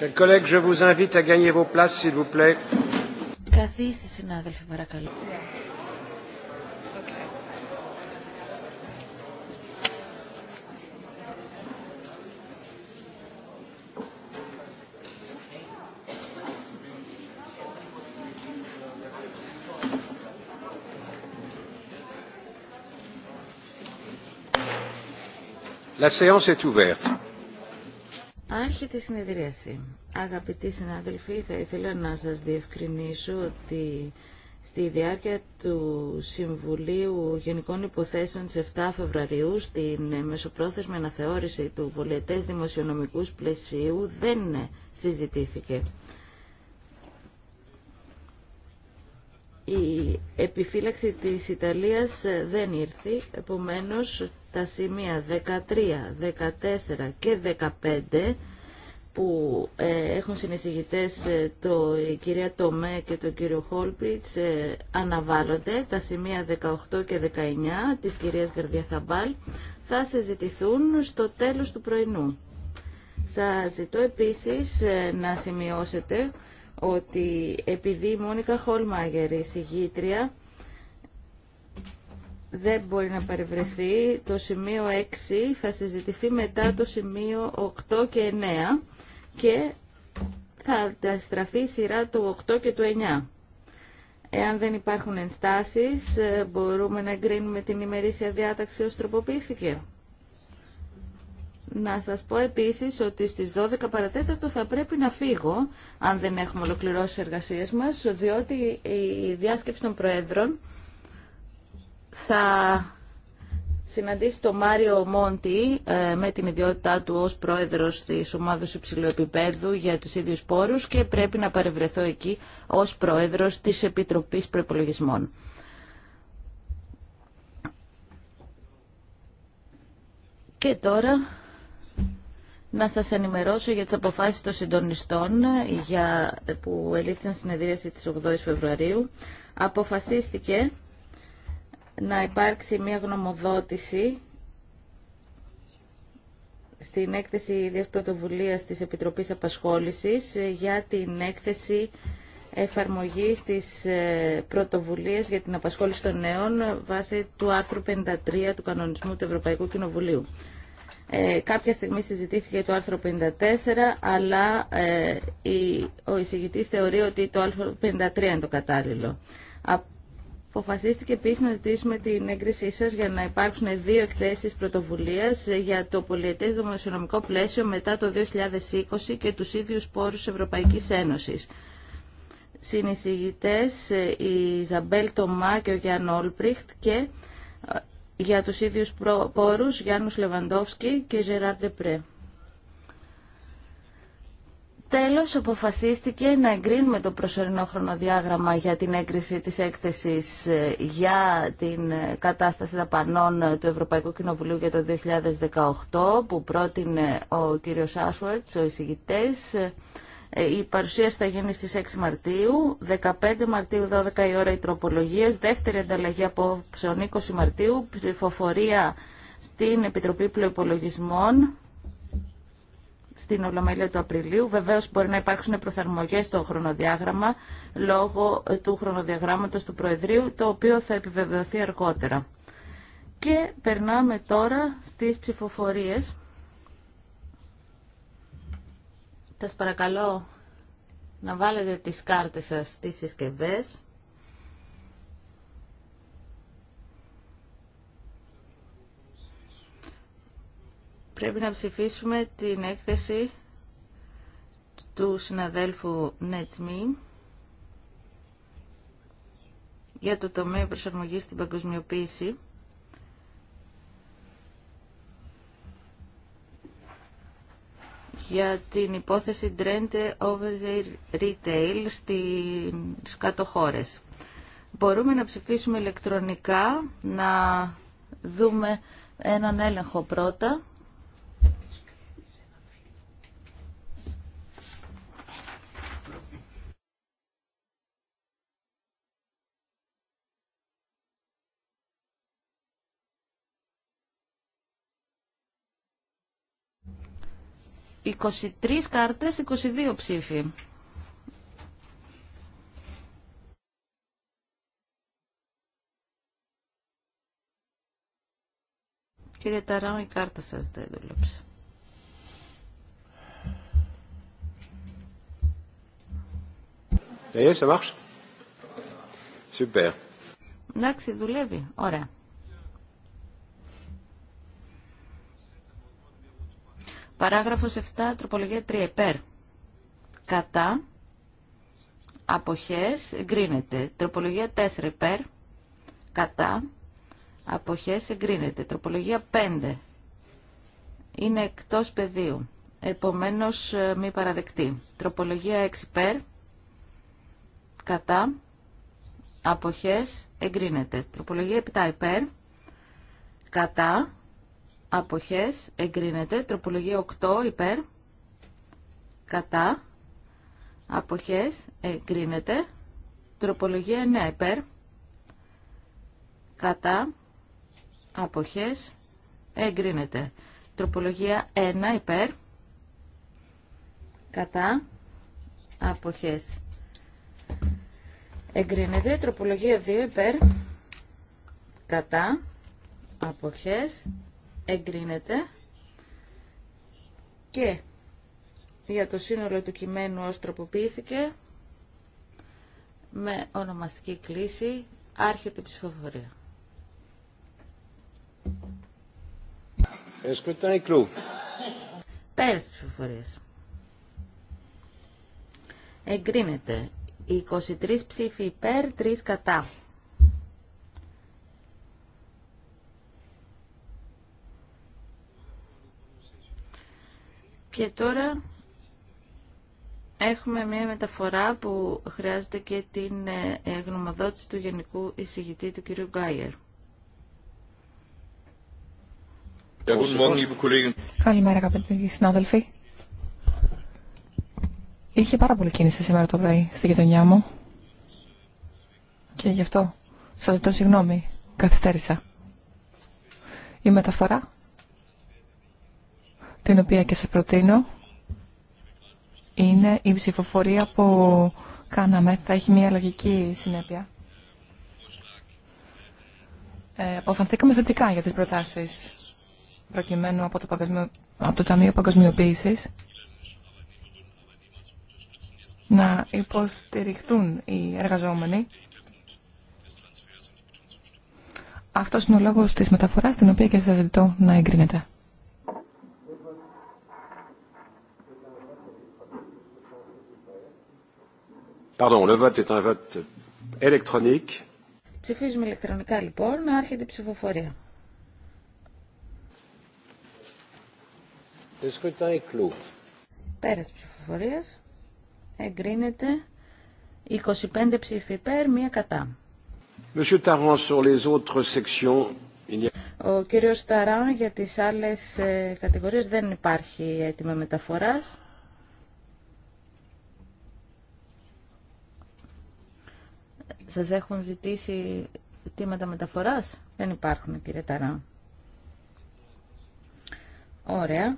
Καθίστε συνάδελφοι παρακαλώ. La séance est ouverte. Άρχεται η συνεδρίαση. Αγαπητοί συνάδελφοι, θα ήθελα να σας διευκρινίσω ότι στη διάρκεια του Συμβουλίου Γενικών Υποθέσεων της 7 Φεβρουαρίου στην μεσοπρόθεσμη αναθεώρηση του πολιετές δημοσιονομικούς πλαισίου δεν συζητήθηκε. Η επιφύλαξη της Ιταλίας δεν ήρθε, επομένως τα σημεία 13, 14 και 15 που ε, έχουν συνεισηγητές ε, το η κυρία Τομέ και τον κύριο Χόλπιτς, ε, αναβάλλονται τα σημεία 18 και 19 της κυρίας Γκαρδία Θαμπάλ θα συζητηθούν στο τέλος του πρωινού. Σας ζητώ επίσης να σημειώσετε ότι επειδή η Μόνικα Χόλμαγερ, η συγγήτρια, δεν μπορεί να παρευρεθεί. Το σημείο 6 θα συζητηθεί μετά το σημείο 8 και 9 και θα στραφεί η σειρά του 8 και του 9. Εάν δεν υπάρχουν ενστάσεις, ε, μπορούμε να εγκρίνουμε την ημερήσια διάταξη ως τροποποιήθηκε. Να σας πω επίσης ότι στις 12 παρατέταρτο θα πρέπει να φύγω, αν δεν έχουμε ολοκληρώσει τις εργασίες μας, διότι η διάσκεψη των Προέδρων θα συναντήσει τον Μάριο Μόντι ε, με την ιδιότητά του ως πρόεδρος της ομάδας υψηλού επίπεδου για τους ίδιους πόρους και πρέπει να παρευρεθώ εκεί ως πρόεδρος της Επιτροπής Προπολογισμών. Και τώρα να σας ενημερώσω για τις αποφάσεις των συντονιστών για, που ελήφθησαν συνεδρίαση της 8 Φεβρουαρίου. Αποφασίστηκε να υπάρξει μια γνωμοδότηση στην έκθεση ίδιας πρωτοβουλίας της Επιτροπής Απασχόλησης για την έκθεση εφαρμογής της ε, πρωτοβουλίας για την απασχόληση των νέων βάσει του άρθρου 53 του κανονισμού του Ευρωπαϊκού Κοινοβουλίου. Ε, κάποια στιγμή συζητήθηκε το άρθρο 54, αλλά ε, η, ο εισηγητής θεωρεί ότι το άρθρο 53 είναι το κατάλληλο. Αποφασίστηκε επίσης να ζητήσουμε την έγκρισή σας για να υπάρξουν δύο εκθέσει πρωτοβουλία για το πολιετέ δημοσιονομικό πλαίσιο μετά το 2020 και τους ίδιους πόρους Ευρωπαϊκής Ένωσης. Συνεισηγητέ ε, η Ζαμπέλ Τομά και ο Γιάννη Όλπριχτ και ε, για τους ίδιους πόρους Γιάννου Λεβαντόφσκι και Ζεράρ Ντεπρέ. Τέλος, αποφασίστηκε να εγκρίνουμε το προσωρινό χρονοδιάγραμμα για την έγκριση της έκθεσης ε, για την ε, κατάσταση δαπανών ε, του Ευρωπαϊκού Κοινοβουλίου για το 2018 που πρότεινε ο κύριος Άσουαρτς, ο εισηγητές. Η παρουσίαση θα γίνει στις 6 Μαρτίου, 15 Μαρτίου 12 η ώρα οι τροπολογίες, δεύτερη ανταλλαγή από 20 Μαρτίου, ψηφοφορία στην Επιτροπή Πλοϋπολογισμών στην Ολομέλεια του Απριλίου. Βεβαίω μπορεί να υπάρξουν προθερμογέ στο χρονοδιάγραμμα λόγω του χρονοδιαγράμματο του Προεδρείου, το οποίο θα επιβεβαιωθεί αργότερα. Και περνάμε τώρα στις ψηφοφορίε. Σα παρακαλώ να βάλετε τις κάρτες σας στι συσκευέ. πρέπει να ψηφίσουμε την έκθεση του συναδέλφου Νέτσμι για το τομέα προσαρμογής στην παγκοσμιοποίηση. για την υπόθεση Trend Over the Retail στις κάτω χώρες. Μπορούμε να ψηφίσουμε ηλεκτρονικά, να δούμε έναν έλεγχο πρώτα. 23 κάρτες, 22 ψήφοι. Κύριε Ταράου, η κάρτα σας δεν δούλεψε. Ε, ε, Εντάξει, δουλεύει. Ωραία. Παράγραφος 7, τροπολογία 3, υπέρ. Κατά. Αποχές, εγκρίνεται. Τροπολογία 4, υπέρ. Κατά. Αποχές, εγκρίνεται. Τροπολογία 5. Είναι εκτός πεδίου. Επομένως, ε, μη παραδεκτή. Τροπολογία 6, υπέρ. Κατά. Αποχές, εγκρίνεται. Τροπολογία 7, υπέρ. Κατά αποχές εγκρίνεται. Τροπολογία 8 υπέρ κατά αποχές εγκρίνεται. Τροπολογία 9 υπέρ κατά αποχές εγκρίνεται. Τροπολογία 1 υπέρ κατά αποχές εγκρίνεται. Τροπολογία 2 υπέρ κατά αποχές εγκρίνεται και για το σύνολο του κειμένου ως τροποποιήθηκε με ονομαστική κλίση άρχεται η ψηφοφορία. Πέρας της ψηφοφορίας. Εγκρίνεται. 23 ψήφοι υπέρ, 3 κατά. Και τώρα έχουμε μια μεταφορά που χρειάζεται και την ε, ε, γνωμοδότηση του Γενικού Εισηγητή του κ. Γκάιερ. Καλημέρα, αγαπητοί συνάδελφοι. Είχε πάρα πολύ κίνηση σήμερα το πρωί στη γειτονιά μου και γι' αυτό σας ζητώ συγγνώμη, καθυστέρησα. Η μεταφορά την οποία και σας προτείνω, είναι η ψηφοφορία που κάναμε. Θα έχει μια λογική συνέπεια. Ε, Οφανθήκαμε θετικά για τις προτάσεις προκειμένου από το, παγκοσμιο... από το Ταμείο Παγκοσμιοποίησης να υποστηριχθούν οι εργαζόμενοι. Αυτός είναι ο λόγος της μεταφοράς, την οποία και σας ζητώ να εγκρίνετε. Pardon, le vote est un vote électronique. Ψηφίζουμε ηλεκτρονικά λοιπόν, άρχεται η ψηφοφορία. Le scrutin est clos. ψηφοφορίας εγκρίνεται 25 ψήφοι υπέρ, μία κατά. Monsieur sur les autres sections, Ο κύριος Ταράν για τις άλλες ε, κατηγορίες δεν υπάρχει έτοιμα μεταφοράς. Σας έχουν ζητήσει τίματα μεταφοράς. Δεν υπάρχουν κύριε Ταρά. Ωραία.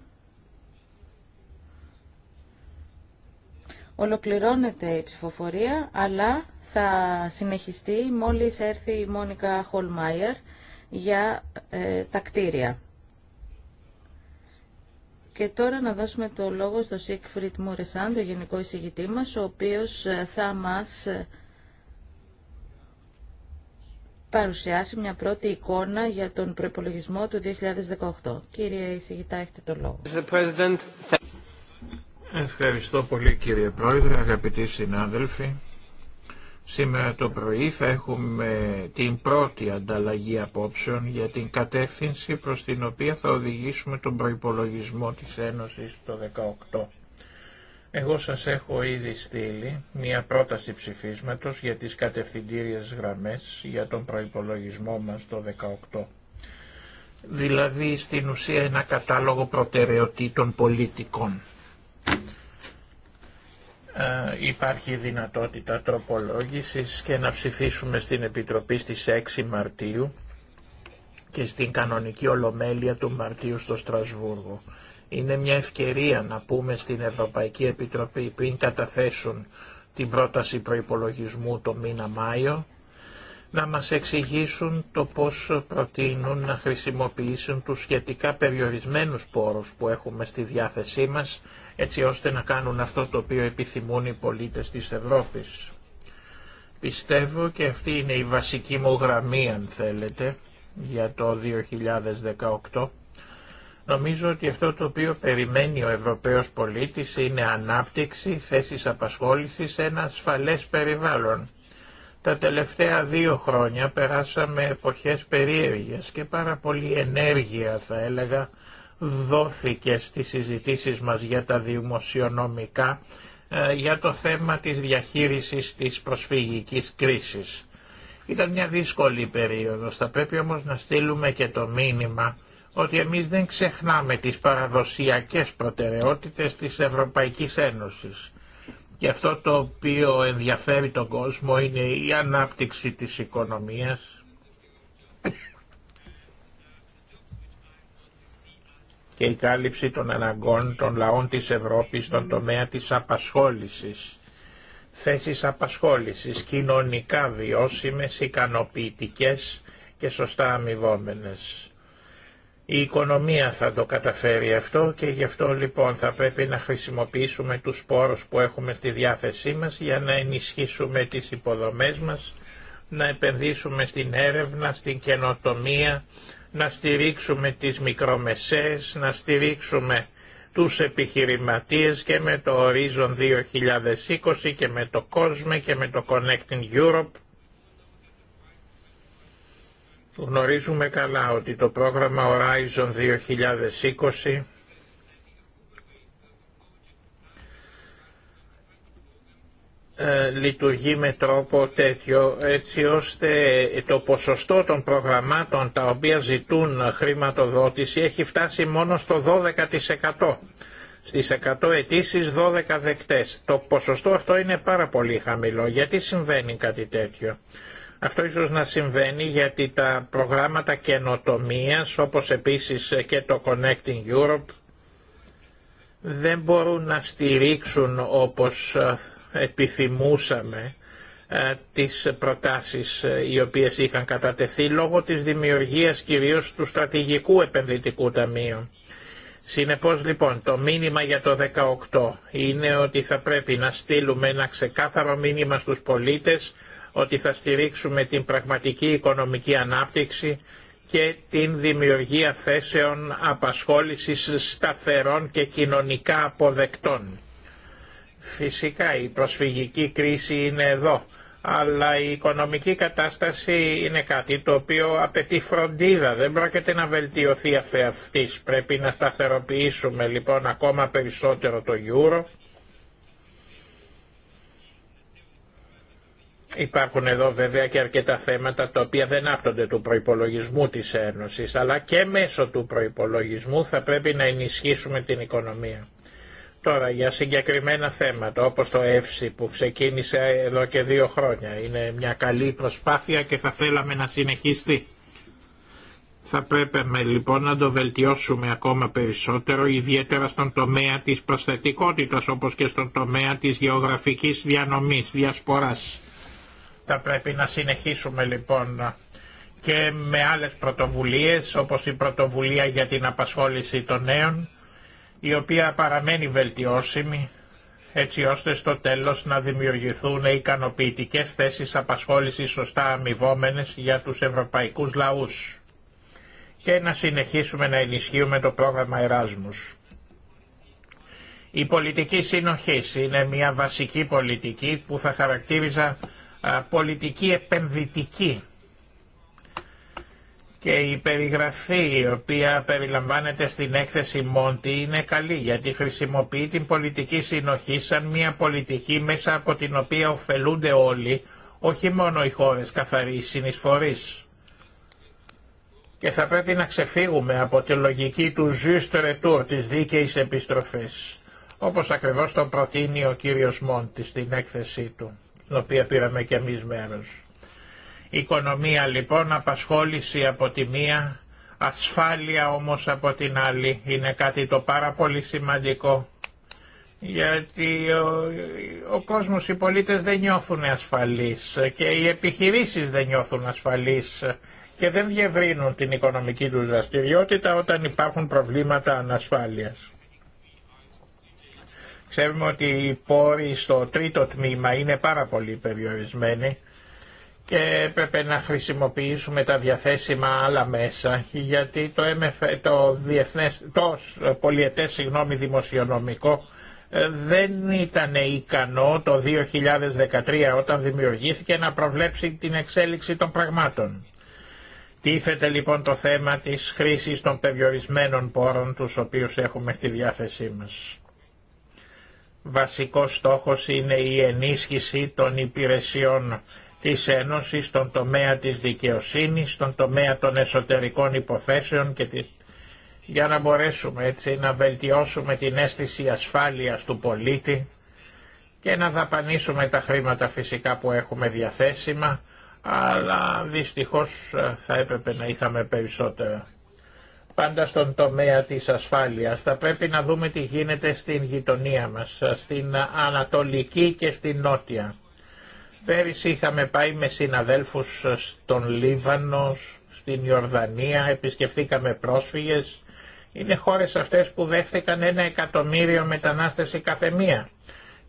Ολοκληρώνεται η ψηφοφορία, αλλά θα συνεχιστεί μόλις έρθει η Μόνικα Χολμάιερ για ε, τα κτίρια. Και τώρα να δώσουμε το λόγο στο Σίκφριτ Μουρεσάν, το Γενικό Εισηγητή μας, ο οποίος ε, θα μας ε, παρουσιάσει μια πρώτη εικόνα για τον προπολογισμό του 2018. Κύριε Ισηγητά, έχετε το λόγο. Ευχαριστώ πολύ κύριε Πρόεδρε, αγαπητοί συνάδελφοι. Σήμερα το πρωί θα έχουμε την πρώτη ανταλλαγή απόψεων για την κατεύθυνση προς την οποία θα οδηγήσουμε τον προϋπολογισμό της Ένωσης το 2018. Εγώ σας έχω ήδη στείλει μία πρόταση ψηφίσματος για τις κατευθυντήριες γραμμές για τον προϋπολογισμό μας το 18. Δηλαδή στην ουσία ένα κατάλογο προτεραιοτήτων πολιτικών. Ε, υπάρχει δυνατότητα τροπολόγησης και να ψηφίσουμε στην Επιτροπή στις 6 Μαρτίου και στην κανονική Ολομέλεια του Μαρτίου στο Στρασβούργο. Είναι μια ευκαιρία να πούμε στην Ευρωπαϊκή Επιτροπή πριν καταθέσουν την πρόταση προϋπολογισμού το μήνα Μάιο, να μας εξηγήσουν το πώς προτείνουν να χρησιμοποιήσουν τους σχετικά περιορισμένους πόρους που έχουμε στη διάθεσή μας, έτσι ώστε να κάνουν αυτό το οποίο επιθυμούν οι πολίτες της Ευρώπης. Πιστεύω και αυτή είναι η βασική μου γραμμή, αν θέλετε, για το 2018, Νομίζω ότι αυτό το οποίο περιμένει ο Ευρωπαίος πολίτης είναι ανάπτυξη, θέσεις απασχόλησης σε ένα ασφαλές περιβάλλον. Τα τελευταία δύο χρόνια περάσαμε εποχές περίεργες και πάρα πολύ ενέργεια θα έλεγα δόθηκε στις συζητήσεις μας για τα δημοσιονομικά ε, για το θέμα της διαχείρισης της προσφυγικής κρίσης. Ήταν μια δύσκολη περίοδος, θα πρέπει όμως να στείλουμε και το μήνυμα ότι εμείς δεν ξεχνάμε τις παραδοσιακές προτεραιότητες της Ευρωπαϊκής Ένωσης. Και αυτό το οποίο ενδιαφέρει τον κόσμο είναι η ανάπτυξη της οικονομίας και η κάλυψη των αναγκών των λαών της Ευρώπης στον τομέα της απασχόλησης. Θέσεις απασχόλησης κοινωνικά βιώσιμες, ικανοποιητικές και σωστά αμοιβόμενες. Η οικονομία θα το καταφέρει αυτό και γι' αυτό λοιπόν θα πρέπει να χρησιμοποιήσουμε τους πόρους που έχουμε στη διάθεσή μας για να ενισχύσουμε τις υποδομές μας, να επενδύσουμε στην έρευνα, στην καινοτομία, να στηρίξουμε τις μικρομεσαίες, να στηρίξουμε τους επιχειρηματίες και με το Horizon 2020 και με το COSME και με το Connecting Europe Γνωρίζουμε καλά ότι το πρόγραμμα Horizon 2020 ε, λειτουργεί με τρόπο τέτοιο έτσι ώστε το ποσοστό των προγραμμάτων τα οποία ζητούν χρηματοδότηση έχει φτάσει μόνο στο 12%. Στις 100 αιτήσει 12 δεκτές. Το ποσοστό αυτό είναι πάρα πολύ χαμηλό. Γιατί συμβαίνει κάτι τέτοιο. Αυτό ίσως να συμβαίνει γιατί τα προγράμματα καινοτομίας όπως επίσης και το Connecting Europe δεν μπορούν να στηρίξουν όπως επιθυμούσαμε ε, τις προτάσεις ε, οι οποίες είχαν κατατεθεί λόγω της δημιουργίας κυρίως του στρατηγικού επενδυτικού ταμείου. Συνεπώς λοιπόν το μήνυμα για το 18 είναι ότι θα πρέπει να στείλουμε ένα ξεκάθαρο μήνυμα στους πολίτες ότι θα στηρίξουμε την πραγματική οικονομική ανάπτυξη και την δημιουργία θέσεων απασχόλησης σταθερών και κοινωνικά αποδεκτών. Φυσικά η προσφυγική κρίση είναι εδώ, αλλά η οικονομική κατάσταση είναι κάτι το οποίο απαιτεί φροντίδα, δεν πρόκειται να βελτιωθεί αυτής. Πρέπει να σταθεροποιήσουμε λοιπόν ακόμα περισσότερο το γιούρο Υπάρχουν εδώ βέβαια και αρκετά θέματα τα οποία δεν άπτονται του προϋπολογισμού της Ένωσης, αλλά και μέσω του προϋπολογισμού θα πρέπει να ενισχύσουμε την οικονομία. Τώρα για συγκεκριμένα θέματα όπως το ΕΦΣΥ που ξεκίνησε εδώ και δύο χρόνια. Είναι μια καλή προσπάθεια και θα θέλαμε να συνεχιστεί. Θα πρέπει λοιπόν να το βελτιώσουμε ακόμα περισσότερο, ιδιαίτερα στον τομέα της προσθετικότητας όπως και στον τομέα της γεωγραφικής διανομής, διασποράς. Θα πρέπει να συνεχίσουμε λοιπόν και με άλλες πρωτοβουλίες όπως η πρωτοβουλία για την απασχόληση των νέων η οποία παραμένει βελτιώσιμη έτσι ώστε στο τέλος να δημιουργηθούν ικανοποιητικές θέσεις απασχόλησης σωστά αμοιβόμενε για τους ευρωπαϊκούς λαούς και να συνεχίσουμε να ενισχύουμε το πρόγραμμα Εράσμους. Η πολιτική συνοχής είναι μια βασική πολιτική που θα χαρακτήριζα πολιτική επενδυτική και η περιγραφή η οποία περιλαμβάνεται στην έκθεση Μόντι είναι καλή γιατί χρησιμοποιεί την πολιτική συνοχή σαν μια πολιτική μέσα από την οποία ωφελούνται όλοι, όχι μόνο οι χώρες καθαρής συνεισφορής. Και θα πρέπει να ξεφύγουμε από τη λογική του juste retour της δίκαιης επιστροφής, όπως ακριβώς το προτείνει ο κύριος Μόντι στην έκθεσή του στην οποία πήραμε και εμείς μέρος. Οικονομία λοιπόν, απασχόληση από τη μία, ασφάλεια όμως από την άλλη είναι κάτι το πάρα πολύ σημαντικό γιατί ο, ο κόσμος, οι πολίτες δεν νιώθουν ασφαλείς και οι επιχειρήσεις δεν νιώθουν ασφαλείς και δεν διευρύνουν την οικονομική τους δραστηριότητα όταν υπάρχουν προβλήματα ανασφάλειας. Ξέρουμε ότι οι πόροι στο τρίτο τμήμα είναι πάρα πολύ περιορισμένοι και έπρεπε να χρησιμοποιήσουμε τα διαθέσιμα άλλα μέσα γιατί το, MF, το, διεθνές, το πολιετές συγγνώμη, δημοσιονομικό ε, δεν ήταν ικανό το 2013 όταν δημιουργήθηκε να προβλέψει την εξέλιξη των πραγμάτων. Τίθεται λοιπόν το θέμα της χρήσης των περιορισμένων πόρων τους οποίους έχουμε στη διάθεσή μας βασικός στόχος είναι η ενίσχυση των υπηρεσιών της Ένωσης στον τομέα της δικαιοσύνης, στον τομέα των εσωτερικών υποθέσεων και για να μπορέσουμε έτσι να βελτιώσουμε την αίσθηση ασφάλειας του πολίτη και να δαπανίσουμε τα χρήματα φυσικά που έχουμε διαθέσιμα, αλλά δυστυχώς ε, θα έπρεπε να είχαμε περισσότερα πάντα στον τομέα της ασφάλειας. Θα πρέπει να δούμε τι γίνεται στην γειτονία μας, στην Ανατολική και στην Νότια. Πέρυσι είχαμε πάει με συναδέλφους στον Λίβανο, στην Ιορδανία, επισκεφθήκαμε πρόσφυγες. Είναι χώρες αυτές που δέχθηκαν ένα εκατομμύριο μετανάστες η καθεμία.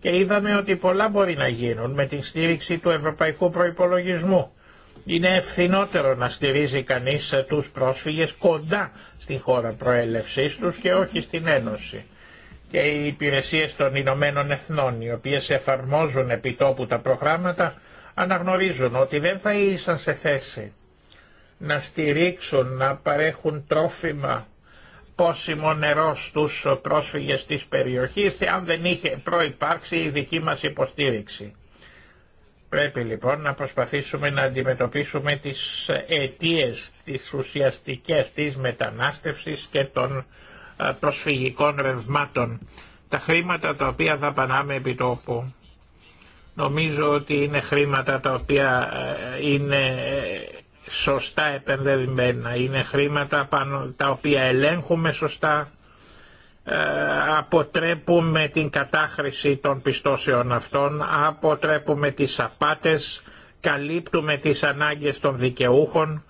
Και είδαμε ότι πολλά μπορεί να γίνουν με την στήριξη του ευρωπαϊκού προϋπολογισμού. Είναι ευθυνότερο να στηρίζει κανείς τους πρόσφυγες κοντά στη χώρα προέλευσής τους και όχι στην Ένωση. Και οι υπηρεσίες των Ηνωμένων Εθνών, οι οποίες εφαρμόζουν επιτόπου τα προγράμματα, αναγνωρίζουν ότι δεν θα ήσαν σε θέση να στηρίξουν, να παρέχουν τρόφιμα, πόσιμο νερό στους πρόσφυγες της περιοχής, αν δεν είχε προϋπάρξει η δική μας υποστήριξη. Πρέπει λοιπόν να προσπαθήσουμε να αντιμετωπίσουμε τις αιτίες, τις ουσιαστικές της μετανάστευσης και των προσφυγικών ρευμάτων. Τα χρήματα τα οποία δαπανάμε επί τόπου νομίζω ότι είναι χρήματα τα οποία είναι ε, σωστά επενδεδημένα. είναι χρήματα τα οποία ελέγχουμε σωστά, ε, αποτρέπουμε την κατάχρηση των πιστώσεων αυτών, αποτρέπουμε τις απάτες, καλύπτουμε τις ανάγκες των δικαιούχων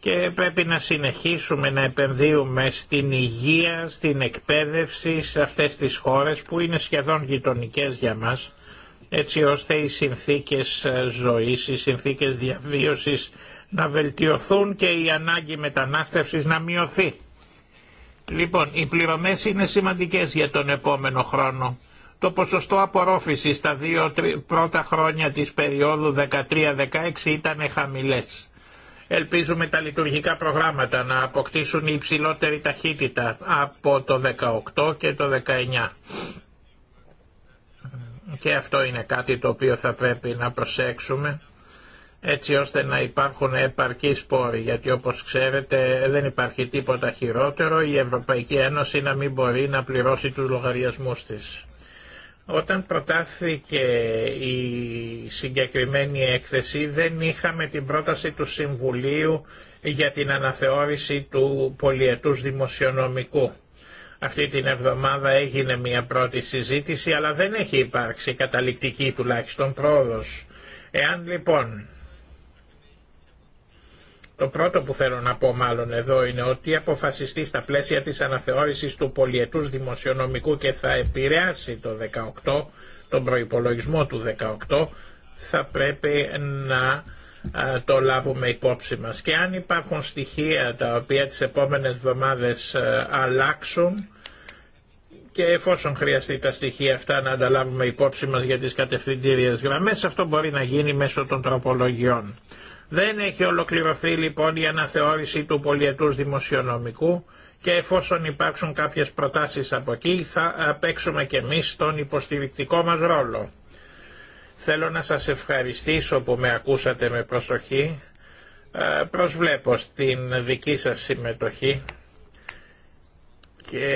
και πρέπει να συνεχίσουμε να επενδύουμε στην υγεία, στην εκπαίδευση σε αυτές τις χώρες που είναι σχεδόν γειτονικέ για μας έτσι ώστε οι συνθήκες ζωής, οι συνθήκες διαβίωσης να βελτιωθούν και η ανάγκη μετανάστευσης να μειωθεί. Λοιπόν, οι πληρωμέ είναι σημαντικές για τον επόμενο χρόνο. Το ποσοστό απορρόφησης στα δύο πρώτα χρόνια της περίοδου 13-16 ήταν χαμηλές. Ελπίζουμε τα λειτουργικά προγράμματα να αποκτήσουν υψηλότερη ταχύτητα από το 18 και το 19. Και αυτό είναι κάτι το οποίο θα πρέπει να προσέξουμε έτσι ώστε να υπάρχουν επαρκή σπόροι, γιατί όπως ξέρετε δεν υπάρχει τίποτα χειρότερο η Ευρωπαϊκή Ένωση να μην μπορεί να πληρώσει τους λογαριασμούς της. Όταν προτάθηκε η συγκεκριμένη έκθεση δεν είχαμε την πρόταση του Συμβουλίου για την αναθεώρηση του πολιετούς δημοσιονομικού. Αυτή την εβδομάδα έγινε μια πρώτη συζήτηση αλλά δεν έχει υπάρξει καταληκτική τουλάχιστον πρόοδος. Εάν λοιπόν το πρώτο που θέλω να πω μάλλον εδώ είναι ότι αποφασιστεί στα πλαίσια της αναθεώρησης του πολιετούς δημοσιονομικού και θα επηρεάσει το 18, τον προϋπολογισμό του 18, θα πρέπει να το λάβουμε υπόψη μας. Και αν υπάρχουν στοιχεία τα οποία τις επόμενες εβδομάδες αλλάξουν και εφόσον χρειαστεί τα στοιχεία αυτά να ανταλάβουμε υπόψη μας για τις κατευθυντήριες γραμμές, αυτό μπορεί να γίνει μέσω των τροπολογιών. Δεν έχει ολοκληρωθεί λοιπόν η αναθεώρηση του πολιετούς δημοσιονομικού και εφόσον υπάρξουν κάποιες προτάσεις από εκεί θα ε, παίξουμε και εμείς τον υποστηρικτικό μας ρόλο. Θέλω να σας ευχαριστήσω που με ακούσατε με προσοχή. Ε, προσβλέπω στην δική σας συμμετοχή και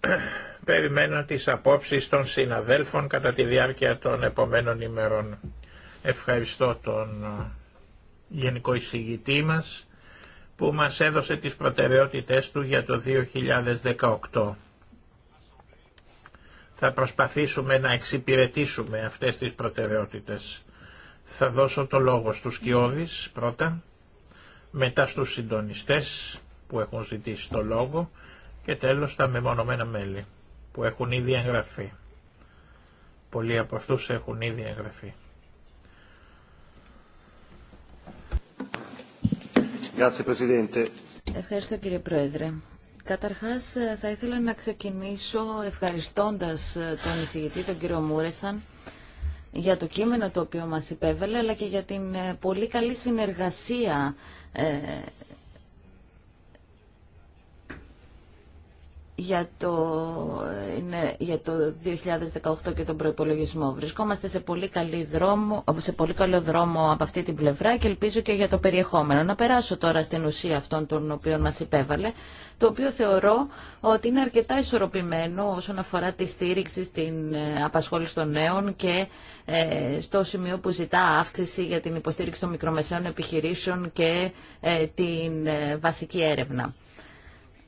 ε, περιμένω τις απόψεις των συναδέλφων κατά τη διάρκεια των επομένων ημερών. Ευχαριστώ τον γενικό εισηγητή μας, που μας έδωσε τις προτεραιότητες του για το 2018. Θα προσπαθήσουμε να εξυπηρετήσουμε αυτές τις προτεραιότητες. Θα δώσω το λόγο στους Κιώδης πρώτα, μετά στους συντονιστές που έχουν ζητήσει το λόγο και τέλος τα μεμονωμένα μέλη που έχουν ήδη εγγραφεί. Πολλοί από αυτούς έχουν ήδη εγγραφεί. Ευχαριστώ κύριε Πρόεδρε. Καταρχάς ε, θα ήθελα να ξεκινήσω ευχαριστώντας ε, τον εισηγητή, τον κύριο Μούρεσαν, για το κείμενο το οποίο μας υπέβαλε, αλλά και για την ε, πολύ καλή συνεργασία για το, είναι, για το 2018 και τον προϋπολογισμό. Βρισκόμαστε σε πολύ, καλή δρόμο, σε πολύ καλό δρόμο από αυτή την πλευρά και ελπίζω και για το περιεχόμενο. Να περάσω τώρα στην ουσία αυτών των οποίων μας υπέβαλε, το οποίο θεωρώ ότι είναι αρκετά ισορροπημένο όσον αφορά τη στήριξη στην ε, απασχόληση των νέων και ε, στο σημείο που ζητά αύξηση για την υποστήριξη των μικρομεσαίων επιχειρήσεων και ε, την βασική έρευνα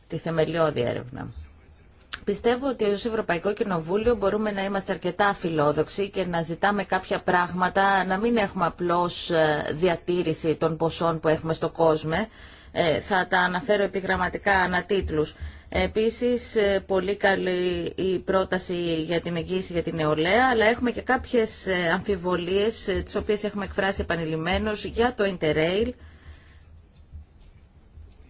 τη θεμελιώδη έρευνα. Πιστεύω ότι ως Ευρωπαϊκό Κοινοβούλιο μπορούμε να είμαστε αρκετά φιλόδοξοι και να ζητάμε κάποια πράγματα, να μην έχουμε απλώς ε, διατήρηση των ποσών που έχουμε στο κόσμο. Ε, θα τα αναφέρω επιγραμματικά ανατίτλους. Επίσης, ε, πολύ καλή η πρόταση για την εγγύηση για την νεολαία, αλλά έχουμε και κάποιες αμφιβολίες, τις οποίες έχουμε εκφράσει επανειλημμένως, για το Interrail,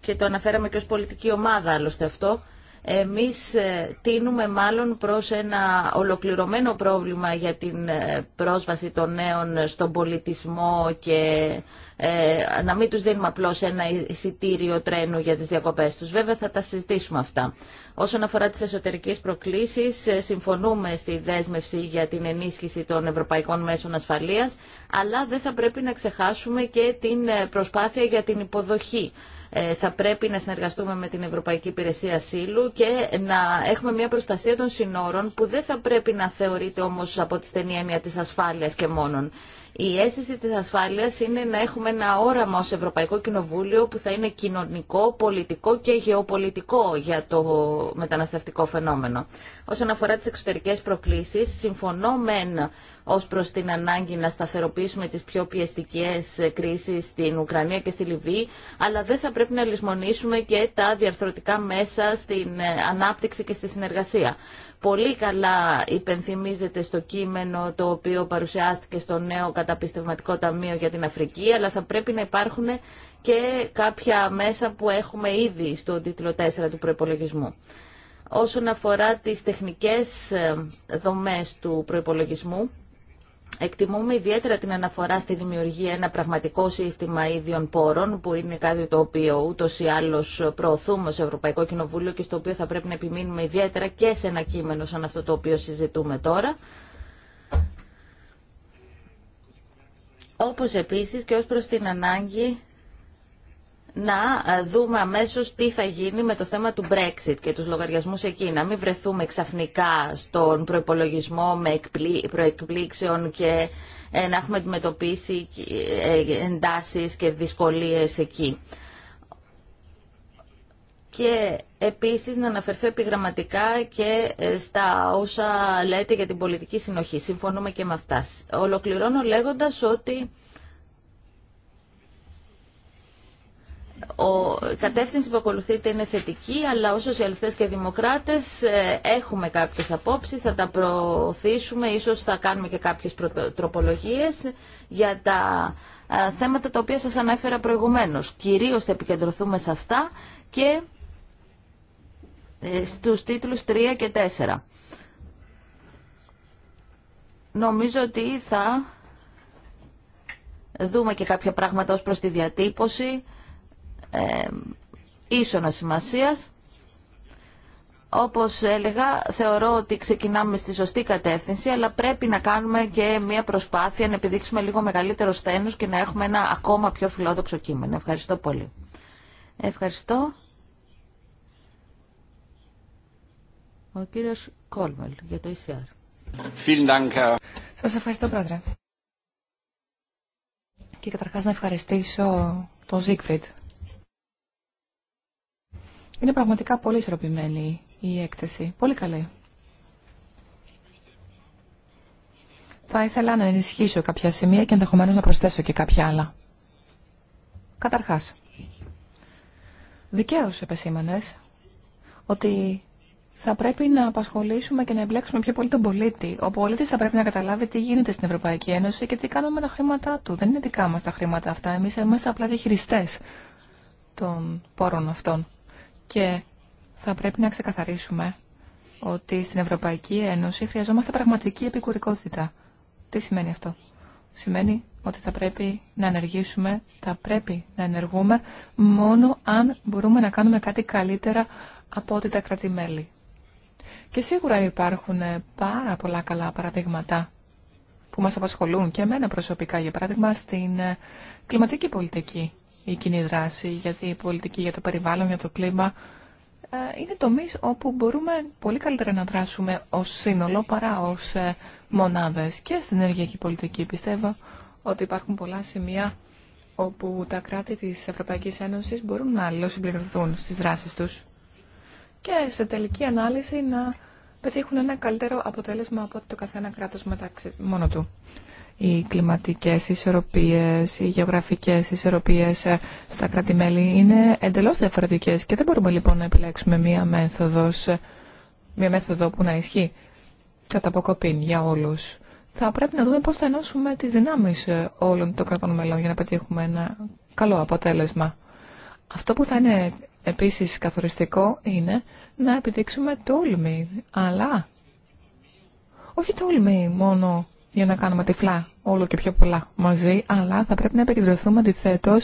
και το αναφέραμε και ως πολιτική ομάδα άλλωστε αυτό, εμείς ε, τίνουμε μάλλον προς ένα ολοκληρωμένο πρόβλημα για την ε, πρόσβαση των νέων στον πολιτισμό και ε, να μην τους δίνουμε απλώς ένα εισιτήριο τρένου για τις διακοπές τους. Βέβαια θα τα συζητήσουμε αυτά. Όσον αφορά τις εσωτερικές προκλήσεις, συμφωνούμε στη δέσμευση για την ενίσχυση των ευρωπαϊκών μέσων ασφαλείας, αλλά δεν θα πρέπει να ξεχάσουμε και την προσπάθεια για την υποδοχή ε, θα πρέπει να συνεργαστούμε με την Ευρωπαϊκή Υπηρεσία Ασύλου και να έχουμε μια προστασία των συνόρων που δεν θα πρέπει να θεωρείται όμως από τη στενή έννοια της ασφάλειας και μόνον. Η αίσθηση της ασφάλειας είναι να έχουμε ένα όραμα ως Ευρωπαϊκό Κοινοβούλιο που θα είναι κοινωνικό, πολιτικό και γεωπολιτικό για το μεταναστευτικό φαινόμενο. Όσον αφορά τις εξωτερικές προκλήσεις, συμφωνώ μεν ως προς την ανάγκη να σταθεροποιήσουμε τις πιο πιεστικές κρίσεις στην Ουκρανία και στη Λιβύη, αλλά δεν θα πρέπει να λησμονήσουμε και τα διαρθρωτικά μέσα στην ανάπτυξη και στη συνεργασία. Πολύ καλά υπενθυμίζεται στο κείμενο το οποίο παρουσιάστηκε στο νέο καταπιστευματικό ταμείο για την Αφρική, αλλά θα πρέπει να υπάρχουν και κάποια μέσα που έχουμε ήδη στο τίτλο 4 του προϋπολογισμού. Όσον αφορά τις τεχνικές ε, δομές του προϋπολογισμού, Εκτιμούμε ιδιαίτερα την αναφορά στη δημιουργία ένα πραγματικό σύστημα ίδιων πόρων, που είναι κάτι το οποίο ούτω ή άλλω προωθούμε ω Ευρωπαϊκό Κοινοβούλιο και στο οποίο θα πρέπει να επιμείνουμε ιδιαίτερα και σε ένα κείμενο σαν αυτό το οποίο συζητούμε τώρα. Όπως επίσης και ως προς την ανάγκη να ε, δούμε αμέσω τι θα γίνει με το θέμα του Brexit και τους λογαριασμούς εκεί. Να μην βρεθούμε ξαφνικά στον προπολογισμό με προεκπλήξεων και ε, να έχουμε αντιμετωπίσει ε, εντάσεις και δυσκολίες εκεί. Και επίσης να αναφερθώ επιγραμματικά και στα όσα λέτε για την πολιτική συνοχή. Συμφωνούμε και με αυτά. Ολοκληρώνω λέγοντας ότι Ο, η κατεύθυνση που ακολουθείτε είναι θετική, αλλά ως σοσιαλιστές και δημοκράτες ε, έχουμε κάποιες απόψεις, θα τα προωθήσουμε, ίσως θα κάνουμε και κάποιες τροπολογίες για τα ε, θέματα τα οποία σας ανέφερα προηγουμένως. Κυρίως θα επικεντρωθούμε σε αυτά και ε, στους τίτλους 3 και 4. Νομίζω ότι θα δούμε και κάποια πράγματα ως προς τη διατύπωση ε, ίσονα σημασίας. Όπως έλεγα, θεωρώ ότι ξεκινάμε στη σωστή κατεύθυνση, αλλά πρέπει να κάνουμε και μια προσπάθεια να επιδείξουμε λίγο μεγαλύτερο στένους και να έχουμε ένα ακόμα πιο φιλόδοξο κείμενο. Ευχαριστώ πολύ. Ευχαριστώ. Ο κύριος Κόλμελ για το ECR. Σας ευχαριστώ, Πρόεδρε. Και καταρχάς να ευχαριστήσω τον Ζίγκφριντ είναι πραγματικά πολύ ισορροπημένη η έκθεση. Πολύ καλή. Θα ήθελα να ενισχύσω κάποια σημεία και ενδεχομένω να προσθέσω και κάποια άλλα. Καταρχά, δικαίω επεσήμανε ότι θα πρέπει να απασχολήσουμε και να εμπλέξουμε πιο πολύ τον πολίτη. Ο πολίτη θα πρέπει να καταλάβει τι γίνεται στην Ευρωπαϊκή Ένωση και τι κάνουμε με τα χρήματά του. Δεν είναι δικά μα τα χρήματα αυτά. Εμεί είμαστε απλά διαχειριστέ των πόρων αυτών. Και θα πρέπει να ξεκαθαρίσουμε ότι στην Ευρωπαϊκή Ένωση χρειαζόμαστε πραγματική επικουρικότητα. Τι σημαίνει αυτό. Σημαίνει ότι θα πρέπει να ενεργήσουμε, θα πρέπει να ενεργούμε μόνο αν μπορούμε να κάνουμε κάτι καλύτερα από ό,τι τα κρατημέλη. Και σίγουρα υπάρχουν πάρα πολλά καλά παραδείγματα που μας απασχολούν και εμένα προσωπικά, για παράδειγμα στην κλιματική πολιτική η κοινή δράση, γιατί η πολιτική για το περιβάλλον, για το κλίμα ε, είναι τομείς όπου μπορούμε πολύ καλύτερα να δράσουμε ως σύνολο παρά ως ε, μονάδες. Και στην ενεργειακή πολιτική πιστεύω ότι υπάρχουν πολλά σημεία όπου τα κράτη της Ευρωπαϊκής Ένωσης μπορούν να αλληλοσυμπληρωθούν στις δράσεις τους και σε τελική ανάλυση να πετύχουν ένα καλύτερο αποτέλεσμα από το καθένα κράτος μόνο του οι κλιματικές ισορροπίες, οι γεωγραφικές ισορροπίες ε, στα κράτη-μέλη είναι εντελώς διαφορετικές και δεν μπορούμε λοιπόν να επιλέξουμε μία μέθοδος, ε, μία μέθοδο που να ισχύει κατά αποκοπήν για όλους. Θα πρέπει να δούμε πώς θα ενώσουμε τις δυνάμεις ε, όλων των κρατών μελών για να πετύχουμε ένα καλό αποτέλεσμα. Αυτό που θα είναι επίσης καθοριστικό είναι να επιδείξουμε τόλμη, αλλά όχι τόλμη μόνο για να κάνουμε τυφλά όλο και πιο πολλά μαζί, αλλά θα πρέπει να επικεντρωθούμε αντιθέτω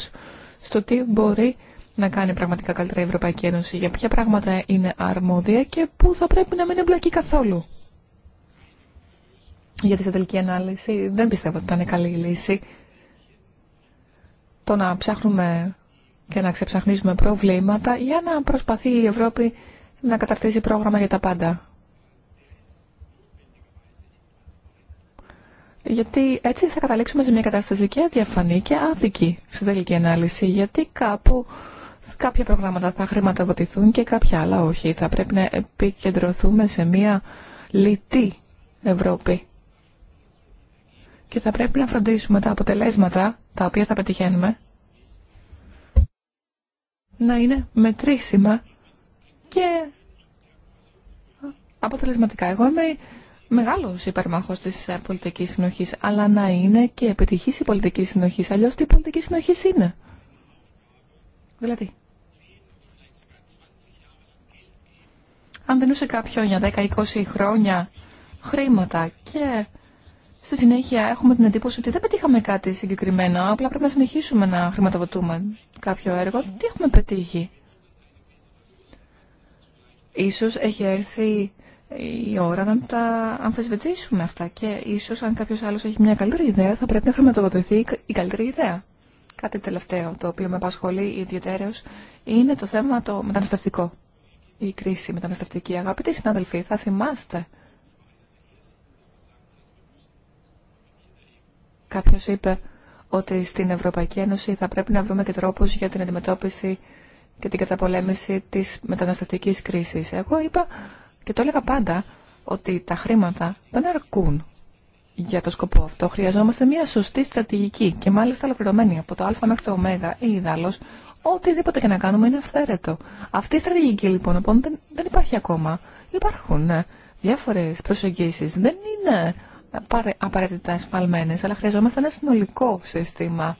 στο τι μπορεί να κάνει πραγματικά καλύτερα η Ευρωπαϊκή Ένωση, για ποια πράγματα είναι αρμόδια και πού θα πρέπει να μην εμπλακεί καθόλου. Γιατί σε τελική ανάλυση δεν πιστεύω ότι ήταν καλή η λύση το να ψάχνουμε και να ξεψαχνίζουμε προβλήματα για να προσπαθεί η Ευρώπη να καταρτήσει πρόγραμμα για τα πάντα. Γιατί έτσι θα καταλήξουμε σε μια κατάσταση και αδιαφανή και άδικη στην τελική ανάλυση. Γιατί κάπου κάποια προγράμματα θα χρηματοδοτηθούν και κάποια άλλα όχι. Θα πρέπει να επικεντρωθούμε σε μια λιτή Ευρώπη. Και θα πρέπει να φροντίσουμε τα αποτελέσματα τα οποία θα πετυχαίνουμε να είναι μετρήσιμα και αποτελεσματικά. Εγώ είμαι μεγάλος υπερμαχό τη ε, πολιτική συνοχή, αλλά να είναι και επιτυχής η πολιτική συνοχή Αλλιώς τι πολιτική συνοχή είναι. Δηλαδή. Αν δίνούσε κάποιον για 10-20 χρόνια χρήματα και στη συνέχεια έχουμε την εντύπωση ότι δεν πετύχαμε κάτι συγκεκριμένο, απλά πρέπει να συνεχίσουμε να χρηματοδοτούμε κάποιο έργο, τι έχουμε πετύχει. Ίσως έχει έρθει η ώρα να τα αμφισβητήσουμε αυτά και ίσως αν κάποιος άλλος έχει μια καλύτερη ιδέα θα πρέπει να χρηματοδοτηθεί η καλύτερη ιδέα. Κάτι τελευταίο το οποίο με απασχολεί ιδιαίτερως είναι το θέμα το μεταναστευτικό. Η κρίση μεταναστευτική. Αγαπητοί συνάδελφοι, θα θυμάστε. Κάποιο είπε ότι στην Ευρωπαϊκή Ένωση θα πρέπει να βρούμε και τρόπους για την αντιμετώπιση και την καταπολέμηση της μεταναστευτικής κρίσης. Εγώ είπα και το έλεγα πάντα ότι τα χρήματα δεν αρκούν για το σκοπό αυτό. Χρειαζόμαστε μια σωστή στρατηγική και μάλιστα ολοκληρωμένη από το Α μέχρι το Ω ή ιδάλω. Οτιδήποτε και να κάνουμε είναι αυθαίρετο. Αυτή η στρατηγική λοιπόν, λοιπόν δεν, δεν υπάρχει ακόμα. Υπάρχουν ε, διάφορε προσεγγίσει. Δεν είναι απαραίτητα εσφαλμένε, αλλά χρειαζόμαστε ένα συνολικό σύστημα.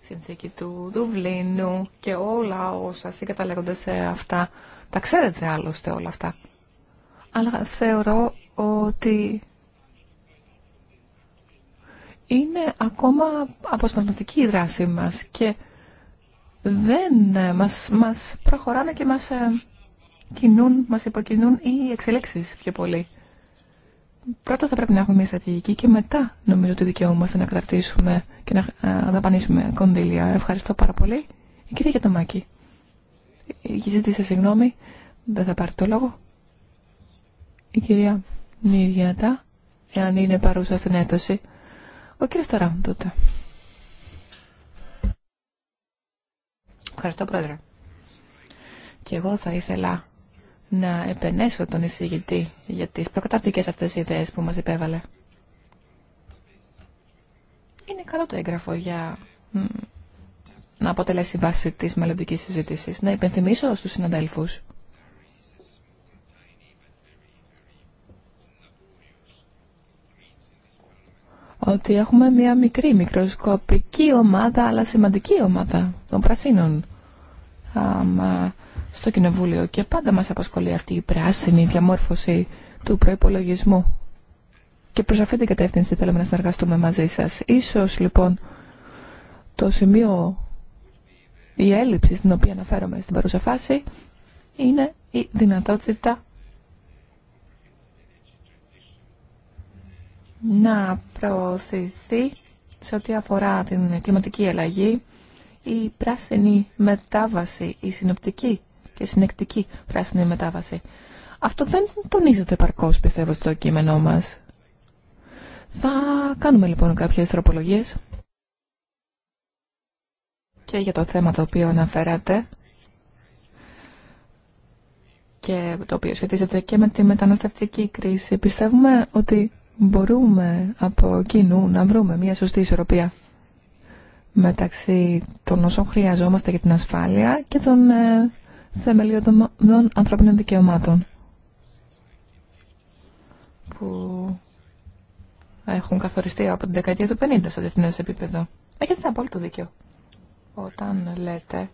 Συνθήκη του Δουβλίνου και όλα όσα συγκαταλέγονται σε αυτά. Τα ξέρετε άλλωστε όλα αυτά αλλά θεωρώ ότι είναι ακόμα αποσπασματική η δράση μας και δεν ε, μας, μας προχωράνε και μας ε, κινούν, μας υποκινούν οι εξελίξεις πιο πολύ. Πρώτα θα πρέπει να έχουμε μια στρατηγική και μετά νομίζω ότι δικαιούμαστε να καταρτήσουμε και να ε, δαπανίσουμε κονδύλια. Ευχαριστώ πάρα πολύ. Η κυρία Γιατομάκη. Ζήτησε συγγνώμη, δεν θα πάρει το λόγο η κυρία Νίριατα, εάν είναι παρούσα στην έτωση. Ο κύριος Ταράμ Ευχαριστώ, Πρόεδρε. Και εγώ θα ήθελα να επενέσω τον εισηγητή για τις προκαταρτικές αυτές οι ιδέες που μας επέβαλε. Είναι καλό το έγγραφο για να αποτελέσει βάση της μελλοντική συζήτησης. Να υπενθυμίσω στους συναδέλφους ότι έχουμε μια μικρή, μικροσκοπική ομάδα, αλλά σημαντική ομάδα των πρασίνων στο Κοινοβούλιο. Και πάντα μας απασχολεί αυτή η πράσινη διαμόρφωση του προϋπολογισμού. Και προς αυτή την κατεύθυνση θέλουμε να συνεργαστούμε μαζί σας. Ίσως λοιπόν το σημείο, η έλλειψη στην οποία αναφέρομαι στην παρούσα είναι η δυνατότητα να προωθηθεί σε ό,τι αφορά την κλιματική αλλαγή η πράσινη μετάβαση, η συνοπτική και συνεκτική πράσινη μετάβαση. Αυτό δεν τονίζεται παρκώς, πιστεύω, στο κείμενό μας. Θα κάνουμε λοιπόν κάποιες τροπολογίες και για το θέμα το οποίο αναφέρατε και το οποίο σχετίζεται και με τη μεταναστευτική κρίση. Πιστεύουμε ότι μπορούμε από κοινού να βρούμε μια σωστή ισορροπία μεταξύ των όσων χρειαζόμαστε για την ασφάλεια και των ε, θεμελιωδών ανθρώπινων δικαιωμάτων που έχουν καθοριστεί από την δεκαετία του 50 σε διεθνές επίπεδο. Έχετε απόλυτο δίκιο όταν λέτε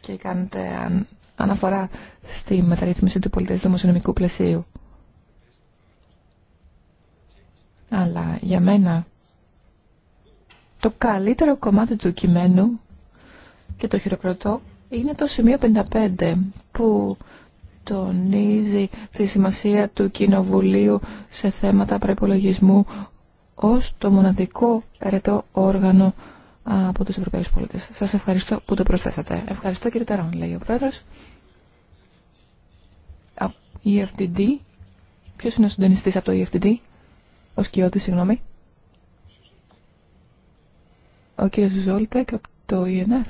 και κάνετε αναφορά στη μεταρρύθμιση του πολιτισμού δημοσιονομικού πλαισίου. Αλλά για μένα το καλύτερο κομμάτι του κειμένου και το χειροκροτώ είναι το σημείο 55 που τονίζει τη σημασία του Κοινοβουλίου σε θέματα προπολογισμού ως το μοναδικό αιρετό όργανο από τους Ευρωπαίους πολίτες. Σας ευχαριστώ που το προσθέσατε. Ευχαριστώ κύριε Ταρόν, λέει ο πρόεδρος. Η EFTD. Ποιος είναι ο συντονιστής από το EFTD? Ο Σκιώτη, συγγνώμη. Ο κ. Ζόλτεκ από το ΙΕΝΕΦ.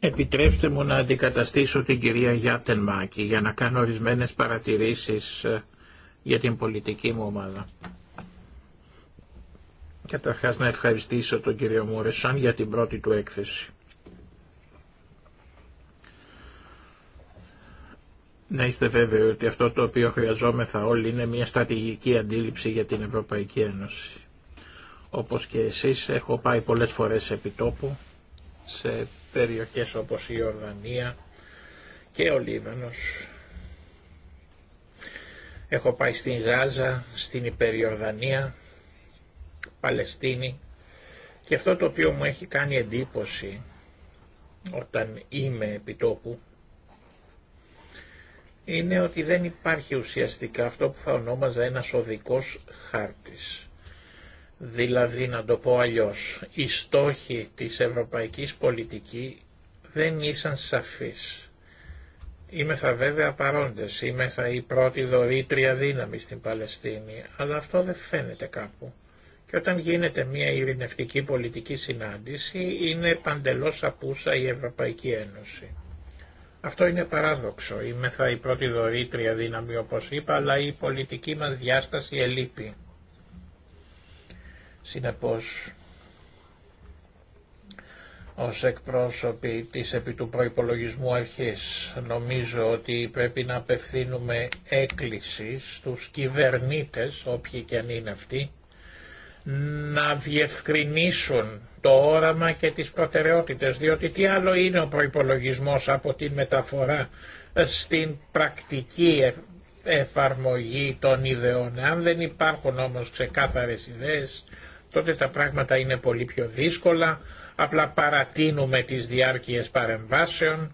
Επιτρέψτε μου να αντικαταστήσω την κυρία Γιάτεν για να κάνω ορισμένε παρατηρήσεις ε, για την πολιτική μου ομάδα. Καταρχάς να ευχαριστήσω τον κύριο Μουρεσάν για την πρώτη του έκθεση. Να είστε βέβαιοι ότι αυτό το οποίο χρειαζόμεθα όλοι είναι μια στρατηγική αντίληψη για την Ευρωπαϊκή Ένωση. Όπως και εσείς έχω πάει πολλές φορές σε επιτόπου σε περιοχές όπως η Ορδανία και ο Λίβανος. Έχω πάει στην Γάζα, στην Υπεριορδανία, Παλαιστίνη και αυτό το οποίο μου έχει κάνει εντύπωση όταν είμαι επιτόπου είναι ότι δεν υπάρχει ουσιαστικά αυτό που θα ονόμαζα ένας οδικός χάρτης. Δηλαδή, να το πω αλλιώς, οι στόχοι της ευρωπαϊκής πολιτικής δεν ήσαν σαφείς. θα βέβαια παρόντες, θα η πρώτη δωρήτρια δύναμη στην Παλαιστίνη, αλλά αυτό δεν φαίνεται κάπου. Και όταν γίνεται μια ειρηνευτική πολιτική συνάντηση, είναι παντελώς απούσα η Ευρωπαϊκή Ένωση. Αυτό είναι παράδοξο. Είμαι θα η πρώτη δωρήτρια δύναμη όπως είπα, αλλά η πολιτική μας διάσταση ελείπει. Συνεπώς, ως εκπρόσωποι της επί του προϋπολογισμού αρχής. Νομίζω ότι πρέπει να απευθύνουμε έκκληση στους κυβερνήτες, όποιοι και αν είναι αυτοί, να διευκρινίσουν το όραμα και τις προτεραιότητες, διότι τι άλλο είναι ο προϋπολογισμός από τη μεταφορά ε, στην πρακτική ε, εφαρμογή των ιδεών. Αν δεν υπάρχουν όμως ξεκάθαρες ιδέες, τότε τα πράγματα είναι πολύ πιο δύσκολα, απλά παρατείνουμε τις διάρκειες παρεμβάσεων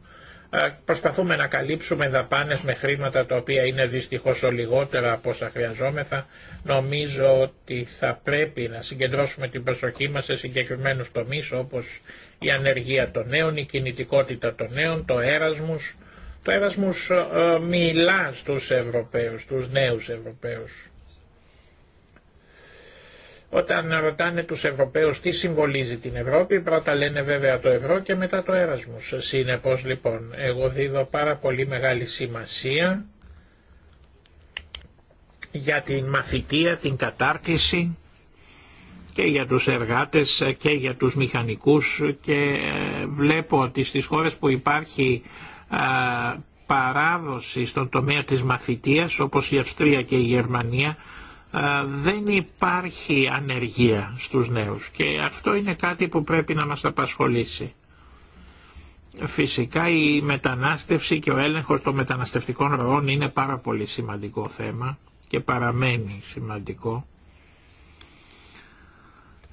προσπαθούμε να καλύψουμε δαπάνες με χρήματα τα οποία είναι δυστυχώς λιγότερα από όσα χρειαζόμεθα. Νομίζω ότι θα πρέπει να συγκεντρώσουμε την προσοχή μας σε συγκεκριμένους τομείς όπως η ανεργία των νέων, η κινητικότητα των νέων, το έρασμος. Το έρασμος ε, ε, μιλά στους Ευρωπαίους, τους νέους Ευρωπαίους. Όταν ρωτάνε τους Ευρωπαίους τι συμβολίζει την Ευρώπη, πρώτα λένε βέβαια το ευρώ και μετά το έρασμος. Συνεπώς λοιπόν, εγώ δίδω πάρα πολύ μεγάλη σημασία για την μαθητεία, την κατάρτιση και για τους εργάτες και για τους μηχανικούς και ε, βλέπω ότι στις χώρες που υπάρχει ε, παράδοση στον τομέα της μαθητείας όπως η Αυστρία και η Γερμανία ε, δεν υπάρχει ανεργία στους νέους και αυτό είναι κάτι που πρέπει να μας απασχολήσει. Φυσικά η μετανάστευση και ο έλεγχος των μεταναστευτικών ροών είναι πάρα πολύ σημαντικό θέμα και παραμένει σημαντικό.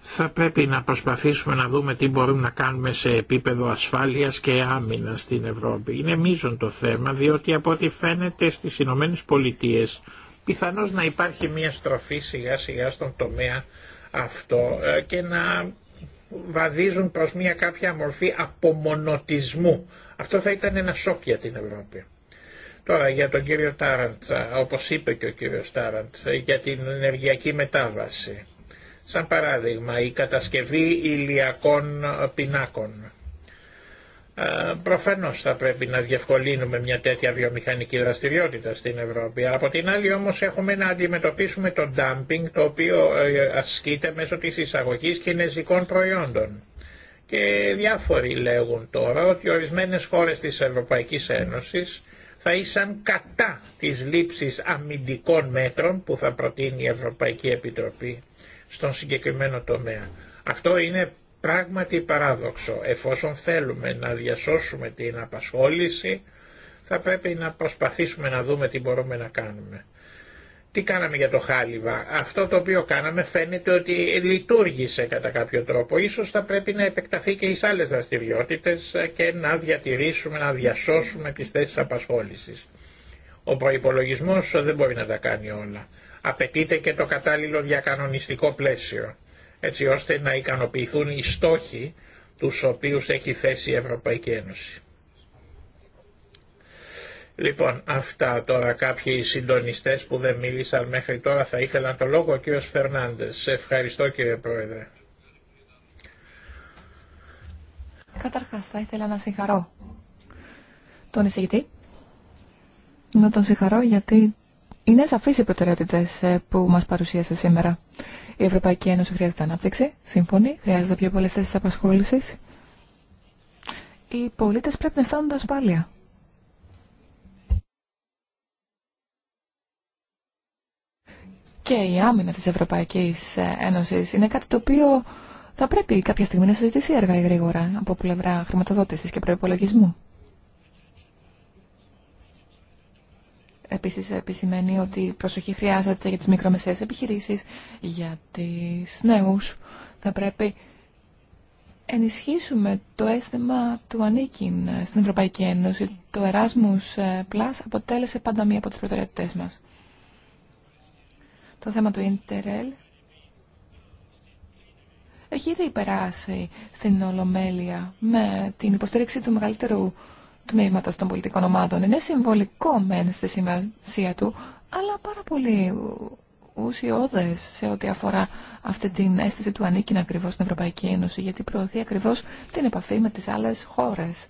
Θα πρέπει να προσπαθήσουμε να δούμε τι μπορούμε να κάνουμε σε επίπεδο ασφάλειας και άμυνας στην Ευρώπη. Είναι μείζον το θέμα διότι από ό,τι φαίνεται στις Ηνωμένε Πολιτείες πιθανώς να υπάρχει μια στροφή σιγά σιγά στον τομέα αυτό ε, και να βαδίζουν προς μια κάποια μορφή απομονωτισμού. Αυτό θα ήταν ένα σοκ για την Ευρώπη. Τώρα για τον κύριο Τάραντ, ε, όπως είπε και ο κύριος Τάραντ, ε, για την ενεργειακή μετάβαση. Σαν παράδειγμα η κατασκευή ηλιακών πινάκων ε, προφανώς θα πρέπει να διευκολύνουμε μια τέτοια βιομηχανική δραστηριότητα στην Ευρώπη. Από την άλλη όμως έχουμε να αντιμετωπίσουμε το dumping το οποίο ε, ασκείται μέσω της εισαγωγής κινέζικων προϊόντων. Και διάφοροι λέγουν τώρα ότι ορισμένες χώρες της Ευρωπαϊκής Ένωσης θα ήσαν κατά της λήψης αμυντικών μέτρων που θα προτείνει η Ευρωπαϊκή Επιτροπή στον συγκεκριμένο τομέα. Αυτό είναι πράγματι παράδοξο. Εφόσον θέλουμε να διασώσουμε την απασχόληση, θα πρέπει να προσπαθήσουμε να δούμε τι μπορούμε να κάνουμε. Τι κάναμε για το χάλιβα. Αυτό το οποίο κάναμε φαίνεται ότι λειτουργήσε κατά κάποιο τρόπο. Ίσως θα πρέπει να επεκταθεί και εις άλλες δραστηριότητε και να διατηρήσουμε, να διασώσουμε τις θέσεις απασχόλησης. Ο προϋπολογισμός δεν μπορεί να τα κάνει όλα. Απαιτείται και το κατάλληλο διακανονιστικό πλαίσιο έτσι ώστε να ικανοποιηθούν οι στόχοι τους οποίους έχει θέσει η Ευρωπαϊκή Ένωση. Λοιπόν, αυτά τώρα κάποιοι συντονιστές που δεν μίλησαν μέχρι τώρα θα ήθελαν το λόγο ο κύριος Φερνάντες. Ευχαριστώ κύριε Πρόεδρε. Καταρχάς θα ήθελα να συγχαρώ τον εισηγητή. Να τον συγχαρώ γιατί είναι σαφείς οι προτεραιότητες ε, που μας παρουσίασε σήμερα. Η Ευρωπαϊκή Ένωση χρειάζεται ανάπτυξη, σύμφωνη, χρειάζεται πιο πολλέ θέσει απασχόληση. Οι πολίτε πρέπει να αισθάνονται ασφάλεια. Και η άμυνα της Ευρωπαϊκής Ένωσης είναι κάτι το οποίο θα πρέπει κάποια στιγμή να συζητηθεί αργά ή γρήγορα από πλευρά χρηματοδότηση και προπολογισμού. Επίσης επισημαίνει ότι προσοχή χρειάζεται για τις μικρομεσαίες επιχειρήσεις, για τις νέους. Θα πρέπει ενισχύσουμε το αίσθημα του ανήκειν στην Ευρωπαϊκή Ένωση. Το Erasmus Plus αποτέλεσε πάντα μία από τις προτεραιότητές μας. Το θέμα του Ιντερελ έχει ήδη περάσει στην Ολομέλεια με την υποστήριξη του μεγαλύτερου τμήματος των πολιτικών ομάδων. Είναι συμβολικό μεν στη σημασία του, αλλά πάρα πολύ ουσιώδες σε ό,τι αφορά αυτή την αίσθηση του ανήκειν ακριβώς στην Ευρωπαϊκή Ένωση, γιατί προωθεί ακριβώς την επαφή με τις άλλες χώρες.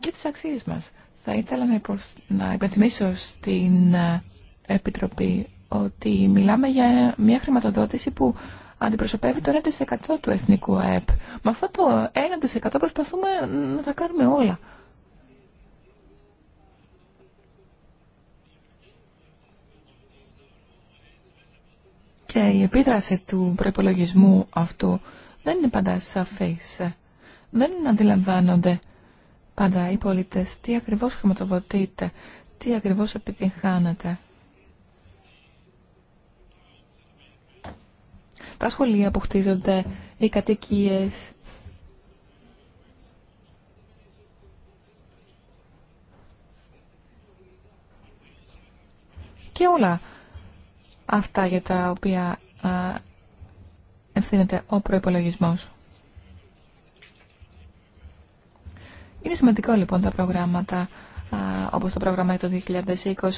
Και τις αξίες μας. Θα ήθελα να, υποσ... να υπενθυμίσω στην Επιτροπή ότι μιλάμε για μια χρηματοδότηση που αντιπροσωπεύει το 1% του εθνικού ΑΕΠ. Με αυτό το 1% προσπαθούμε να τα κάνουμε όλα. Και η επίδραση του προϋπολογισμού αυτού δεν είναι πάντα σαφής. Δεν αντιλαμβάνονται πάντα οι πολίτες τι ακριβώς χρηματοδοτείται, τι ακριβώς επιτυγχάνεται. τα σχολεία που χτίζονται, οι κατοικίε. Και όλα αυτά για τα οποία ευθύνεται ο προϋπολογισμός. Είναι σημαντικό λοιπόν τα προγράμματα όπως το πρόγραμμα το 2020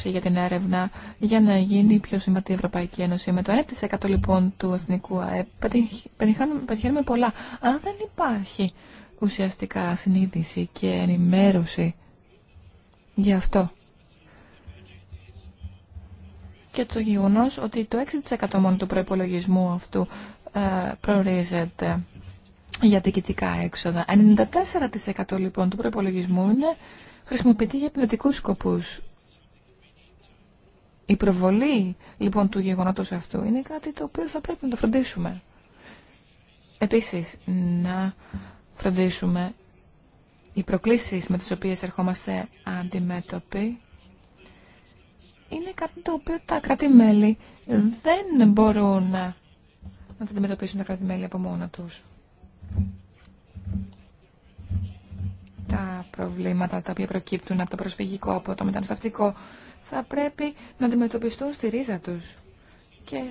για την έρευνα για να γίνει πιο σημαντική η Ευρωπαϊκή Ένωση. Με το 1% λοιπόν του Εθνικού ΑΕΠ πετυχαίνουμε πολλά. αλλά δεν υπάρχει ουσιαστικά συνείδηση και ενημέρωση γι' αυτό. Και το γεγονός ότι το 6% μόνο του προϋπολογισμού αυτού ε, προορίζεται για διοικητικά έξοδα. 94% λοιπόν του προπολογισμού είναι χρησιμοποιείται για επιδετικούς σκοπούς. Η προβολή λοιπόν του γεγονότος αυτού είναι κάτι το οποίο θα πρέπει να το φροντίσουμε. Επίσης, να φροντίσουμε οι προκλήσεις με τις οποίες ερχόμαστε αντιμέτωποι είναι κάτι το οποίο τα κρατη δεν μπορούν να αντιμετωπίσουν τα κρατη από μόνα τους τα προβλήματα τα οποία προκύπτουν από το προσφυγικό, από το μεταναστευτικό, θα πρέπει να αντιμετωπιστούν στη ρίζα τους. Και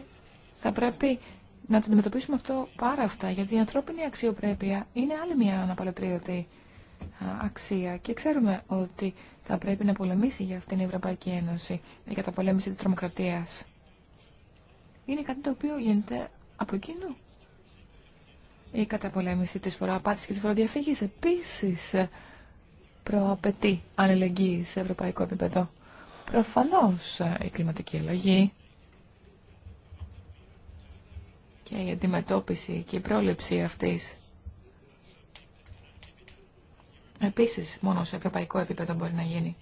θα πρέπει να το αντιμετωπίσουμε αυτό πάρα αυτά, γιατί η ανθρώπινη αξιοπρέπεια είναι άλλη μια αναπαλωτρίωτη αξία και ξέρουμε ότι θα πρέπει να πολεμήσει για αυτήν η Ευρωπαϊκή Ένωση η καταπολέμηση της τρομοκρατίας. Είναι κάτι το οποίο γίνεται από κοινού. Η καταπολέμηση της φοροαπάτης και της φοροδιαφύγης επίσης προαπαιτεί αλληλεγγύη σε ευρωπαϊκό επίπεδο. Προφανώς ε, η κλιματική αλλαγή και η αντιμετώπιση και η πρόληψη αυτής επίσης μόνο σε ευρωπαϊκό επίπεδο μπορεί να γίνει.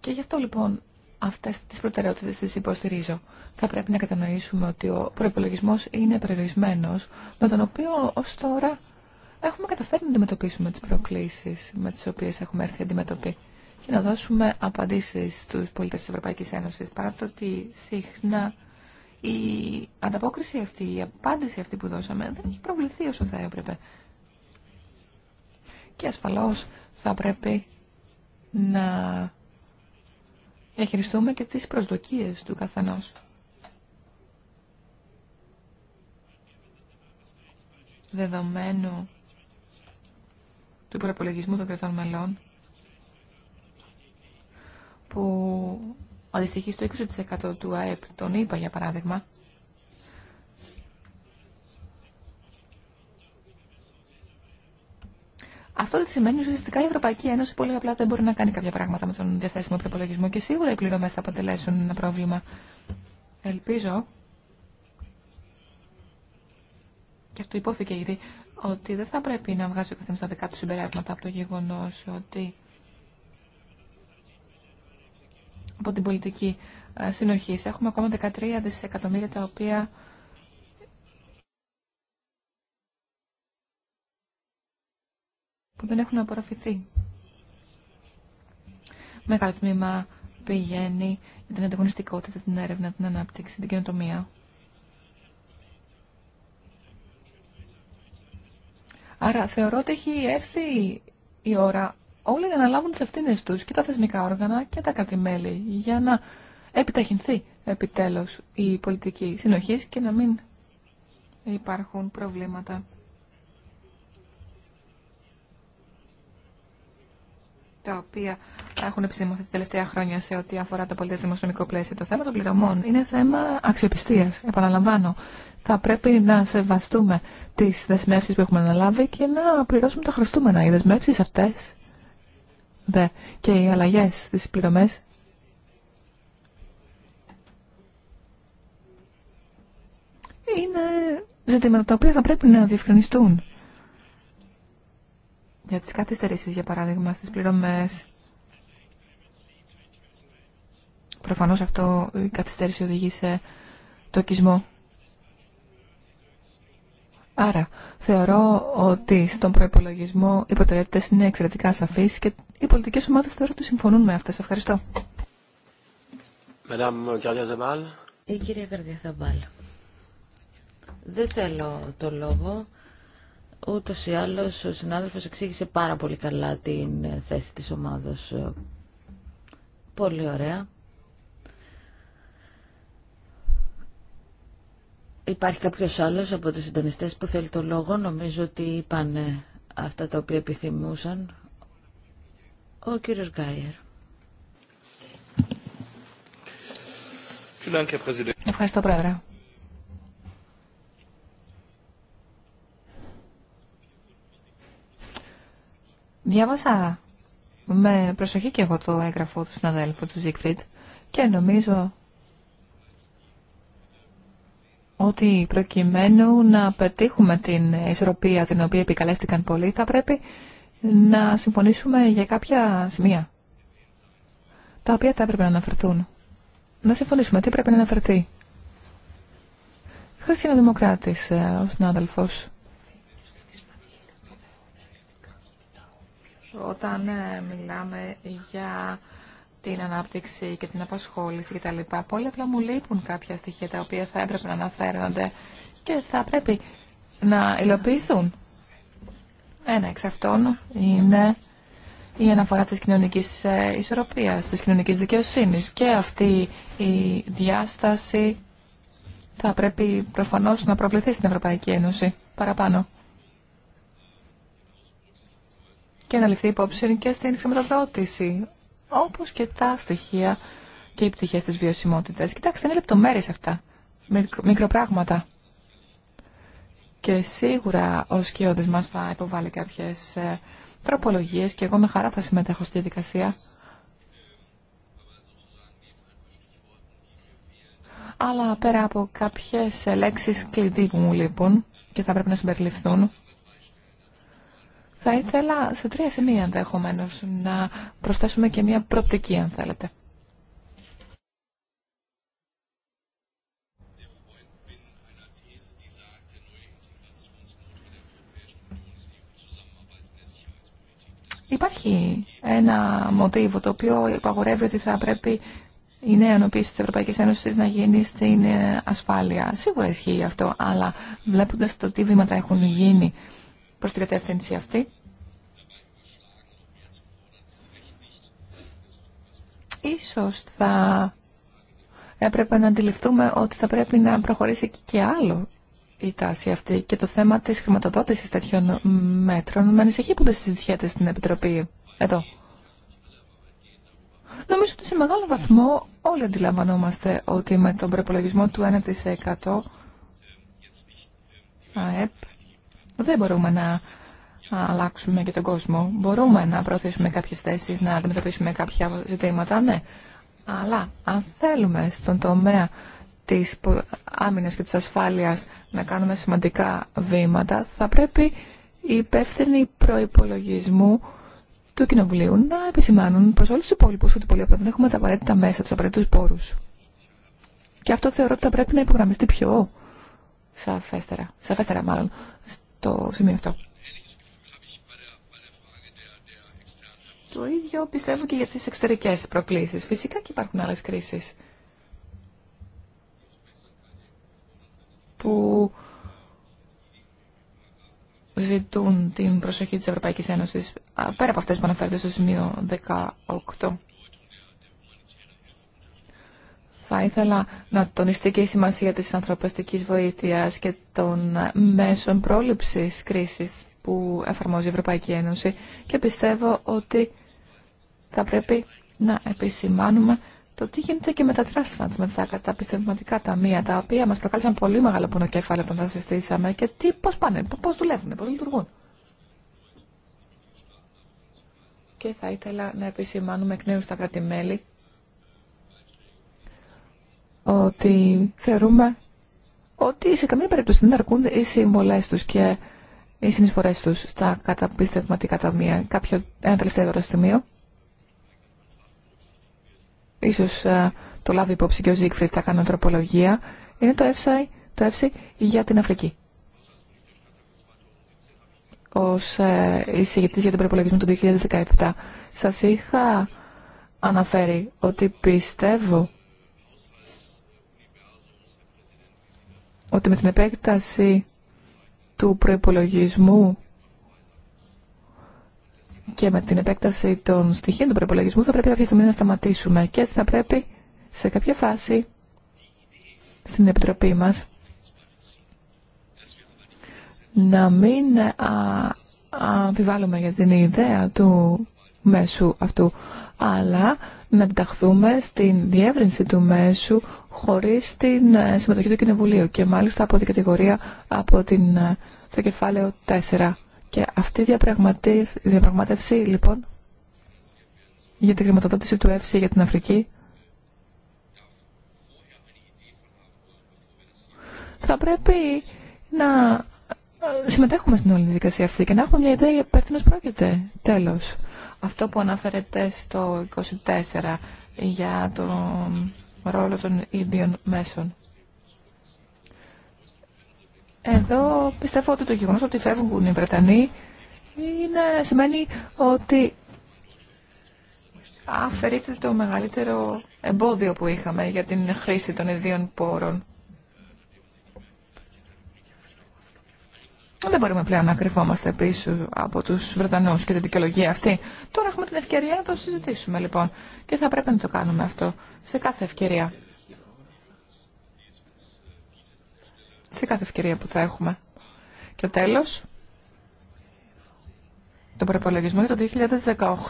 Και γι' αυτό λοιπόν αυτές τις προτεραιότητες τις υποστηρίζω. Θα πρέπει να κατανοήσουμε ότι ο προπολογισμό είναι περιορισμένος, με τον οποίο ως τώρα έχουμε καταφέρει να αντιμετωπίσουμε τις προκλήσεις με τις οποίες έχουμε έρθει αντιμετωπί και να δώσουμε απαντήσεις στους πολίτες της Ευρωπαϊκής Ένωσης, παρά το ότι συχνά η ανταπόκριση αυτή, η απάντηση αυτή που δώσαμε δεν έχει προβληθεί όσο θα έπρεπε. Και ασφαλώς θα πρέπει να διαχειριστούμε και τις προσδοκίες του καθενός. Δεδομένου του προπολογισμού των κρατών μελών που αντιστοιχεί στο 20% του ΑΕΠ, τον είπα για παράδειγμα, Αυτό δεν σημαίνει ουσιαστικά η Ευρωπαϊκή Ένωση πολύ απλά δεν μπορεί να κάνει κάποια πράγματα με τον διαθέσιμο προπολογισμό και σίγουρα οι πληρωμέ θα αποτελέσουν ένα πρόβλημα. Ελπίζω, και αυτό υπόθηκε ήδη, ότι δεν θα πρέπει να βγάζει ο καθένας τα δικά του συμπεράσματα από το γεγονός ότι από την πολιτική ε, συνοχή έχουμε ακόμα 13 δισεκατομμύρια τα οποία που δεν έχουν απορροφηθεί. Μεγάλο τμήμα πηγαίνει για την ανταγωνιστικότητα, την έρευνα, την ανάπτυξη, την καινοτομία. Άρα θεωρώ ότι έχει έρθει η ώρα όλοι να αναλάβουν τις ευθύνες τους και τα θεσμικά όργανα και τα κρατημέλη για να επιταχυνθεί επιτέλους η πολιτική συνοχή και να μην υπάρχουν προβλήματα. τα οποία έχουν επιστημωθεί τα τελευταία χρόνια σε ό,τι αφορά το πολιτικό δημοσιονομικό πλαίσιο. Το θέμα των πληρωμών είναι θέμα αξιοπιστίας, επαναλαμβάνω θα πρέπει να σεβαστούμε τις δεσμεύσεις που έχουμε αναλάβει και να πληρώσουμε τα χρωστούμενα. Οι δεσμεύσεις αυτές δε, και οι αλλαγές στις πληρωμές είναι ζητήματα τα οποία θα πρέπει να διευκρινιστούν. Για τις καθυστερήσεις, για παράδειγμα, στις πληρωμές. Προφανώς αυτό η καθυστέρηση οδηγεί σε τοκισμό Άρα, θεωρώ ότι στον προπολογισμό οι προτεραιότητε είναι εξαιρετικά σαφεί και οι πολιτικέ ομάδε θεωρώ ότι συμφωνούν με αυτέ. Ευχαριστώ. Η κυρία Καρδιά Θαμπάλ. Δεν θέλω το λόγο. Ούτω ή άλλω ο συνάδελφο εξήγησε πάρα πολύ καλά την θέση τη ομάδας. Πολύ ωραία. Υπάρχει κάποιος άλλος από τους συντονιστές που θέλει το λόγο. Νομίζω ότι είπαν ε, αυτά τα οποία επιθυμούσαν. Ο κύριος Γκάιερ. Ευχαριστώ, Πρόεδρε. Διάβασα με προσοχή και εγώ το έγγραφο του συναδέλφου του Ζίκφριντ και νομίζω ότι προκειμένου να πετύχουμε την ισορροπία την οποία επικαλέστηκαν πολλοί, θα πρέπει να συμφωνήσουμε για κάποια σημεία, τα οποία θα έπρεπε να αναφερθούν. Να συμφωνήσουμε τι πρέπει να αναφερθεί. Χριστιανοδημοκράτης ε, ο συνάδελφος. Όταν ε, μιλάμε για την ανάπτυξη και την απασχόληση κτλ. Πολύ απλά μου λείπουν κάποια στοιχεία τα οποία θα έπρεπε να αναφέρονται και θα πρέπει να υλοποιηθούν. Ένα εξ αυτών είναι η αναφορά της κοινωνικής ε, ισορροπίας, της κοινωνικής δικαιοσύνης και αυτή η διάσταση θα πρέπει προφανώς να προβληθεί στην Ευρωπαϊκή Ένωση παραπάνω και να ληφθεί υπόψη και στην χρηματοδότηση όπως και τα στοιχεία και οι πτυχές της βιωσιμότητας. Κοιτάξτε, είναι λεπτομέρειες αυτά, μικροπράγματα. Και σίγουρα ο σκιώδης μας θα υποβάλει κάποιες ε, τροπολογίες και εγώ με χαρά θα συμμετέχω στη διαδικασία. Αλλά πέρα από κάποιες λέξεις κλειδί που μου λείπουν και θα πρέπει να συμπεριληφθούν, θα ήθελα σε τρία σημεία ενδεχομένω να προσθέσουμε και μια προοπτική, αν θέλετε. Υπάρχει ένα μοτίβο το οποίο υπαγορεύει ότι θα πρέπει η νέα ενοποίηση της Ευρωπαϊκής Ένωσης να γίνει στην ε, ασφάλεια. Σίγουρα ισχύει αυτό, αλλά βλέποντας το τι βήματα έχουν γίνει προς την κατεύθυνση αυτή. Ίσως θα έπρεπε να αντιληφθούμε ότι θα πρέπει να προχωρήσει και άλλο η τάση αυτή και το θέμα της χρηματοδότησης τέτοιων μέτρων με ανησυχεί που δεν συζητιέται στην Επιτροπή εδώ. Νομίζω ότι σε μεγάλο βαθμό όλοι αντιλαμβανόμαστε ότι με τον προπολογισμό του 1% ΑΕΠ δεν μπορούμε να αλλάξουμε και τον κόσμο. Μπορούμε να προωθήσουμε κάποιες θέσεις, να αντιμετωπίσουμε κάποια ζητήματα, ναι. Αλλά αν θέλουμε στον τομέα της άμυνας και της ασφάλειας να κάνουμε σημαντικά βήματα, θα πρέπει οι υπεύθυνοι προπολογισμού του Κοινοβουλίου να επισημάνουν προς όλους τους υπόλοιπους ότι πολύ απλά δεν έχουμε τα απαραίτητα μέσα, τους απαραίτητους πόρους. Και αυτό θεωρώ ότι θα πρέπει να υπογραμμιστεί πιο σαφέστερα, σαφέστερα μάλλον, το σημείο αυτό. Το ίδιο πιστεύω και για τις εξωτερικές προκλήσεις. Φυσικά και υπάρχουν άλλες κρίσεις που ζητούν την προσοχή της Ευρωπαϊκής Ένωσης πέρα από αυτές που αναφέρονται στο σημείο 18. Θα ήθελα να τονιστεί και η σημασία της ανθρωπιστικής βοήθειας και των μέσων πρόληψης κρίσης που εφαρμόζει η Ευρωπαϊκή Ένωση και πιστεύω ότι θα πρέπει να επισημάνουμε το τι γίνεται και με τα trust funds, με τα καταπιστευματικά ταμεία, τα οποία μας προκάλεσαν πολύ μεγάλο πονοκέφαλο όταν τα συστήσαμε και τι, πώς πάνε, πώς δουλεύουν, πώς λειτουργούν. Και θα ήθελα να επισημάνουμε εκ νέου στα κρατη ότι θεωρούμε ότι σε καμία περίπτωση δεν αρκούν οι συμβολές τους και οι συνεισφορές τους στα καταπιστευματικά ταμεία. Κάποιο, ένα τελευταίο τώρα σημείο. Ίσως ε, το λάβει υπόψη και ο Ζίγκφριτ θα κάνω τροπολογία. Είναι το ΕΦΣΑΙ, το για την Αφρική. Ω ε, για τον προπολογισμό του 2017 Σα είχα αναφέρει ότι πιστεύω ότι με την επέκταση του προϋπολογισμού και με την επέκταση των στοιχείων του προπολογισμού θα πρέπει κάποια στιγμή να σταματήσουμε και θα πρέπει σε κάποια φάση στην Επιτροπή μας να μην αμφιβάλλουμε για την ιδέα του μέσου αυτού αλλά να ενταχθούμε στην διεύρυνση του μέσου χωρίς την ε, συμμετοχή του Κοινοβουλίου και μάλιστα από την κατηγορία από την, ε, το κεφάλαιο 4. Και αυτή η διαπραγματεύση λοιπόν για την χρηματοδότηση του ΕΦΣΥ για την Αφρική θα πρέπει να ε, συμμετέχουμε στην όλη διαδικασία αυτή και να έχουμε μια ιδέα για πέρα πρόκειται. Τέλος αυτό που αναφέρεται στο 24 για τον ρόλο των ίδιων μέσων. Εδώ πιστεύω ότι το γεγονός ότι φεύγουν οι Βρετανοί είναι, σημαίνει ότι αφαιρείται το μεγαλύτερο εμπόδιο που είχαμε για την χρήση των ιδίων πόρων. Δεν μπορούμε πλέον να κρυφόμαστε πίσω από του Βρετανού και την δικαιολογία αυτή. Τώρα έχουμε την ευκαιρία να το συζητήσουμε λοιπόν και θα πρέπει να το κάνουμε αυτό σε κάθε ευκαιρία. Σε κάθε ευκαιρία που θα έχουμε. Και τέλο, τον προπολογισμό για το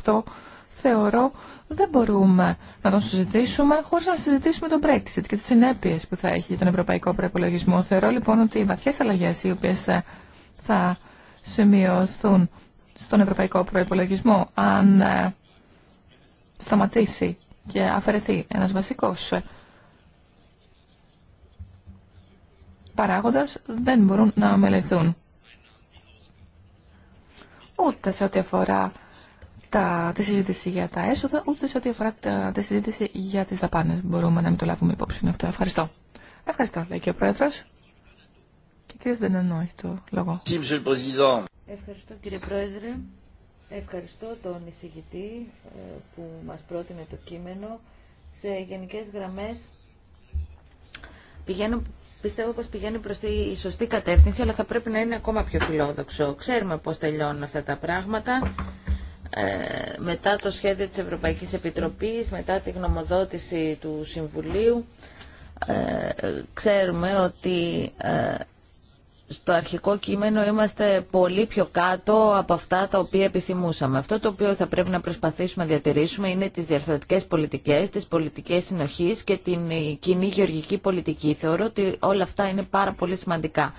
2018 θεωρώ δεν μπορούμε να τον συζητήσουμε χωρί να συζητήσουμε τον Brexit και τι συνέπειε που θα έχει για τον ευρωπαϊκό προπολογισμό. Θεωρώ λοιπόν ότι οι βαθίε αλλαγέ οι οποίε. Ε, θα σημειωθούν στον ευρωπαϊκό προϋπολογισμό αν ε, σταματήσει και αφαιρεθεί ένας βασικός παράγοντας δεν μπορούν να μελεθούν. Ούτε σε ό,τι αφορά τα, τη συζήτηση για τα έσοδα, ούτε σε ό,τι αφορά τα, τη συζήτηση για τις δαπάνες. Μπορούμε να μην το λάβουμε υπόψη αυτό. Ευχαριστώ. Ευχαριστώ, λέει και ο Πρόεδρος. Και κύριος Δενανό έχει το λόγο. Ευχαριστώ κύριε Πρόεδρε. Ευχαριστώ τον εισηγητή ε, που μας πρότεινε το κείμενο. Σε γενικές γραμμές πηγαίνω, πιστεύω πως πηγαίνει προς τη σωστή κατεύθυνση, αλλά θα πρέπει να είναι ακόμα πιο φιλόδοξο. Ξέρουμε πώς τελειώνουν αυτά τα πράγματα. Ε, μετά το σχέδιο της Ευρωπαϊκής Επιτροπής, μετά τη γνωμοδότηση του Συμβουλίου, ε, ξέρουμε ότι ε, στο αρχικό κείμενο είμαστε πολύ πιο κάτω από αυτά τα οποία επιθυμούσαμε. Αυτό το οποίο θα πρέπει να προσπαθήσουμε να διατηρήσουμε είναι τις διαρθρωτικές πολιτικές, τις πολιτικές συνοχής και την ε, κοινή γεωργική πολιτική. Θεωρώ ότι όλα αυτά είναι πάρα πολύ σημαντικά.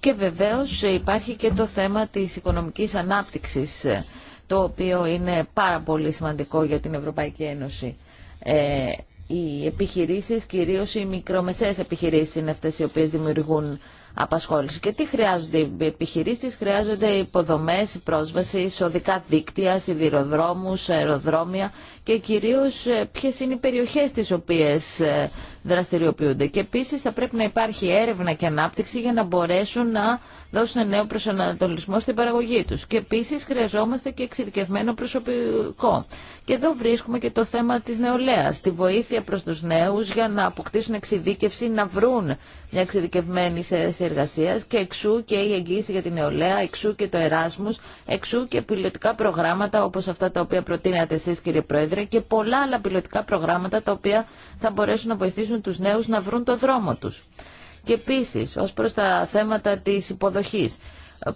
Και βεβαίως ε, υπάρχει και το θέμα της οικονομικής ανάπτυξης, ε, το οποίο είναι πάρα πολύ σημαντικό για την Ευρωπαϊκή Ένωση. Οι επιχειρήσεις, κυρίως οι μικρομεσαίες επιχειρήσεις είναι αυτές οι οποίες δημιουργούν απασχόληση. Και τι χρειάζονται οι επιχειρήσεις, χρειάζονται υποδομές, πρόσβαση, οδικά δίκτυα, σιδηροδρόμους, αεροδρόμια και κυρίως ε, ποιες είναι οι περιοχές τις οποίες ε, δραστηριοποιούνται. Και επίση θα πρέπει να υπάρχει έρευνα και ανάπτυξη για να μπορέσουν να δώσουν νέο προσανατολισμό στην παραγωγή του. Και επίση χρειαζόμαστε και εξειδικευμένο προσωπικό. Και εδώ βρίσκουμε και το θέμα τη νεολαία, τη βοήθεια προ του νέου για να αποκτήσουν εξειδίκευση, να βρουν μια εξειδικευμένη θέση εργασία και εξού και η εγγύηση για την νεολαία, εξού και το Εράσμου, εξού και πιλωτικά προγράμματα όπω αυτά τα οποία προτείνατε εσεί κύριε Πρόεδρε και πολλά άλλα πιλωτικά προγράμματα τα οποία θα μπορέσουν να βοηθήσουν βοηθήσουν τους νέους να βρουν το δρόμο τους. Και επίσης, ως προς τα θέματα της υποδοχής,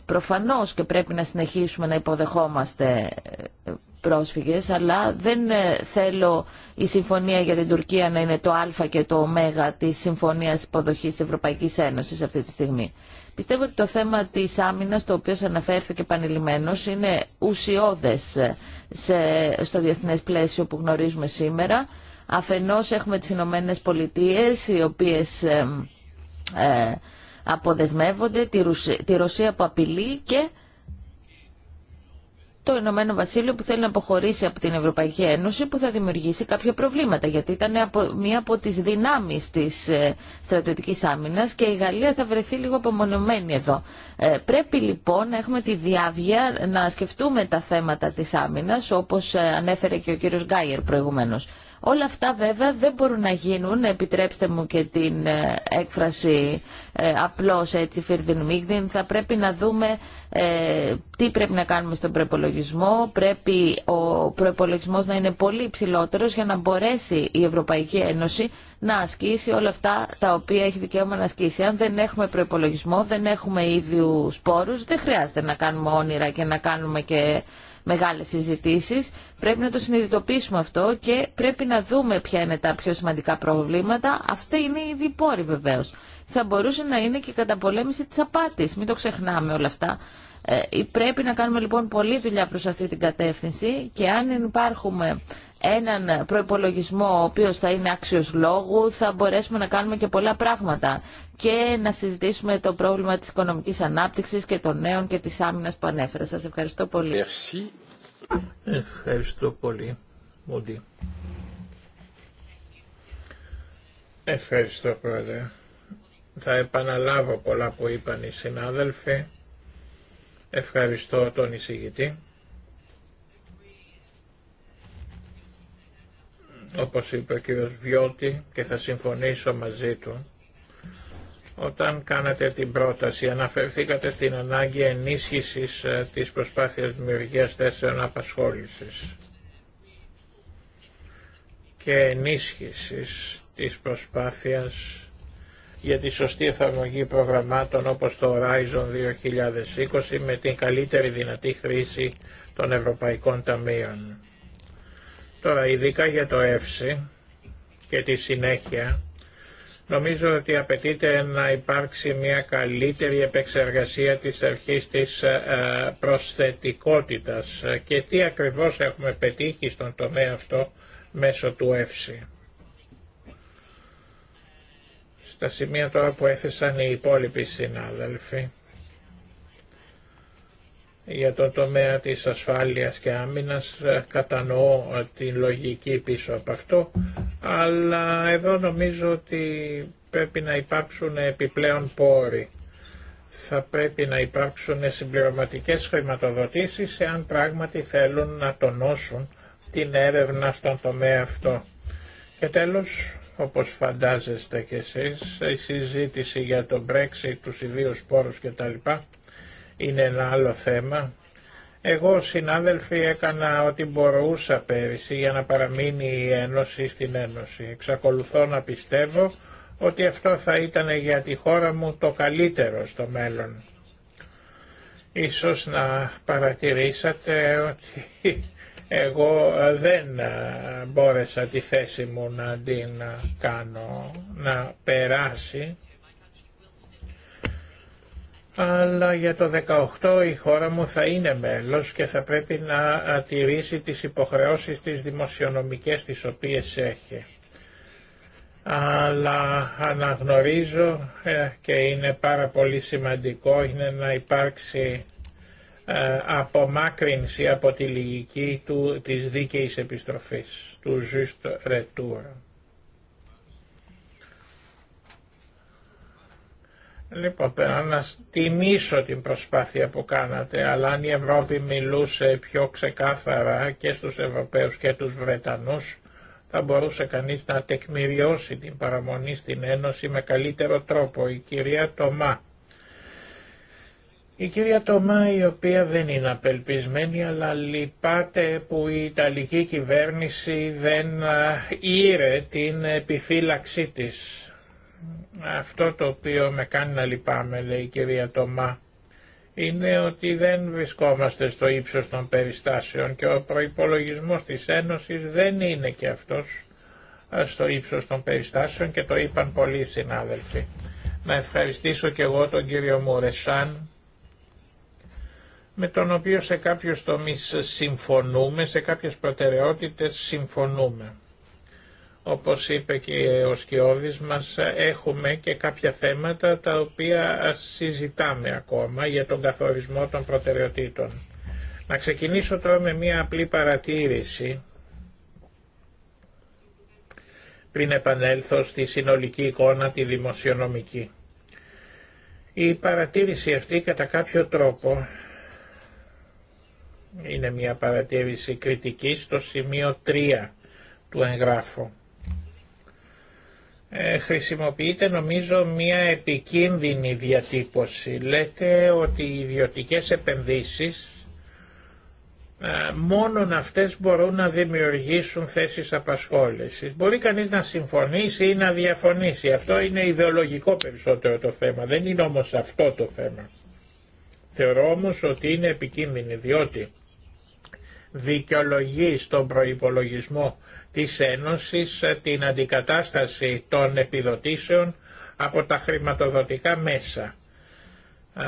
προφανώς και πρέπει να συνεχίσουμε να υποδεχόμαστε ε, πρόσφυγες, αλλά δεν ε, θέλω η συμφωνία για την Τουρκία να είναι το α και το ω της συμφωνίας υποδοχής της Ευρωπαϊκής Ένωσης αυτή τη στιγμή. Πιστεύω ότι το θέμα της άμυνας, το οποίο αναφέρθηκε επανειλημμένως, είναι ουσιώδες ε, σε, στο διεθνές πλαίσιο που γνωρίζουμε σήμερα Αφενός έχουμε τις Ηνωμένε Πολιτείες, οι οποίες ε, ε, αποδεσμεύονται, τη, Ρωσία που απειλεί και το Ηνωμένο Βασίλειο που θέλει να αποχωρήσει από την Ευρωπαϊκή Ένωση που θα δημιουργήσει κάποια προβλήματα γιατί ήταν μία από τις δυνάμεις της ε, στρατιωτικής άμυνας και η Γαλλία θα βρεθεί λίγο απομονωμένη εδώ. Ε, πρέπει λοιπόν να έχουμε τη διάβια να σκεφτούμε τα θέματα της άμυνας όπως ε, ανέφερε και ο κύριος Γκάιερ προηγουμένως. Όλα αυτά βέβαια δεν μπορούν να γίνουν, επιτρέψτε μου και την ε, έκφραση ε, απλώς έτσι φιρδινμίγδιν, θα πρέπει να δούμε ε, τι πρέπει να κάνουμε στον προπολογισμό. Πρέπει ο προπολογισμό να είναι πολύ υψηλότερος για να μπορέσει η Ευρωπαϊκή Ένωση να ασκήσει όλα αυτά τα οποία έχει δικαίωμα να ασκήσει. Αν δεν έχουμε προπολογισμό, δεν έχουμε ίδιου πόρου, δεν χρειάζεται να κάνουμε όνειρα και να κάνουμε και μεγάλες συζητήσεις. Πρέπει να το συνειδητοποιήσουμε αυτό και πρέπει να δούμε ποια είναι τα πιο σημαντικά προβλήματα. Αυτή είναι η διπόρη βεβαίω. Θα μπορούσε να είναι και η καταπολέμηση της απάτης. Μην το ξεχνάμε όλα αυτά. Ε, πρέπει να κάνουμε λοιπόν πολλή δουλειά προς αυτή την κατεύθυνση και αν υπάρχουμε έναν προπολογισμό ο οποίος θα είναι άξιος λόγου, θα μπορέσουμε να κάνουμε και πολλά πράγματα και να συζητήσουμε το πρόβλημα της οικονομικής ανάπτυξης και των νέων και της άμυνας που ανέφερα. Σας ευχαριστώ πολύ. Ευχαριστώ πολύ. Μοντή. Ευχαριστώ πρόεδρε. Θα επαναλάβω πολλά που είπαν οι συνάδελφοι. Ευχαριστώ τον εισηγητή. όπως είπε ο κύριος Βιώτη και θα συμφωνήσω μαζί του, όταν κάνατε την πρόταση αναφερθήκατε στην ανάγκη ενίσχυσης ε, της προσπάθειας δημιουργίας θέσεων απασχόλησης και ενίσχυσης της προσπάθειας για τη σωστή εφαρμογή προγραμμάτων όπως το Horizon 2020 με την καλύτερη δυνατή χρήση των Ευρωπαϊκών Ταμείων. Τώρα ειδικά για το ΕΦΣΥ και τη συνέχεια, νομίζω ότι απαιτείται να υπάρξει μια καλύτερη επεξεργασία της αρχής της ε, προσθετικότητας και τι ακριβώς έχουμε πετύχει στον τομέα αυτό μέσω του ΕΦΣΙ. Στα σημεία τώρα που έθεσαν οι υπόλοιποι συνάδελφοι για το τομέα της ασφάλειας και άμυνας ε, κατανοώ ε, την λογική πίσω από αυτό αλλά εδώ νομίζω ότι πρέπει να υπάρξουν επιπλέον πόροι. Θα πρέπει να υπάρξουν συμπληρωματικές χρηματοδοτήσεις εάν πράγματι θέλουν να τονώσουν την έρευνα στον τομέα αυτό. Και τέλος, όπως φαντάζεστε και εσείς, η συζήτηση για το Brexit, τους ιδίους πόρους κτλ είναι ένα άλλο θέμα. Εγώ, συνάδελφοι, έκανα ό,τι μπορούσα πέρυσι για να παραμείνει η Ένωση στην Ένωση. Εξακολουθώ να πιστεύω ότι αυτό θα ήταν για τη χώρα μου το καλύτερο στο μέλλον. Ίσως να παρατηρήσατε ότι εγώ δεν ε, μπόρεσα τη θέση μου να την ε, κάνω να περάσει αλλά για το 18 η χώρα μου θα είναι μέλος και θα πρέπει να τηρήσει τις υποχρεώσεις τις δημοσιονομικές τις οποίες έχει. Αλλά αναγνωρίζω ε, και είναι πάρα πολύ σημαντικό είναι να υπάρξει ε, απομάκρυνση από τη λυγική του, της δίκαιης επιστροφής, του just retour. Λοιπόν, να τιμήσω την προσπάθεια που κάνατε, αλλά αν η Ευρώπη μιλούσε πιο ξεκάθαρα και στους Ευρωπαίους και τους Βρετανούς, θα μπορούσε κανείς να τεκμηριώσει την παραμονή στην Ένωση με καλύτερο τρόπο. Η κυρία Τομά. Η κυρία Τομά η οποία δεν είναι απελπισμένη αλλά λυπάται που η Ιταλική κυβέρνηση δεν ε, ήρε την επιφύλαξή της αυτό το οποίο με κάνει να λυπάμαι, λέει η κυρία Τωμά, είναι ότι δεν βρισκόμαστε στο ύψος των περιστάσεων και ο προϋπολογισμός της Ένωσης δεν είναι και αυτός ε, στο ύψος των περιστάσεων και το είπαν πολλοί συνάδελφοι. Να ευχαριστήσω και εγώ τον κύριο Μουρεσάν, με τον οποίο σε κάποιους τομείς συμφωνούμε, σε κάποιες προτεραιότητες συμφωνούμε. Όπως είπε και ο Σκιώδης μας, έχουμε και κάποια θέματα τα οποία συζητάμε ακόμα για τον καθορισμό των προτεραιοτήτων. Να ξεκινήσω τώρα με μία απλή παρατήρηση πριν επανέλθω στη συνολική εικόνα τη δημοσιονομική. Η παρατήρηση αυτή κατά κάποιο τρόπο είναι μια παρατήρηση κριτική στο σημείο 3 του εγγράφου. Ε, χρησιμοποιείται νομίζω μια επικίνδυνη διατύπωση. Λέτε ότι οι ιδιωτικές επενδύσεις ε, μόνον αυτές μπορούν να δημιουργήσουν θέσεις απασχόλησης. Μπορεί κανείς να συμφωνήσει ή να διαφωνήσει. Αυτό είναι ιδεολογικό περισσότερο το θέμα. Δεν είναι όμως αυτό το θέμα. Θεωρώ όμως ότι είναι επικίνδυνη διότι δικαιολογεί στον προϋπολογισμό της Ένωσης ε, την αντικατάσταση των επιδοτήσεων από τα χρηματοδοτικά μέσα. Ε,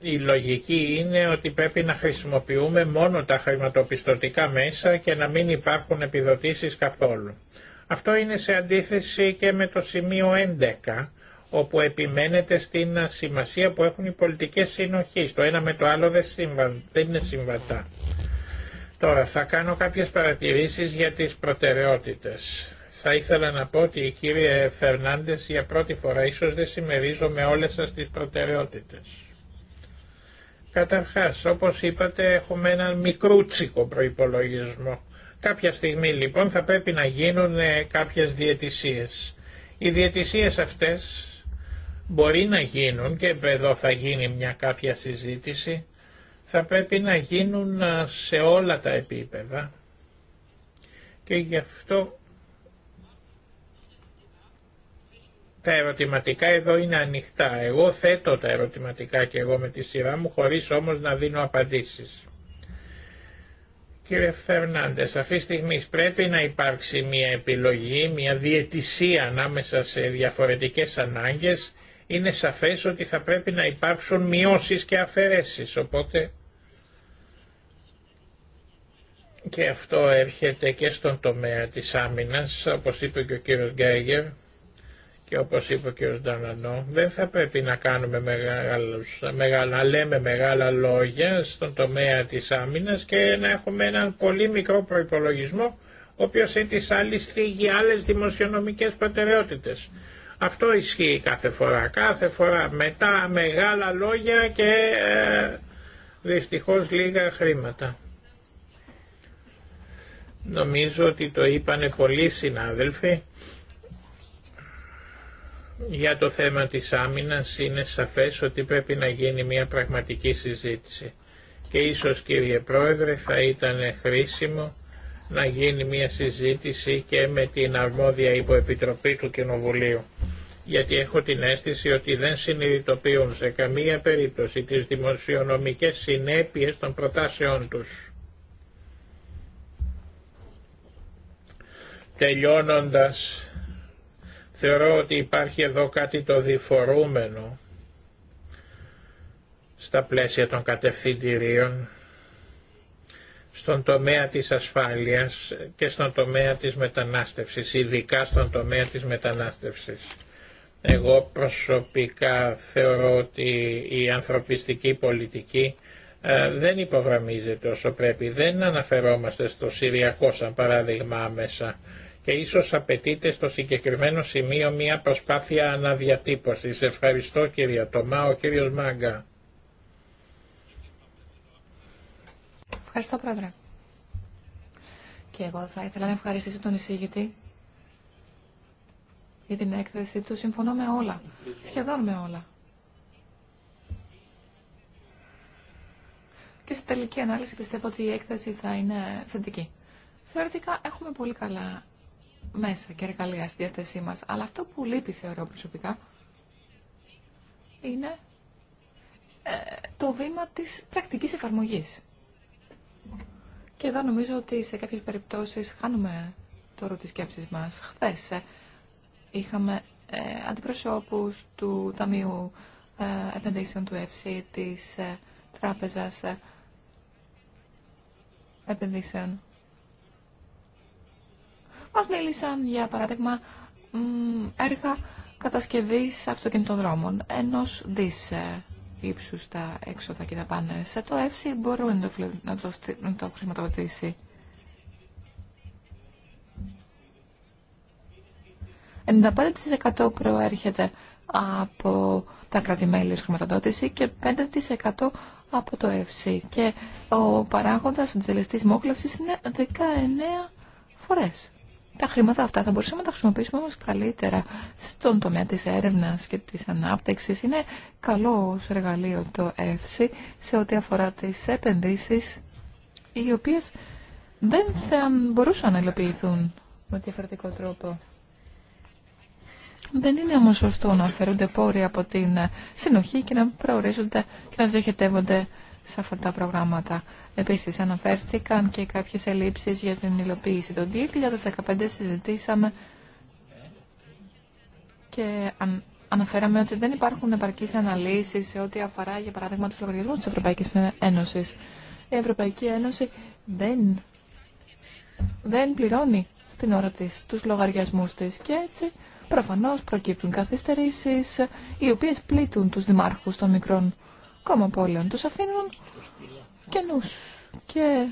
η λογική είναι ότι πρέπει να χρησιμοποιούμε μόνο τα χρηματοπιστωτικά μέσα και να μην υπάρχουν επιδοτήσεις καθόλου. Αυτό είναι σε αντίθεση και με το σημείο 11, όπου επιμένεται στην σημασία που έχουν οι πολιτικές συνοχή. Το ένα με το άλλο δεν είναι συμβατά. Τώρα θα κάνω κάποιες παρατηρήσεις για τις προτεραιότητες. Θα ήθελα να πω ότι η κύριε Φερνάντες για πρώτη φορά ίσως δεν συμμερίζομαι όλες σας τις προτεραιότητες. Καταρχάς, όπως είπατε, έχουμε έναν μικρούτσικο προϋπολογισμό. Κάποια στιγμή λοιπόν θα πρέπει να γίνουν ε, κάποιες διαιτησίες. Οι διαιτησίες αυτές μπορεί να γίνουν και εδώ θα γίνει μια κάποια συζήτηση θα πρέπει να γίνουν ε, σε όλα τα επίπεδα και γι' αυτό τα ερωτηματικά εδώ είναι ανοιχτά. Εγώ θέτω τα ερωτηματικά και εγώ με τη σειρά μου χωρίς όμως να δίνω απαντήσεις. Κύριε Φερνάντες, αυτή τη στιγμή πρέπει να υπάρξει μια επιλογή, μια διαιτησία ανάμεσα σε διαφορετικές ανάγκες. Είναι σαφές ότι θα πρέπει να υπάρξουν μειώσεις και αφαιρέσεις, οπότε και αυτό έρχεται και στον τομέα της άμυνας, όπως είπε και ο κύριος Γκέγερ και όπως είπε ο κύριος Ντανανό, δεν θα πρέπει να κάνουμε μεγάλους, μεγάλα, λέμε μεγάλα λόγια στον τομέα της άμυνας και να έχουμε έναν πολύ μικρό προϋπολογισμό, ο οποίος είναι της άλλης θίγει άλλες δημοσιονομικές προτεραιότητες. Αυτό ισχύει κάθε φορά. Κάθε φορά μετά μεγάλα λόγια και ε, δυστυχώς λίγα χρήματα. Νομίζω ότι το είπανε πολλοί συνάδελφοι για το θέμα της άμυνας είναι σαφές ότι πρέπει να γίνει μια πραγματική συζήτηση και ίσως κύριε Πρόεδρε θα ήταν χρήσιμο να γίνει μια συζήτηση και με την αρμόδια υποεπιτροπή του Κοινοβουλίου γιατί έχω την αίσθηση ότι δεν συνειδητοποιούν σε καμία περίπτωση τις δημοσιονομικές συνέπειες των προτάσεών τους. Τελειώνοντας, θεωρώ ότι υπάρχει εδώ κάτι το διφορούμενο στα πλαίσια των κατευθυντηρίων, στον τομέα της ασφάλειας και στον τομέα της μετανάστευσης, ειδικά στον τομέα της μετανάστευσης. Εγώ προσωπικά θεωρώ ότι η ανθρωπιστική πολιτική ε, δεν υπογραμμίζεται όσο πρέπει. Δεν αναφερόμαστε στο Συριακό σαν παράδειγμα άμεσα και ίσως απαιτείται στο συγκεκριμένο σημείο μια προσπάθεια αναδιατύπωσης. Ευχαριστώ κύριε Τωμά, ο κύριος Μάγκα. Ευχαριστώ πρόεδρε. Και εγώ θα ήθελα να ευχαριστήσω τον εισήγητη για την έκθεση του. Συμφωνώ με όλα, σχεδόν με όλα. Και στη τελική ανάλυση πιστεύω ότι η έκθεση θα είναι θετική. Θεωρητικά έχουμε πολύ καλά μέσα και εργαλεία στη διάθεσή μας. Αλλά αυτό που λείπει θεωρώ προσωπικά είναι ε, το βήμα της πρακτικής εφαρμογής. Και εδώ νομίζω ότι σε κάποιες περιπτώσεις χάνουμε το ρου της σκέψης μας. Χθες ε, είχαμε ε, αντιπροσώπους του Ταμείου Επενδύσεων του ΕΦΣΥ της Τράπεζας Επενδύσεων μας μίλησαν για παράδειγμα έργα κατασκευής αυτοκινητοδρόμων ενός δις ε, ύψους τα έξοδα και τα πάνε. Σε το ΕΦΣΥ μπορούν να το, να το, να το χρηματοδοτήσει. 95% προέρχεται από τα κρατη χρηματοδότηση και 5% από το ΕΦΣΥ. Και ο παράγοντας συντελεστής μόχλευσης είναι 19 φορές. Τα χρήματα αυτά θα μπορούσαμε να τα χρησιμοποιήσουμε όμως καλύτερα στον τομέα της έρευνας και της ανάπτυξης. Είναι καλό εργαλείο το ΕΦΣΥ σε ό,τι αφορά τις επενδύσεις οι οποίες δεν θα μπορούσαν να υλοποιηθούν με διαφορετικό τρόπο. Δεν είναι όμως σωστό να αφαιρούνται πόροι από την συνοχή και να προορίζονται και να διοχετεύονται σε αυτά τα προγράμματα. Επίσης αναφέρθηκαν και κάποιες ελλείψεις για την υλοποίηση. Το 2015 συζητήσαμε και αναφέραμε ότι δεν υπάρχουν επαρκείς αναλύσεις σε ό,τι αφορά για παράδειγμα τους λογαριασμούς της Ευρωπαϊκής Ένωσης. Η Ευρωπαϊκή Ένωση δεν, δεν πληρώνει στην ώρα της τους λογαριασμούς της και έτσι προφανώς προκύπτουν καθυστερήσεις οι οποίες πλήττουν τους δημάρχους των μικρών του πόλεων. Τους αφήνουν νους και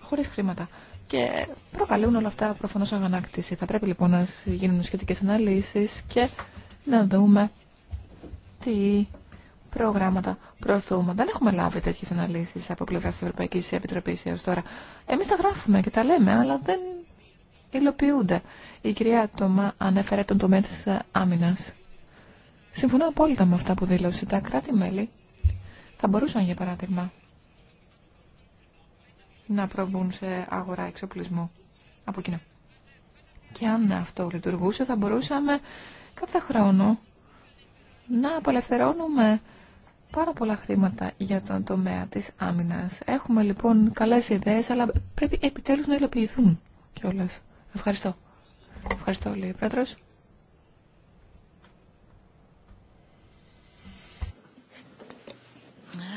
χωρίς χρήματα. Και προκαλούν όλα αυτά προφανώς αγανάκτηση. Θα πρέπει λοιπόν να γίνουν σχετικές αναλύσεις και να δούμε τι προγράμματα προωθούμε. Δεν έχουμε λάβει τέτοιες αναλύσεις από πλευρά της Ευρωπαϊκής Επιτροπής έως τώρα. Εμείς τα γράφουμε και τα λέμε, αλλά δεν υλοποιούνται. Η κυρία Τωμά ανέφερε τον τομέα της άμυνας. Συμφωνώ απόλυτα με αυτά που δήλωσε. Τα κράτη-μέλη θα μπορούσαν, για παράδειγμα, να προβούν σε αγορά εξοπλισμού από κοινό. Και αν αυτό λειτουργούσε, θα μπορούσαμε κάθε χρόνο να απελευθερώνουμε πάρα πολλά χρήματα για τον τομέα της άμυνας. Έχουμε λοιπόν καλές ιδέες, αλλά πρέπει επιτέλους να υλοποιηθούν κιόλας. Ευχαριστώ. Ευχαριστώ, λέει ο Πρόεδρος.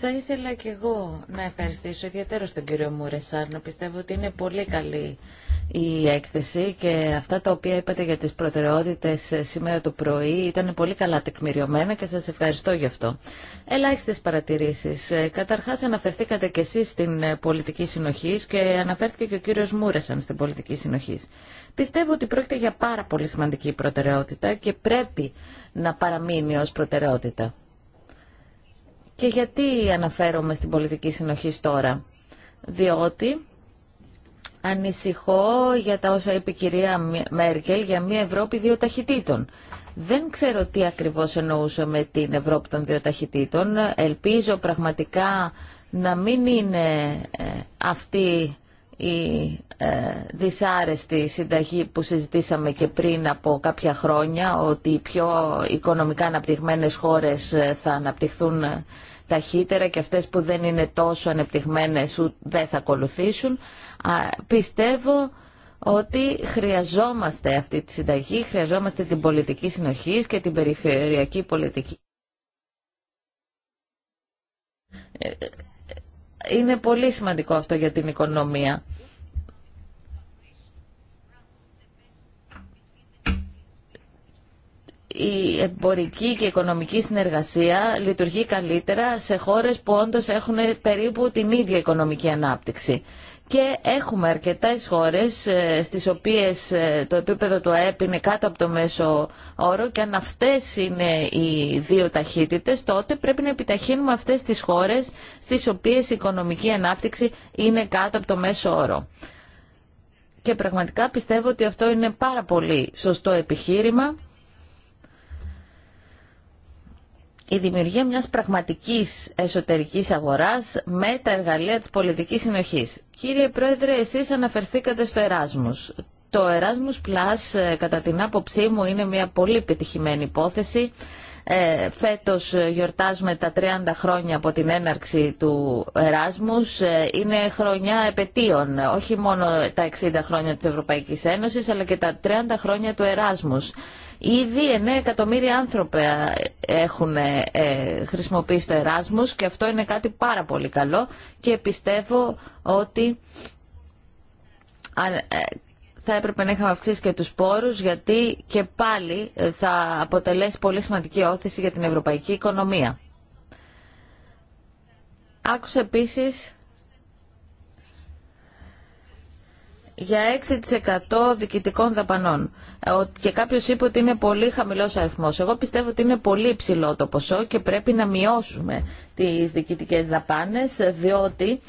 Θα ήθελα και εγώ να ευχαριστήσω ιδιαίτερα τον κύριο Μούρεσάρ, να πιστεύω ότι είναι πολύ καλή η έκθεση και αυτά τα οποία είπατε για τις προτεραιότητες ε, σήμερα το πρωί ήταν πολύ καλά τεκμηριωμένα και σας ευχαριστώ γι' αυτό. Ελάχιστες παρατηρήσεις. Ε, καταρχάς αναφερθήκατε και εσείς στην ε, πολιτική συνοχή και αναφέρθηκε και ο κύριος Μούρεσαν στην πολιτική συνοχή. Πιστεύω ότι πρόκειται για πάρα πολύ σημαντική προτεραιότητα και πρέπει να παραμείνει ως προτεραιότητα. Και γιατί αναφέρομαι στην πολιτική συνοχή τώρα. Διότι ανησυχώ για τα όσα είπε η κυρία Μέρκελ για μια Ευρώπη δύο ταχυτήτων. Δεν ξέρω τι ακριβώς εννοούσε με την Ευρώπη των δύο ταχυτήτων. Ελπίζω πραγματικά να μην είναι ε, αυτή η ε, δυσάρεστη συνταγή που συζητήσαμε και πριν από κάποια χρόνια ότι οι πιο οικονομικά αναπτυγμένες χώρες ε, θα αναπτυχθούν ε, ταχύτερα και αυτές που δεν είναι τόσο ανεπτυγμένες δεν θα ακολουθήσουν. Πιστεύω ότι χρειαζόμαστε αυτή τη συνταγή, χρειαζόμαστε την πολιτική συνοχή και την περιφερειακή πολιτική. Ε, είναι πολύ σημαντικό αυτό για την οικονομία. η εμπορική και οικονομική συνεργασία λειτουργεί καλύτερα σε χώρες που όντως έχουν περίπου την ίδια οικονομική ανάπτυξη και έχουμε αρκετές χώρες ε, στις οποίες ε, το επίπεδο του ΑΕΠ είναι κάτω από το μέσο όρο και αν αυτές είναι οι δύο ταχύτητες τότε πρέπει να επιταχύνουμε αυτές τις χώρες στις οποίες η οικονομική ανάπτυξη είναι κάτω από το μέσο όρο. Και πραγματικά πιστεύω ότι αυτό είναι πάρα πολύ σωστό επιχείρημα η δημιουργία μιας πραγματικής εσωτερικής αγοράς με τα εργαλεία της πολιτικής συνοχής. Κύριε Πρόεδρε, εσείς αναφερθήκατε στο Εράσμους. Το Erasmus Plus, ε, κατά την άποψή μου, είναι μια πολύ επιτυχημένη υπόθεση. Ε, φέτος ε, γιορτάζουμε τα 30 χρόνια από την έναρξη του Εράσμους. Είναι χρονιά επαιτίων, όχι μόνο τα 60 χρόνια της Ευρωπαϊκής Ένωσης, αλλά και τα 30 χρόνια του Εράσμους. Ήδη 9 εκατομμύρια άνθρωποι ε, έχουν ε, ε, χρησιμοποιήσει το Εράσμους και αυτό είναι κάτι πάρα πολύ καλό και πιστεύω ότι θα έπρεπε να είχαμε αυξήσει και τους πόρους γιατί και πάλι θα αποτελέσει πολύ σημαντική όθηση για την ευρωπαϊκή οικονομία. Άκουσα επίσης για 6% διοικητικών δαπανών. Ε, και κάποιος είπε ότι είναι πολύ χαμηλός αριθμός. Εγώ πιστεύω ότι είναι πολύ υψηλό το ποσό και πρέπει να μειώσουμε τις διοικητικές δαπάνες, διότι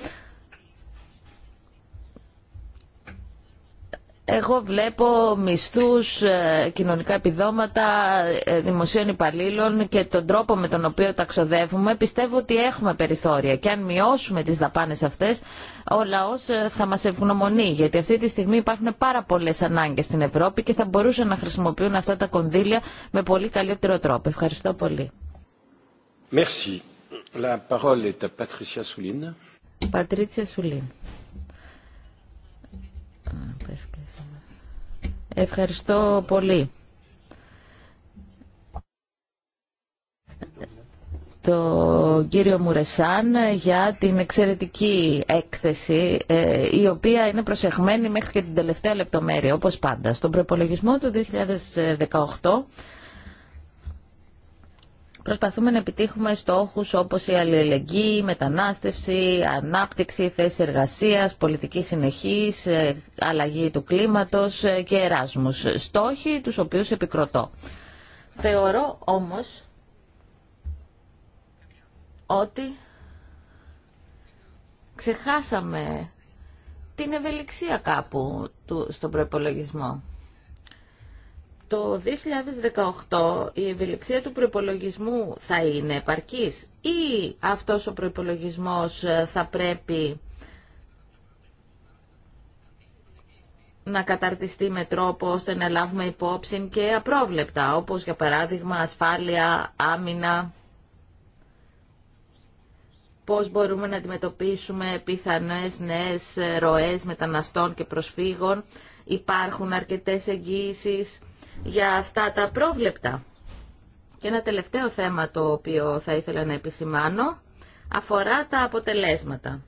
Εγώ βλέπω μισθούς, ε, κοινωνικά επιδόματα, ε, δημοσίων υπαλλήλων και τον τρόπο με τον οποίο τα ξοδεύουμε. Πιστεύω ότι έχουμε περιθώρια και αν μειώσουμε τις δαπάνες αυτές, ο λαός ε, θα μας ευγνωμονεί, γιατί αυτή τη στιγμή υπάρχουν πάρα πολλές ανάγκες στην Ευρώπη και θα μπορούσαν να χρησιμοποιούν αυτά τα κονδύλια με πολύ καλύτερο τρόπο. Ευχαριστώ πολύ. Merci. La parole est à Patricia Patricia Ευχαριστώ πολύ. το κύριο Μουρεσάν για την εξαιρετική έκθεση ε, η οποία είναι προσεχμένη μέχρι και την τελευταία λεπτομέρεια όπως πάντα. Στον προπολογισμό του 2018 προσπαθούμε να επιτύχουμε στόχους όπως η αλληλεγγύη, η μετανάστευση, ανάπτυξη, θέση εργασίας, πολιτική συνεχής, ε, αλλαγή του κλίματος ε, και εράσμους. Στόχοι τους οποίους επικροτώ. Θεωρώ όμως ότι ξεχάσαμε την ευελιξία κάπου στον προπολογισμό. Το 2018 η ευελιξία του προπολογισμού θα είναι επαρκής ή αυτός ο προϋπολογισμός ε, θα πρέπει να καταρτιστεί με τρόπο ώστε να λάβουμε υπόψη και απρόβλεπτα, όπως για παράδειγμα ασφάλεια, άμυνα, πώς μπορούμε να αντιμετωπίσουμε πιθανές νέες ροές μεταναστών και προσφύγων, υπάρχουν αρκετές εγγύησεις για αυτά τα πρόβλεπτα. Και ένα τελευταίο θέμα το οποίο θα ήθελα να επισημάνω αφορά τα αποτελέσματα.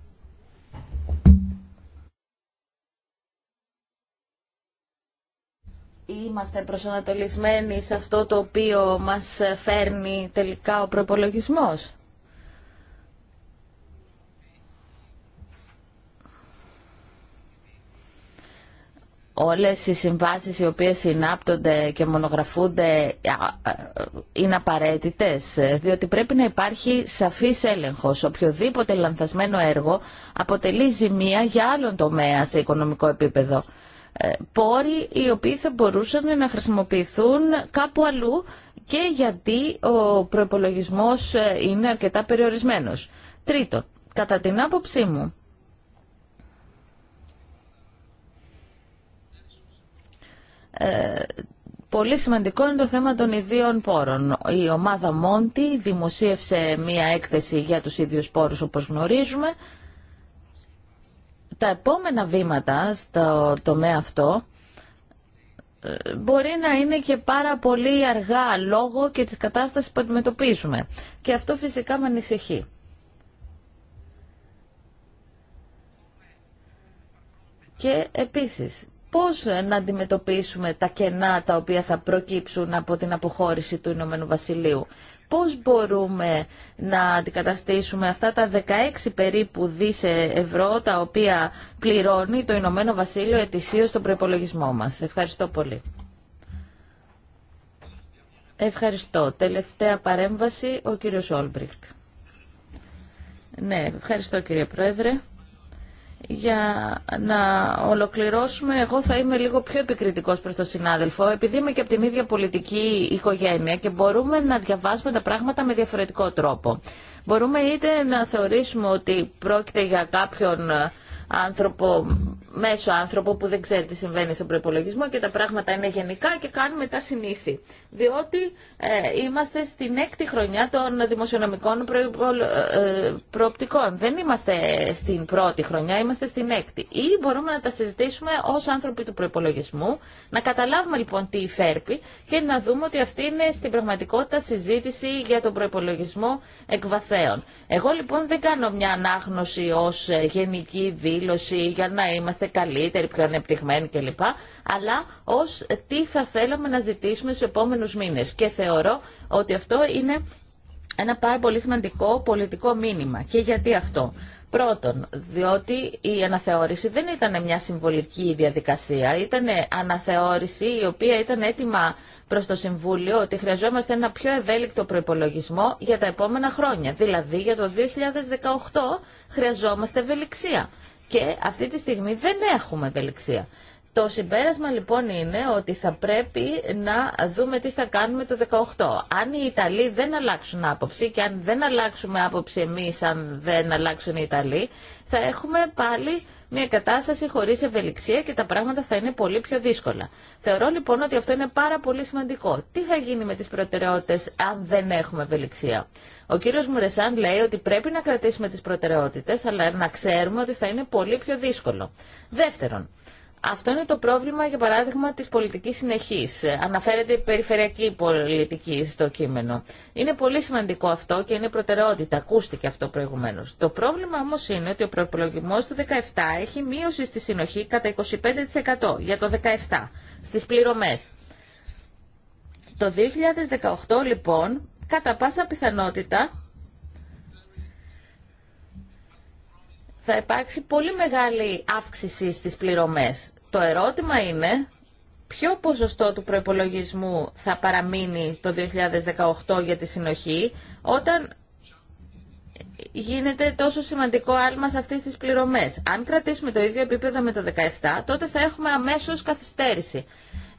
Είμαστε προσανατολισμένοι σε αυτό το οποίο μας φέρνει τελικά ο προπολογισμός. Όλες οι συμβάσεις οι οποίες συνάπτονται και μονογραφούνται είναι απαραίτητες, ε, διότι πρέπει να υπάρχει σαφής έλεγχος. Οποιοδήποτε λανθασμένο έργο αποτελεί ζημία για άλλον τομέα σε οικονομικό επίπεδο. Ε, πόροι οι οποίοι θα μπορούσαν να χρησιμοποιηθούν κάπου αλλού και γιατί ο προπολογισμό ε, είναι αρκετά περιορισμένος. Τρίτον, κατά την άποψή μου, Ε, πολύ σημαντικό είναι το θέμα των ιδίων πόρων. Η ομάδα Μόντι δημοσίευσε μία έκθεση για τους ίδιους πόρους όπως γνωρίζουμε. Τα επόμενα βήματα στο τομέα αυτό ε, μπορεί να είναι και πάρα πολύ αργά λόγω και της κατάστασης που αντιμετωπίζουμε. Και αυτό φυσικά με ανησυχεί. Και επίσης, πώς να αντιμετωπίσουμε τα κενά τα οποία θα προκύψουν από την αποχώρηση του Ηνωμένου Βασιλείου. Πώς μπορούμε να αντικαταστήσουμε αυτά τα 16 περίπου δις ε, ευρώ τα οποία πληρώνει το Ηνωμένο Βασίλειο ετησίως στον προπολογισμό μας. Ευχαριστώ πολύ. Ευχαριστώ. Τελευταία παρέμβαση ο κύριος Όλμπριχτ. Ναι, ευχαριστώ κύριε Πρόεδρε για να ολοκληρώσουμε, εγώ θα είμαι λίγο πιο επικριτικός προς τον συνάδελφο, επειδή είμαι και από την ίδια πολιτική οικογένεια και μπορούμε να διαβάσουμε τα πράγματα με διαφορετικό τρόπο. Μπορούμε είτε να θεωρήσουμε ότι πρόκειται για κάποιον άνθρωπο μέσο άνθρωπο που δεν ξέρει τι συμβαίνει στον προπολογισμό και τα πράγματα είναι γενικά και κάνουμε τα συνήθη. Διότι ε, είμαστε στην έκτη χρονιά των δημοσιονομικών ε, προοπτικών. Δεν είμαστε στην πρώτη χρονιά, είμαστε στην έκτη. Ή μπορούμε να τα συζητήσουμε ω άνθρωποι του προπολογισμού, να καταλάβουμε λοιπόν τι υφέρπει και να δούμε ότι αυτή είναι στην πραγματικότητα συζήτηση για τον προπολογισμό εκβαθέων. Εγώ λοιπόν δεν κάνω μια ανάγνωση ω ε, γενική δήλωση για να είμαστε είμαστε καλύτεροι, πιο ανεπτυγμένοι κλπ. Αλλά ω τι θα θέλαμε να ζητήσουμε στου επόμενου μήνε. Και θεωρώ ότι αυτό είναι ένα πάρα πολύ σημαντικό πολιτικό μήνυμα. Και γιατί αυτό. Πρώτον, διότι η αναθεώρηση δεν ήταν μια συμβολική διαδικασία, ήταν αναθεώρηση η οποία ήταν έτοιμα προς το Συμβούλιο ότι χρειαζόμαστε ένα πιο ευέλικτο προϋπολογισμό για τα επόμενα χρόνια. Δηλαδή για το 2018 χρειαζόμαστε ευελιξία και αυτή τη στιγμή δεν έχουμε ευελιξία. Το συμπέρασμα λοιπόν είναι ότι θα πρέπει να δούμε τι θα κάνουμε το 18. Αν οι Ιταλοί δεν αλλάξουν άποψη και αν δεν αλλάξουμε άποψη εμείς αν δεν αλλάξουν οι Ιταλοί, θα έχουμε πάλι μια κατάσταση χωρίς ευελιξία και τα πράγματα θα είναι πολύ πιο δύσκολα. Θεωρώ λοιπόν ότι αυτό είναι πάρα πολύ σημαντικό. Τι θα γίνει με τις προτεραιότητε αν δεν έχουμε ευελιξία. Ο κύριος Μουρεσάν λέει ότι πρέπει να κρατήσουμε τις προτεραιότητε, αλλά να ξέρουμε ότι θα είναι πολύ πιο δύσκολο. Δεύτερον, αυτό είναι το πρόβλημα, για παράδειγμα, της πολιτικής συνεχής. Αναφέρεται η περιφερειακή πολιτική στο κείμενο. Είναι πολύ σημαντικό αυτό και είναι προτεραιότητα. Ακούστηκε αυτό προηγουμένως. Το πρόβλημα όμως είναι ότι ο προπολογισμό του 17 έχει μείωση στη συνοχή κατά 25% για το 17 στις πληρωμές. Το 2018 λοιπόν, κατά πάσα πιθανότητα, θα υπάρξει πολύ μεγάλη αύξηση στις πληρωμές. Το ερώτημα είναι ποιο ποσοστό του προϋπολογισμού θα παραμείνει το 2018 για τη συνοχή όταν γίνεται τόσο σημαντικό άλμα σε αυτές τις πληρωμές. Αν κρατήσουμε το ίδιο επίπεδο με το 2017, τότε θα έχουμε αμέσως καθυστέρηση.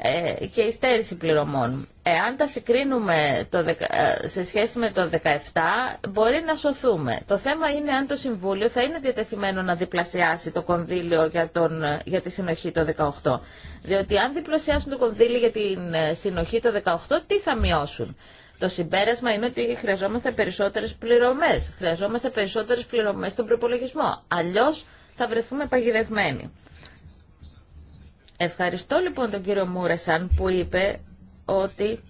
Ε, και η στέρηση πληρωμών. Εάν τα συγκρίνουμε ε, σε σχέση με το 2017, μπορεί να σωθούμε. Το θέμα είναι αν το Συμβούλιο θα είναι διατεθειμένο να διπλασιάσει το κονδύλιο για, τον, για τη συνοχή το 2018. Διότι αν διπλασιάσουν το κονδύλιο για τη ε, συνοχή το 2018, τι θα μειώσουν. Το συμπέρασμα είναι ότι χρειαζόμαστε περισσότερε πληρωμέ. Χρειαζόμαστε περισσότερε πληρωμέ στον προπολογισμό. Αλλιώ θα βρεθούμε παγιδευμένοι. Ευχαριστώ λοιπόν τον κύριο Μούρεσαν που είπε ότι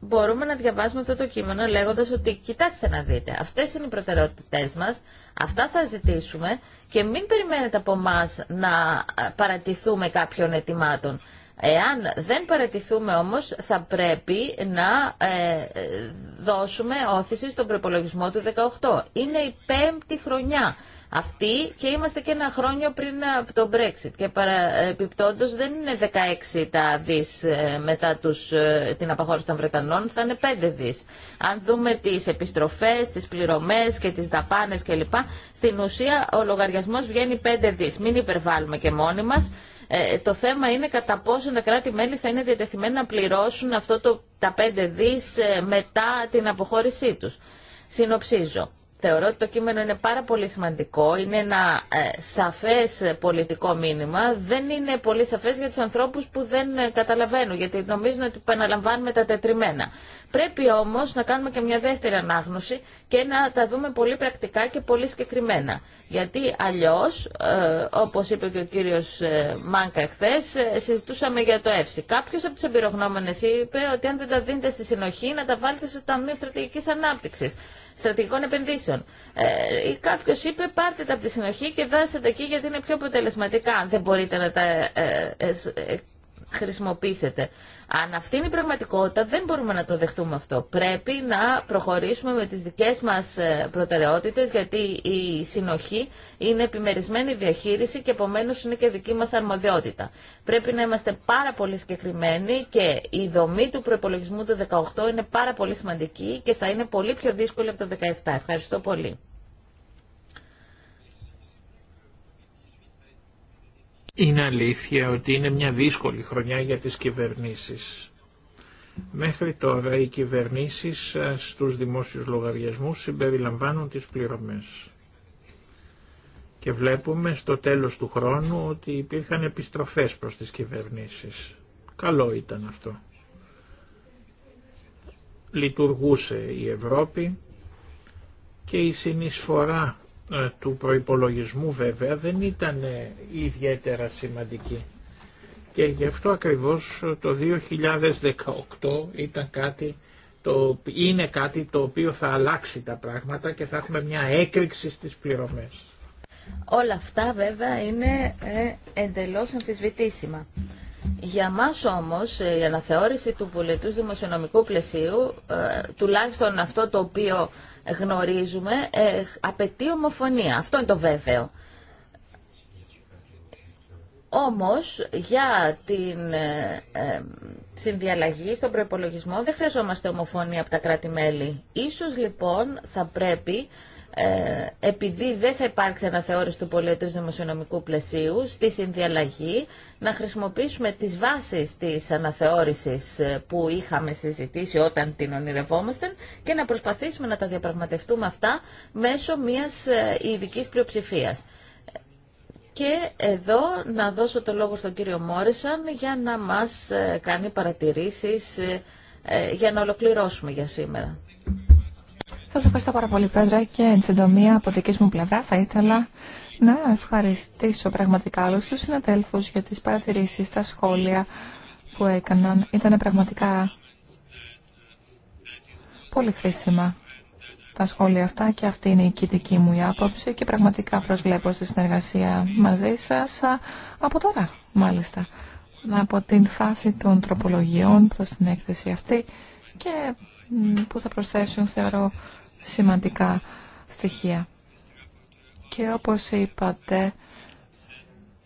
μπορούμε να διαβάσουμε αυτό το κείμενο λέγοντας ότι κοιτάξτε να δείτε, αυτές είναι οι προτεραιότητές μας, αυτά θα ζητήσουμε και μην περιμένετε από εμά να ε, παρατηθούμε κάποιων ετοιμάτων. Εάν δεν παρατηθούμε όμως θα πρέπει να ε, δώσουμε όθηση στον προπολογισμό του 18. Είναι η πέμπτη χρονιά αυτή και είμαστε και ένα χρόνιο πριν ε, από το Brexit και επιπτόντως δεν είναι 16 τα δις ε, μετά τους, ε, την αποχώρηση των Βρετανών, θα είναι 5 δις. Αν δούμε τις επιστροφές, τις πληρωμές και τις δαπάνες κλπ, στην ουσία ο λογαριασμός βγαίνει 5 δις. Μην υπερβάλλουμε και μόνοι μας. το θέμα είναι κατά πόσο τα κράτη-μέλη θα είναι διατεθειμένα να πληρώσουν αυτό το, τα 5 δις μετά την αποχώρησή τους. Συνοψίζω. Θεωρώ ότι το κείμενο είναι πάρα πολύ σημαντικό, είναι ένα ε, σαφές πολιτικό μήνυμα, δεν είναι πολύ σαφές για τους ανθρώπους που δεν ε, καταλαβαίνουν, γιατί νομίζουν ότι επαναλαμβάνουμε τα τετριμένα. Πρέπει όμω να κάνουμε και μια δεύτερη ανάγνωση και να τα δούμε πολύ πρακτικά και πολύ συγκεκριμένα. Γιατί αλλιώς, ε, όπω είπε και ο κύριος ε, Μάνκα χθε, ε, συζητούσαμε για το ΕΦΣΙ. Κάποιο από του εμπειρογνώμενε είπε ότι αν δεν τα δίνετε στη συνοχή να τα βάλετε στο Ταμείο στρατηγική ανάπτυξη στρατηγικών επενδύσεων. Ε, Κάποιο είπε πάρτε τα από τη συνοχή και δάστε τα εκεί γιατί είναι πιο αποτελεσματικά. δεν μπορείτε να τα χρησιμοποιήσετε. Αν αυτή είναι η πραγματικότητα, δεν μπορούμε να το δεχτούμε αυτό. Πρέπει να προχωρήσουμε με τις δικές μας ε, προτεραιότητες, γιατί η συνοχή είναι επιμερισμένη διαχείριση και επομένω είναι και δική μας αρμοδιότητα. Πρέπει να είμαστε πάρα πολύ συγκεκριμένοι και η δομή του προπολογισμού του 18 είναι πάρα πολύ σημαντική και θα είναι πολύ πιο δύσκολη από το 17. Ευχαριστώ πολύ. Είναι αλήθεια ότι είναι μια δύσκολη χρονιά για τις κυβερνήσεις. Μέχρι τώρα οι κυβερνήσεις στους δημόσιους λογαριασμούς συμπεριλαμβάνουν τις πληρωμές. Και βλέπουμε στο τέλος του χρόνου ότι υπήρχαν επιστροφές προς τις κυβερνήσεις. Καλό ήταν αυτό. Λειτουργούσε η Ευρώπη και η συνεισφορά ε, του προϋπολογισμού βέβαια δεν ήταν ε, ιδιαίτερα σημαντική. Και γι' αυτό ακριβώς ε, το 2018 ήταν κάτι το, είναι κάτι το οποίο θα αλλάξει τα πράγματα και θα έχουμε μια έκρηξη στις πληρωμές. Όλα αυτά βέβαια είναι εντελώς αμφισβητήσιμα. Για μα, όμως ε, η αναθεώρηση του πολιτού δημοσιονομικού πλαισίου, ε, τουλάχιστον αυτό το οποίο γνωρίζουμε, ε, απαιτεί ομοφωνία. Αυτό είναι το βέβαιο. Όμως για την ε, συνδιαλλαγή στον προπολογισμό δεν χρειαζόμαστε ομοφωνία από τα κράτη-μέλη. Ίσως λοιπόν θα πρέπει ε, επειδή δεν θα υπάρξει αναθεώρηση του πολιτικού δημοσιονομικού πλαισίου στη συνδιαλλαγή να χρησιμοποιήσουμε τις βάσεις της αναθεώρησης ε, που είχαμε συζητήσει όταν την ονειρευόμασταν και να προσπαθήσουμε να τα διαπραγματευτούμε αυτά μέσω μιας ε, ειδική πλειοψηφία. Και εδώ να δώσω το λόγο στον κύριο Μόρισαν για να μας κάνει παρατηρήσεις για να ολοκληρώσουμε για σήμερα. Σας ευχαριστώ πάρα πολύ, Πέτρα και εν συντομία από δική μου πλευρά θα ήθελα να ευχαριστήσω πραγματικά όλους τους συναδέλφους για τις παρατηρήσεις, τα σχόλια που έκαναν. Ήταν πραγματικά πολύ χρήσιμα τα σχόλια αυτά και αυτή είναι η δική μου η άποψη και πραγματικά προσβλέπω στη συνεργασία μαζί σας από τώρα μάλιστα από την φάση των τροπολογιών προς την έκθεση αυτή και που θα προσθέσουν θεωρώ σημαντικά στοιχεία. Και όπως είπατε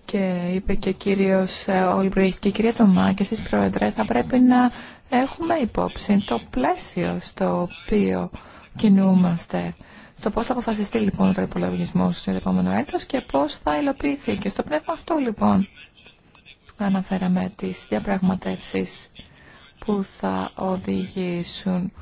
και είπε και ο κύριος ε, Ολμπριχ και η κυρία Τωμά και εσείς πρόεδρε θα πρέπει να έχουμε υπόψη το πλαίσιο στο οποίο κινούμαστε. Το πώς θα αποφασιστεί λοιπόν ο προπολογισμό στο επόμενο έτος και πώς θα υλοποιηθεί. Και στο πνεύμα αυτό λοιπόν αναφέραμε τις διαπραγματεύσεις που θα οδηγήσουν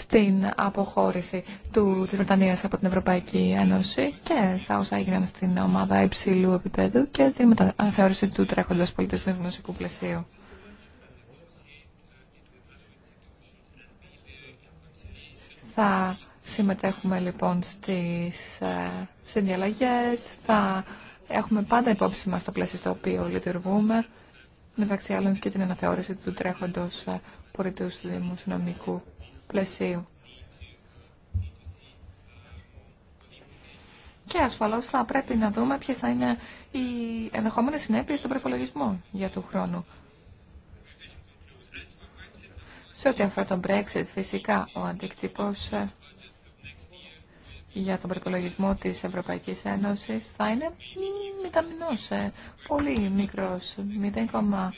στην αποχώρηση του, της Βρετανίας από την Ευρωπαϊκή Ένωση και στα όσα έγιναν στην ομάδα υψηλού επίπεδου και την αναθεώρηση του τρέχοντος πολιτισμού δημοσίκου πλαισίου. Θα συμμετέχουμε λοιπόν στις ε, συνδιαλλαγές, θα έχουμε πάντα υπόψη μας το πλαίσιο στο οποίο λειτουργούμε, μεταξύ άλλων και την αναθεώρηση του τρέχοντος ε, του δημοσιονομικού πλαισίου. Και ασφαλώς θα πρέπει να δούμε ποιες θα είναι οι ενδεχόμενες συνέπειες των προπολογισμών για του χρόνου. Σε ό,τι αφορά τον Brexit, φυσικά ο αντικτύπος ε, για τον προπολογισμό της Ευρωπαϊκής Ένωσης θα είναι μηδαμινός, ε, πολύ μικρός, 0,5.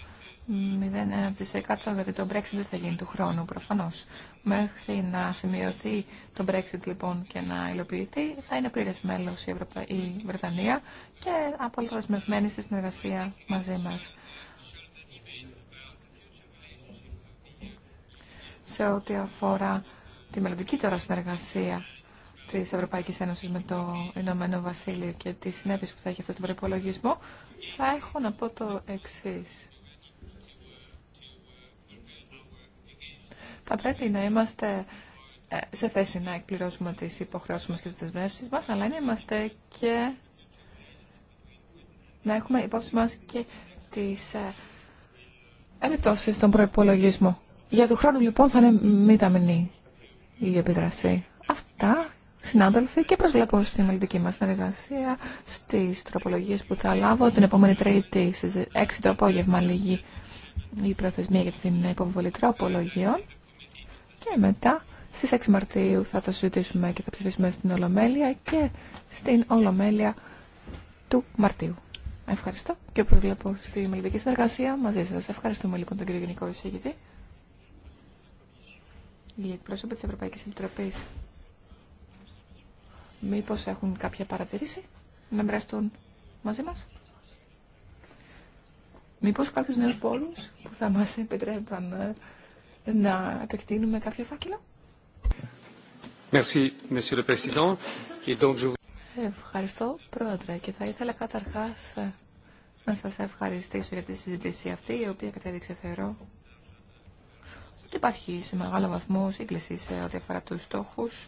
0,1% γιατί το Brexit δεν θα γίνει του χρόνου προφανώς. Μέχρι να σημειωθεί το Brexit λοιπόν και να υλοποιηθεί θα είναι πλήρες μέλος η, Ευρωπα... Βρετανία και απόλυτα δεσμευμένη στη συνεργασία μαζί μας. Σε ό,τι αφορά τη μελλοντική τώρα συνεργασία της Ευρωπαϊκής Ένωσης με το Ηνωμένο Βασίλειο και τις συνέπειες που θα έχει αυτό στον προπολογισμό, θα έχω να πω το εξής. θα πρέπει να είμαστε ε, σε θέση να εκπληρώσουμε τις υποχρεώσεις μας και τις δεσμεύσεις μας, αλλά να είμαστε και να έχουμε υπόψη μας και τις ε, επιπτώσεις των προπολογισμών. Για του χρόνο, λοιπόν θα είναι μη η επιδρασή. Αυτά, συνάδελφοι, και προσβλέπω στη μελλοντική μας συνεργασία, στις τροπολογίες που θα λάβω την επόμενη τρίτη στις 6 το απόγευμα λίγη η προθεσμία για την υποβολή τροπολογιών και μετά στις 6 Μαρτίου θα το συζητήσουμε και θα ψηφίσουμε στην Ολομέλεια και στην Ολομέλεια του Μαρτίου. Ευχαριστώ και προβλέπω στη μελλοντική συνεργασία μαζί σας. Ευχαριστούμε λοιπόν τον κύριο Γενικό Εισηγητή. Οι εκπρόσωποι της Ευρωπαϊκής Επιτροπής μήπως έχουν κάποια παρατηρήση να μοιραστούν μαζί μας. Μήπως κάποιους νέους πόλους που θα μας επιτρέπαν να επεκτείνουμε κάποιο φάκελο. Ευχαριστώ, Πρόεδρε. Και θα ήθελα καταρχάς ε, να σας ευχαριστήσω για τη συζήτηση αυτή, η οποία κατέδειξε θεωρώ ότι υπάρχει σε μεγάλο βαθμό σύγκληση σε ό,τι αφορά τους στόχους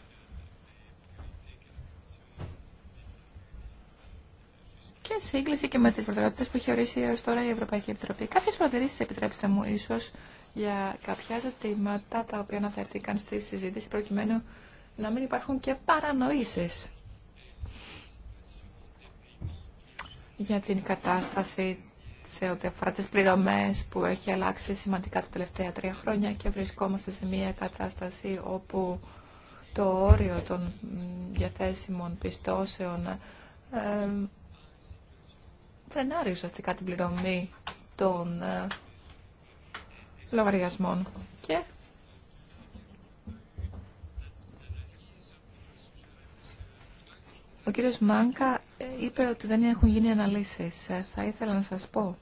και σύγκληση και με τις προτεραιότητες που έχει ορίσει έως τώρα η Ευρωπαϊκή Επιτροπή. Κάποιες προτεραιότητε, επιτρέψτε μου ίσως για κάποια ζητήματα τα οποία αναφέρθηκαν στη συζήτηση προκειμένου να μην υπάρχουν και παρανοήσεις για την κατάσταση σε ό,τι αφορά τις πληρωμές που έχει αλλάξει σημαντικά τα τελευταία τρία χρόνια και βρισκόμαστε σε μια κατάσταση όπου το όριο των διαθέσιμων πιστώσεων δεν φρενάρει ουσιαστικά την πληρωμή των ε, λογαριασμών. Και ο κύριος Μάνκα ε, είπε ότι δεν έχουν γίνει αναλύσεις. Ε, θα ήθελα να σας πω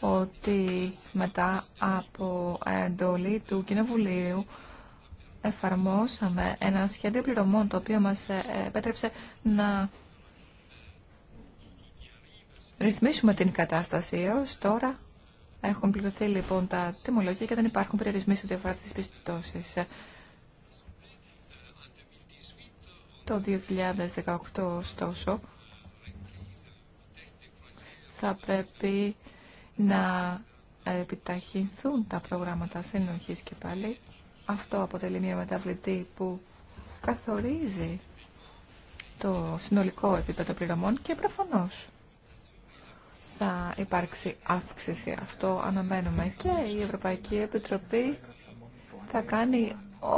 ότι μετά από εντολή του Κοινοβουλίου εφαρμόσαμε ένα σχέδιο πληρωμών το οποίο μας ε, επέτρεψε να ρυθμίσουμε την κατάσταση έως τώρα έχουν πληρωθεί λοιπόν τα τιμολόγια και δεν υπάρχουν περιορισμοί σε διαφορά της πιστώση. Το 2018, ωστόσο, θα πρέπει να επιταχυνθούν τα προγράμματα συνοχής και πάλι. Αυτό αποτελεί μια μεταβλητή που καθορίζει το συνολικό επίπεδο πληρωμών και προφανώς θα υπάρξει αύξηση. Αυτό αναμένουμε και η Ευρωπαϊκή Επιτροπή θα κάνει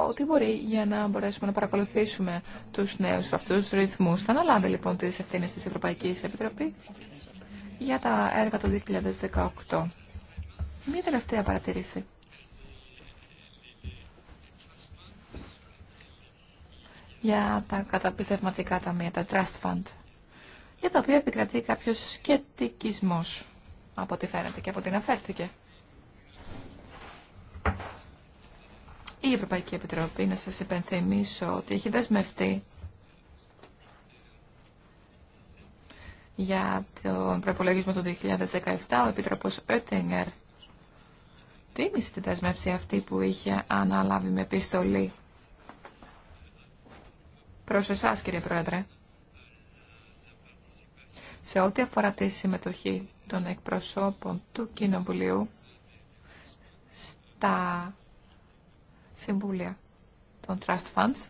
ό,τι μπορεί για να μπορέσουμε να παρακολουθήσουμε τους νέους αυτούς τους ρυθμούς. Θα αναλάβει λοιπόν τις ευθύνε της Ευρωπαϊκής Επιτροπή για τα έργα του 2018. Μία τελευταία παρατηρήση. Για τα καταπιστευματικά ταμεία, τα trust fund για το οποίο επικρατεί κάποιος σκεπτικισμός από ό,τι φαίνεται και από ό,τι αναφέρθηκε. Η Ευρωπαϊκή Επιτροπή, να σας υπενθυμίσω ότι έχει δεσμευτεί για τον προπολογισμό του 2017 ο Επίτροπος Oettinger τίμησε τη δεσμεύση αυτή που είχε αναλάβει με επιστολή προς εσάς κύριε Πρόεδρε. Σε ό,τι αφορά τη συμμετοχή των εκπροσώπων του Κοινοβουλίου στα συμβούλια των Trust Funds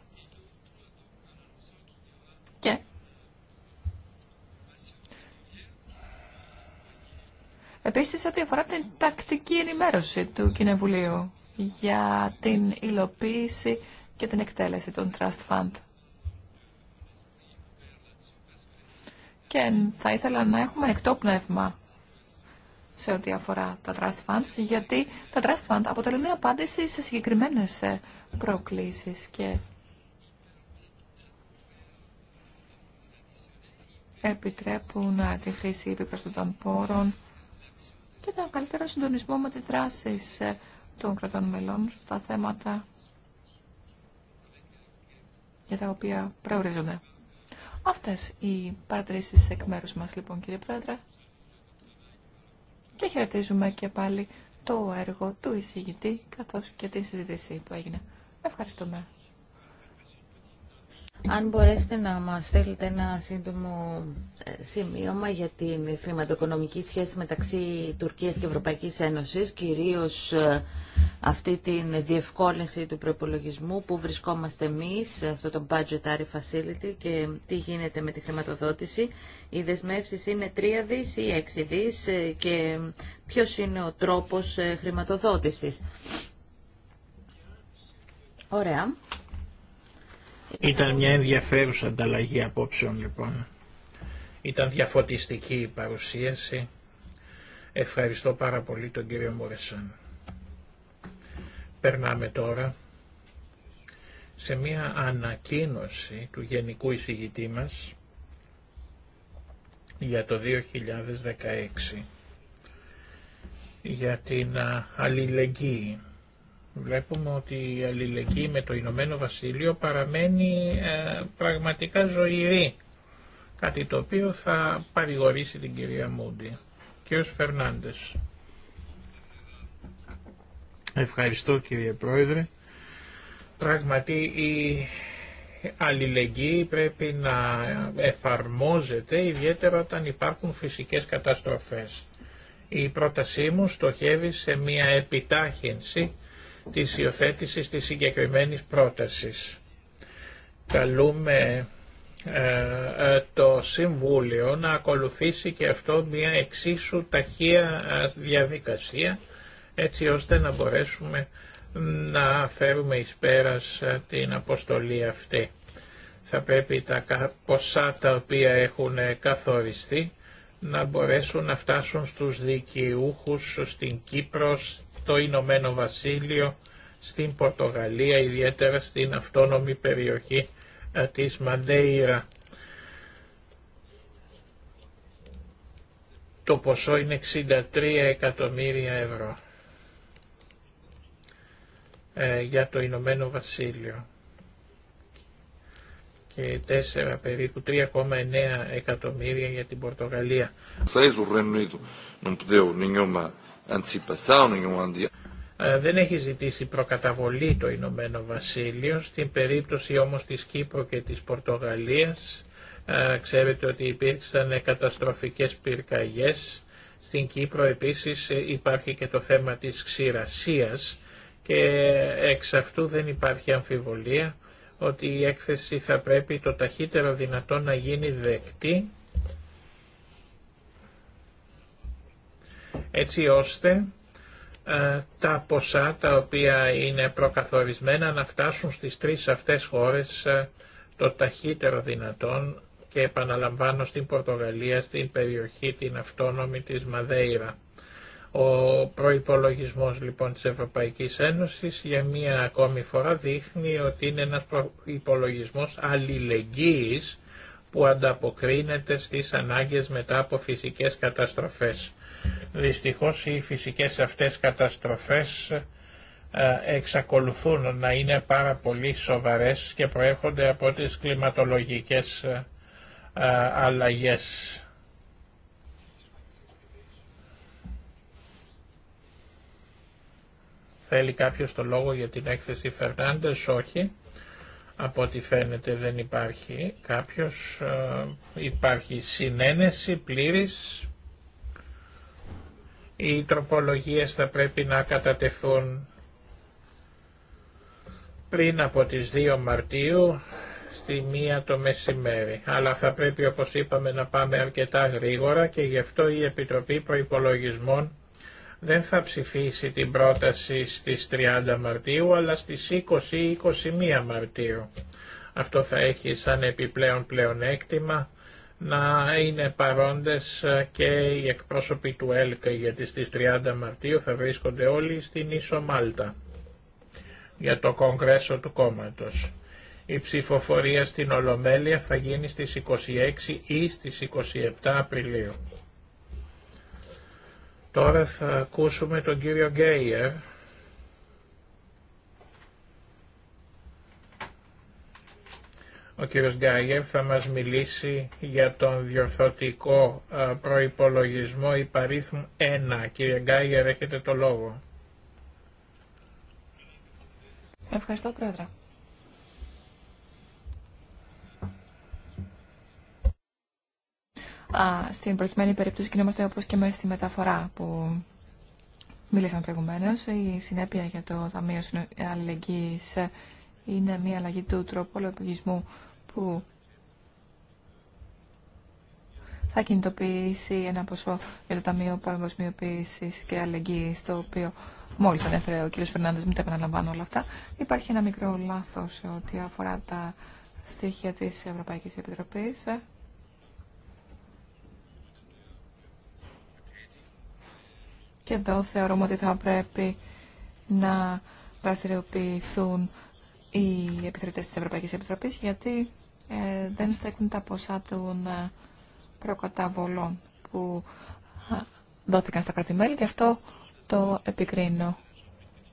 και Επίσης, ό,τι αφορά την τακτική ενημέρωση του Κοινοβουλίου για την υλοποίηση και την εκτέλεση των Trust funds. και θα ήθελα να έχουμε ανοιχτό πνεύμα σε ό,τι αφορά τα trust funds, γιατί τα trust Funds αποτελούν μια απάντηση σε συγκεκριμένες ε, προκλήσεις και επιτρέπουν ε, τη χρήση των πόρων και τον καλύτερο συντονισμό με τις δράσεις ε, των κρατών μελών στα θέματα για τα οποία προορίζονται. Αυτές οι παρατηρήσεις εκ μέρους μας λοιπόν κύριε Πρόεδρε. Και χαιρετίζουμε και πάλι το έργο του εισηγητή καθώς και τη συζήτηση που έγινε. Ευχαριστούμε. Αν μπορέσετε να μας στέλνετε ένα σύντομο ε, σημείωμα για την χρηματοοικονομική σχέση μεταξύ Τουρκίας και Ευρωπαϊκής Ένωσης, κυρίως ε, αυτή την διευκόλυνση του προπολογισμού που βρισκόμαστε εμείς, αυτό το budgetary facility και τι γίνεται με τη χρηματοδότηση. Οι δεσμεύσει είναι 3 δι ή 6 δι ε, και ποιο είναι ο τρόπος ε, χρηματοδότησης. Ωραία. Ήταν μια ενδιαφέρουσα ανταλλαγή απόψεων λοιπόν. Ήταν διαφωτιστική η παρουσίαση. Ευχαριστώ πάρα πολύ τον κύριο Μόρεσάν. Περνάμε τώρα σε μία ανακοίνωση του Γενικού Εισηγητή μας για το 2016 για την αλληλεγγύη. Βλέπουμε ότι η αλληλεγγύη με το Ηνωμένο Βασίλειο παραμένει ε, πραγματικά ζωηρή, κάτι το οποίο θα παρηγορήσει την κυρία Μούντι. Κύριος Φερνάντες. Ευχαριστώ κύριε Πρόεδρε. Πράγματι η αλληλεγγύη πρέπει να εφαρμόζεται ιδιαίτερα όταν υπάρχουν φυσικές καταστροφές. Η πρότασή μου στοχεύει σε μια επιτάχυνση της υιοθέτησης της συγκεκριμένης πρότασης. Καλούμε ε, ε, το Συμβούλιο να ακολουθήσει και αυτό μια εξίσου ταχεία ε, διαδικασία έτσι ώστε να μπορέσουμε να φέρουμε εις πέρας ε, την αποστολή αυτή. Θα πρέπει τα ποσά τα οποία έχουν ε, καθοριστεί να μπορέσουν να φτάσουν στους δικαιούχους στην Κύπρο, στο Ηνωμένο Βασίλειο, στην Πορτογαλία, ιδιαίτερα στην αυτόνομη περιοχή ε, της Μαντέιρα. Το ποσό είναι 63 εκατομμύρια ευρώ. Ε, για το Ηνωμένο Βασίλειο και 4 περίπου 3,9 εκατομμύρια για την Πορτογαλία. Ε, δεν έχει ζητήσει προκαταβολή το Ηνωμένο Βασίλειο. Στην περίπτωση όμως της Κύπρου και της Πορτογαλίας ε, ξέρετε ότι υπήρξαν καταστροφικές πυρκαγιές. Στην Κύπρο επίσης υπάρχει και το θέμα της ξηρασίας και εξ αυτού δεν υπάρχει αμφιβολία ότι η έκθεση θα πρέπει το ταχύτερο δυνατό να γίνει δεκτή έτσι ώστε ε, τα ποσά τα οποία είναι προκαθορισμένα να φτάσουν στις τρεις αυτές χώρες ε, το ταχύτερο δυνατόν και επαναλαμβάνω στην Πορτογαλία, στην περιοχή την αυτόνομη της Μαδέιρα. Ο προϋπολογισμός λοιπόν της Ευρωπαϊκής Ένωσης για μία ακόμη φορά δείχνει ότι είναι ένας προϋπολογισμός αλληλεγγύης που ανταποκρίνεται στις ανάγκες μετά από φυσικές καταστροφές. Δυστυχώς οι φυσικές αυτές καταστροφές εξακολουθούν να είναι πάρα πολύ σοβαρές και προέρχονται από τις κλιματολογικές αλλαγές. Θέλει κάποιος το λόγο για την έκθεση Φερνάντες, όχι. Από ό,τι φαίνεται δεν υπάρχει κάποιος. Ε, υπάρχει συνένεση πλήρης. Οι τροπολογίες θα πρέπει να κατατεθούν πριν από τις 2 Μαρτίου στη μία το μεσημέρι. Αλλά θα πρέπει όπως είπαμε να πάμε αρκετά γρήγορα και γι' αυτό η Επιτροπή Προϋπολογισμών δεν θα ψηφίσει την πρόταση στις 30 Μαρτίου αλλά στις 20-21 Μαρτίου. Αυτό θα έχει σαν επιπλέον πλεονέκτημα να είναι παρόντες και οι εκπρόσωποι του ΕΛΚ γιατί στις 30 Μαρτίου θα βρίσκονται όλοι στην Ίσο Μάλτα για το κογκρέσο του κόμματος. Η ψηφοφορία στην Ολομέλεια θα γίνει στις 26 ή στις 27 Απριλίου. Τώρα θα ακούσουμε τον κύριο Γκέιερ. Ο κύριος Γκάγερ θα μας μιλήσει για τον διορθωτικό προϋπολογισμό υπαρίθμου 1. Κύριε Γκάγερ, έχετε το λόγο. Ευχαριστώ, Πρόεδρε. Α, στην προκειμένη περίπτωση κινούμαστε όπως και μέσα στη μεταφορά που μίλησαμε προηγουμένω. Η συνέπεια για το Ταμείο Αλληλεγγύης είναι μια αλλαγή του που θα κινητοποιήσει ένα ποσό για το Ταμείο Παγκοσμιοποίηση και Αλληλεγγύη, το οποίο μόλι ανέφερε ο κ. Φερνάνδε, μην τα επαναλαμβάνω όλα αυτά. Υπάρχει ένα μικρό λάθο ό,τι αφορά τα στοιχεία τη Ευρωπαϊκή Επιτροπή. Και εδώ θεωρούμε ότι θα πρέπει να δραστηριοποιηθούν οι επιθεωρητές της Ευρωπαϊκής Επιτροπής γιατί ε, δεν στέκουν τα ποσά των ε, προκαταβολών που δόθηκαν στα κρατημέλη και αυτό το επικρίνω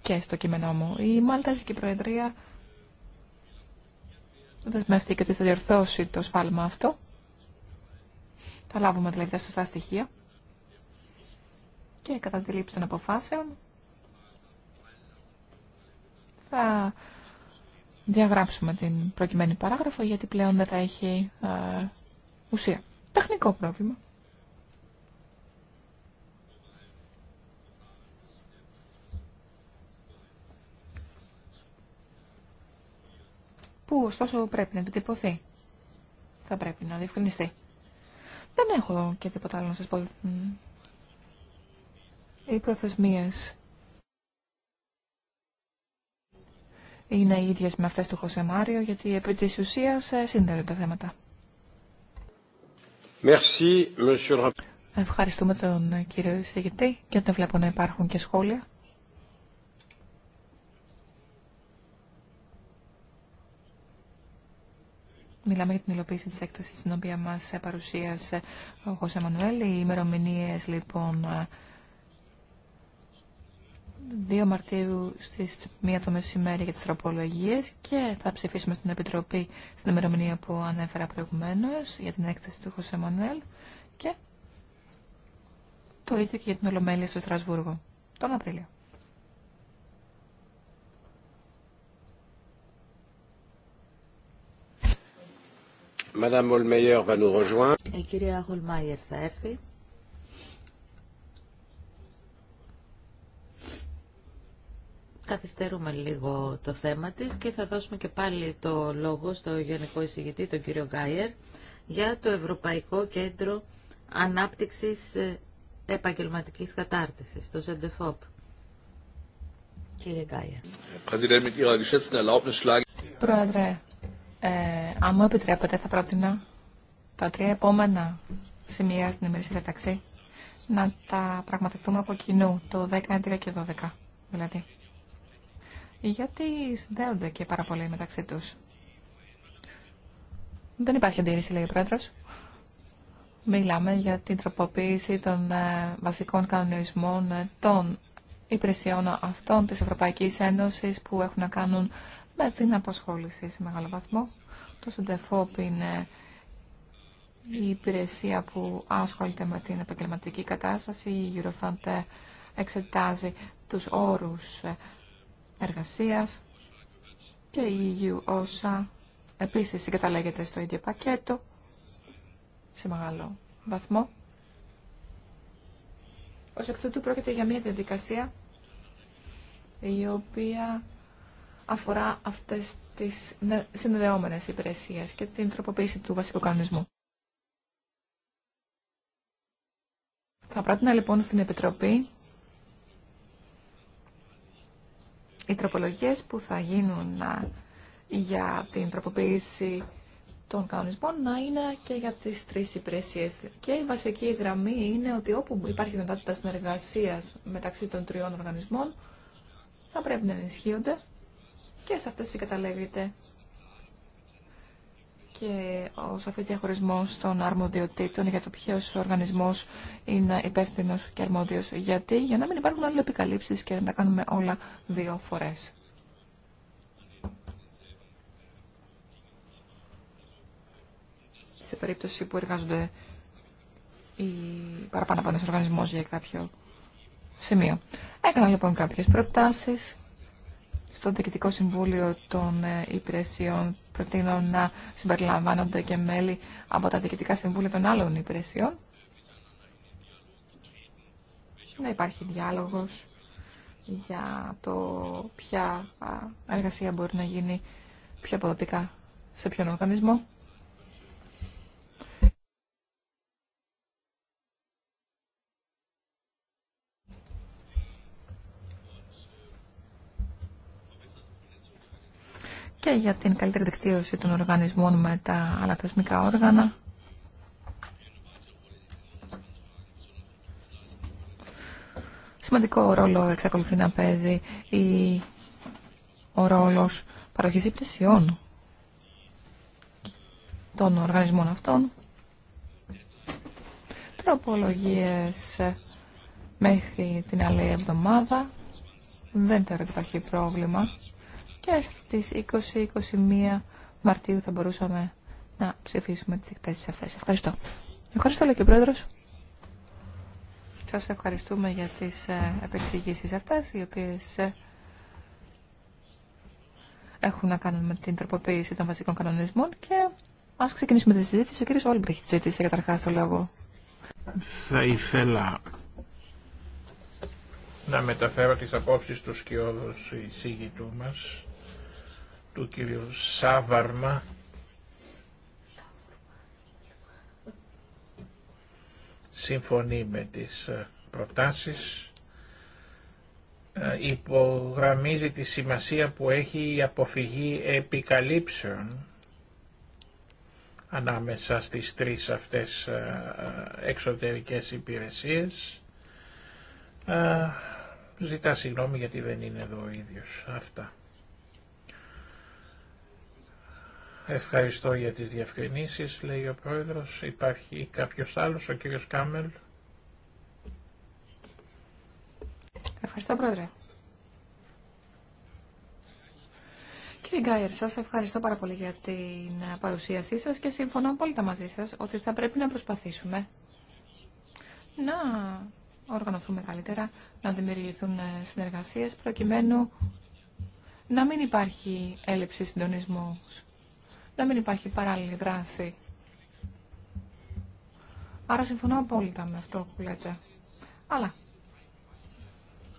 και στο κείμενό μου. Η Μάλταζικη Προεδρία δεσμεύτηκε ότι θα διορθώσει το σφάλμα αυτό. Θα λάβουμε δηλαδή τα σωστά στοιχεία και κατά τη λήψη των αποφάσεων θα διαγράψουμε την προκειμένη παράγραφο γιατί πλέον δεν θα έχει α, ε, ουσία. Τεχνικό πρόβλημα. Που ωστόσο πρέπει να επιτυπωθεί. Θα πρέπει να διευκρινιστεί. Δεν έχω και τίποτα άλλο να σας πω οι προθεσμίες είναι οι ίδιες με αυτές του Χωσέ Μάριο, γιατί επί της ουσίας ε, σύνδεονται τα θέματα. Ευχαριστούμε τον κύριο εισηγητή και δεν βλέπω να υπάρχουν και σχόλια. Μιλάμε για την υλοποίηση της έκτασης την οποία μας παρουσίασε ο Χωσέ Μανουέλ. Οι ημερομηνίε λοιπόν 2 Μαρτίου στις 1 το μεσημέρι για τις τροπολογίες και θα ψηφίσουμε στην Επιτροπή στην ημερομηνία που ανέφερα προηγουμένως για την έκθεση του Χωσέ Μανουέλ και το ίδιο και για την Ολομέλεια στο Στρασβούργο τον Απρίλιο. Η κυρία Χολμάιερ θα έρθει. καθυστερούμε λίγο το θέμα της και θα δώσουμε και πάλι το λόγο στο Γενικό Εισηγητή, τον κύριο Γκάιερ, για το Ευρωπαϊκό Κέντρο Ανάπτυξης ε, Επαγγελματικής Κατάρτισης, το ΣΕΝΤΕΦΟΠ. Κύριε Γκάιερ. Πρόεδρε, ε, αν μου επιτρέπετε θα πρότεινα τα τρία επόμενα σημεία στην ημερήσια διαταξή να τα πραγματευτούμε από κοινού, το 10, 11 και 12 δηλαδή γιατί συνδέονται και πάρα πολύ μεταξύ τους. Δεν υπάρχει αντίρρηση, λέει ο πρόεδρο. Μιλάμε για την τροποποίηση των ε, βασικών κανονισμών ε, των υπηρεσιών αυτών της Ευρωπαϊκής Ένωσης που έχουν να κάνουν με την απασχόληση σε μεγάλο βαθμό. Το Σεντεφόπ είναι η υπηρεσία που ασχολείται με την επαγγελματική κατάσταση. Η Eurofund ε, εξετάζει τους όρους εργασίας και η όσα επίσης συγκαταλέγεται στο ίδιο πακέτο σε μεγάλο βαθμό. Ως εκ τούτου πρόκειται για μια διαδικασία η οποία αφορά αυτές τις συνδεόμενες υπηρεσίες και την τροποποίηση του βασικού κανονισμού. Θα πρότεινα λοιπόν στην Επιτροπή Οι τροπολογίες που θα γίνουν για την τροποποίηση των κανονισμών να είναι και για τις τρεις υπηρεσίες. Και η βασική γραμμή είναι ότι όπου υπάρχει δυνατότητα συνεργασία μεταξύ των τριών οργανισμών, θα πρέπει να ενισχύονται και σε αυτές συγκαταλέγεται και ο σαφή διαχωρισμό των αρμοδιοτήτων για το ποιο οργανισμό είναι υπεύθυνο και αρμόδιο Γιατί, για να μην υπάρχουν άλλες επικαλύψεις και να τα κάνουμε όλα δύο φορέ. Σε περίπτωση που εργάζονται οι παραπάνω οργανισμό για κάποιο σημείο. Έκανα λοιπόν κάποιε προτάσει στο Διοικητικό Συμβούλιο των ε, Υπηρεσιών προτείνω να συμπεριλαμβάνονται και μέλη από τα Διοικητικά Συμβούλια των άλλων υπηρεσιών. Να υπάρχει διάλογος για το ποια εργασία μπορεί να γίνει πιο αποδοτικά σε ποιον οργανισμό. και για την καλύτερη δικτύωση των οργανισμών με τα άλλα όργανα. Σημαντικό ρόλο εξακολουθεί να παίζει η... ο ρόλος παροχής υπηρεσιών των οργανισμών αυτών. Τροπολογίες μέχρι την άλλη εβδομάδα. Δεν θεωρώ ότι υπάρχει πρόβλημα και στις 20-21 Μαρτίου θα μπορούσαμε να ψηφίσουμε τις εκτάσεις αυτές. Ευχαριστώ. Ευχαριστώ, λέει και ο Πρόεδρος. Σας ευχαριστούμε για τις ε, επεξηγήσεις αυτές, οι οποίες ε, έχουν να κάνουν με την τροποποίηση των βασικών κανονισμών και ας ξεκινήσουμε τη συζήτηση. Ο κύριος Όλμπριχτ ζήτησε καταρχάς το λόγο. Θα ήθελα να μεταφέρω τις απόψεις του σκιώδους εισήγητού μας του κυρίου Σάβαρμα συμφωνεί με τις ε, προτάσεις ε, υπογραμμίζει τη σημασία που έχει η αποφυγή επικαλύψεων ανάμεσα στις τρεις αυτές ε, εξωτερικές υπηρεσίες. Ζητά συγγνώμη γιατί δεν είναι εδώ ο ίδιος. Αυτά. Ευχαριστώ για τις διευκρινήσεις, λέει ο Πρόεδρος. Υπάρχει κάποιος άλλος, ο κύριος Κάμελ. Ευχαριστώ, Πρόεδρε. Κύριε Γκάιερ, σας ευχαριστώ πάρα πολύ για την παρουσίασή σας και συμφωνώ απόλυτα μαζί σας ότι θα πρέπει να προσπαθήσουμε να οργανωθούμε καλύτερα, να δημιουργηθούν συνεργασίες προκειμένου να μην υπάρχει έλλειψη συντονισμού να μην υπάρχει παράλληλη δράση. Άρα συμφωνώ απόλυτα με αυτό που λέτε. Αλλά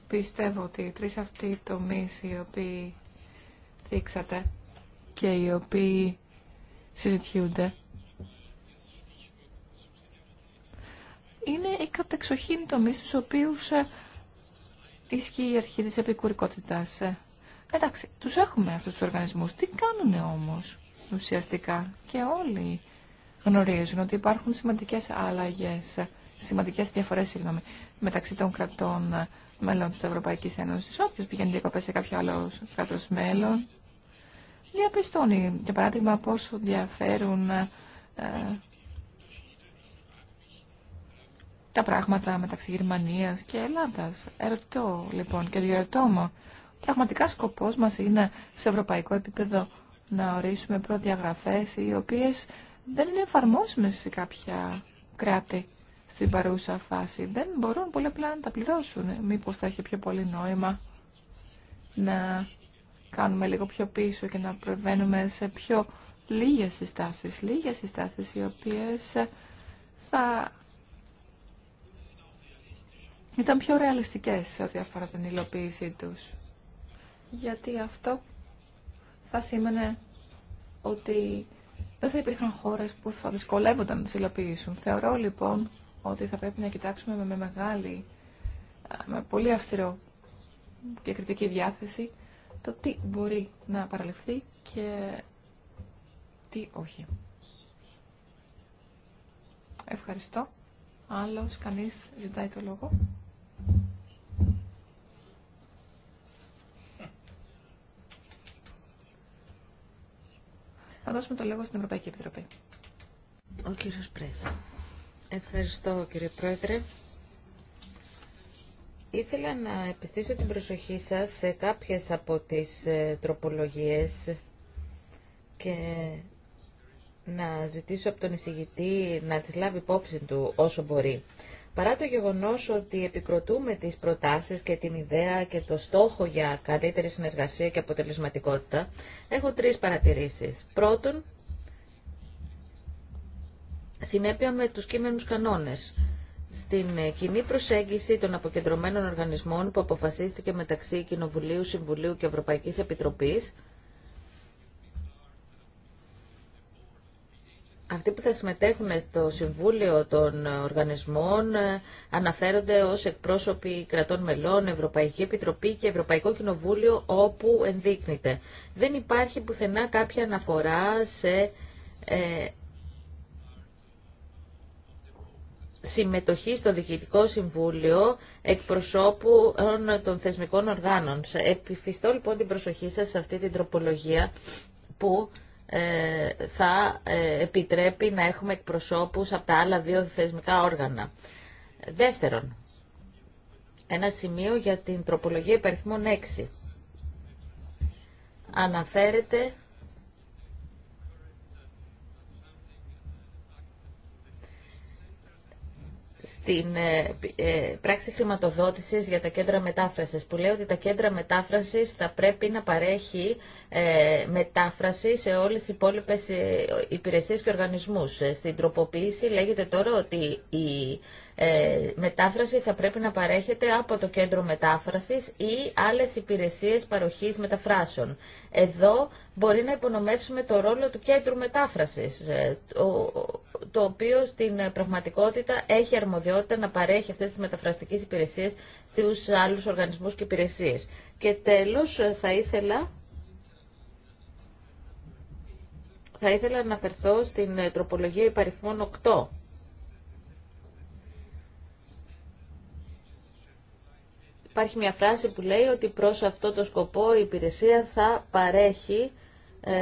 πιστεύω ότι οι τρεις αυτοί οι τομείς οι οποίοι δείξατε και οι οποίοι συζητιούνται είναι οι κατεξοχήν τομείς στους οποίους ισχύει ε, η αρχή της επικουρικότητας. Ε, εντάξει, τους έχουμε αυτούς τους οργανισμούς. Τι κάνουν όμως ουσιαστικά και όλοι γνωρίζουν ότι υπάρχουν σημαντικές αλλαγές, σημαντικές διαφορές συγγνώμη, μεταξύ των κρατών μέλων της Ευρωπαϊκής Ένωσης. Όποιος πηγαίνει διακοπές σε κάποιο άλλο κράτος μέλων, διαπιστώνει, για παράδειγμα, πόσο διαφέρουν ε, τα πράγματα μεταξύ Γερμανίας και Ελλάδας. Ερωτώ, λοιπόν, και διερωτώ μου, πραγματικά σκοπός μας είναι σε ευρωπαϊκό επίπεδο να ορίσουμε προδιαγραφές οι οποίες δεν είναι εφαρμόσιμες σε κάποια κράτη στην παρούσα φάση. Δεν μπορούν πολύ απλά να τα πληρώσουν. Μήπως θα έχει πιο πολύ νόημα να κάνουμε λίγο πιο πίσω και να προβαίνουμε σε πιο λίγες συστάσεις, λίγες συστάσεις οι οποίες θα ήταν πιο ρεαλιστικές σε ό,τι αφορά την υλοποίησή τους. Γιατί αυτό θα σήμαινε ότι δεν θα υπήρχαν χώρε που θα δυσκολεύονταν να τι υλοποιήσουν. Θεωρώ λοιπόν ότι θα πρέπει να κοιτάξουμε με μεγάλη, με πολύ αυστηρό και κριτική διάθεση το τι μπορεί να παραλυφθεί και τι όχι. Ευχαριστώ. Άλλος κανείς ζητάει το λόγο. Θα δώσουμε το λόγο στην Ευρωπαϊκή Επιτροπή. Ο κύριο Πρέσβη. Ευχαριστώ κύριε Πρόεδρε. Ήθελα να επιστήσω την προσοχή σας σε κάποιες από τις ε, τροπολογίες και να ζητήσω από τον εισηγητή να τις λάβει υπόψη του όσο μπορεί. Παρά το γεγονός ότι επικροτούμε τις προτάσεις και την ιδέα και το στόχο για καλύτερη συνεργασία και αποτελεσματικότητα, έχω τρεις παρατηρήσεις. Πρώτον, συνέπεια με τους κείμενους κανόνες. Στην ε, κοινή προσέγγιση των αποκεντρωμένων οργανισμών που αποφασίστηκε μεταξύ Κοινοβουλίου, Συμβουλίου και Ευρωπαϊκής Επιτροπής, αυτοί που θα συμμετέχουν στο Συμβούλιο των Οργανισμών ε, αναφέρονται ως εκπρόσωποι κρατών μελών, Ευρωπαϊκή Επιτροπή και Ευρωπαϊκό Κοινοβούλιο όπου ενδείκνυται. Δεν υπάρχει πουθενά κάποια αναφορά σε ε, συμμετοχή στο Διοικητικό Συμβούλιο εκπροσώπου των θεσμικών οργάνων. Επιφυστώ λοιπόν την προσοχή σας σε αυτή την τροπολογία που ε, θα ε, επιτρέπει να έχουμε εκπροσώπους από τα άλλα δύο θεσμικά όργανα. Δεύτερον, ένα σημείο για την τροπολογία υπερθμών 6. Αναφέρεται την ε, ε, πράξη χρηματοδότησης για τα κέντρα μετάφρασης που λέει ότι τα κέντρα μετάφρασης θα πρέπει να παρέχει ε, μετάφραση σε όλες τις υπόλοιπες υπηρεσίες και οργανισμούς. Στην τροποποίηση λέγεται τώρα ότι η ε, μετάφραση θα πρέπει να παρέχεται από το κέντρο μετάφρασης ή άλλες υπηρεσίες παροχής μεταφράσεων. Εδώ μπορεί να υπονομεύσουμε το ρόλο του κέντρου μετάφρασης, ε, το οποίο στην ε, πραγματικότητα έχει αρμοδιότητα να παρέχει αυτές τις μεταφραστικές υπηρεσίες στους άλλους οργανισμούς και υπηρεσίες. Και τέλος θα ήθελα... Θα ήθελα να αναφερθώ στην τροπολογία υπαριθμών 8 Υπάρχει μια φράση που λέει ότι προς αυτό το σκοπό η υπηρεσία θα παρέχει ε,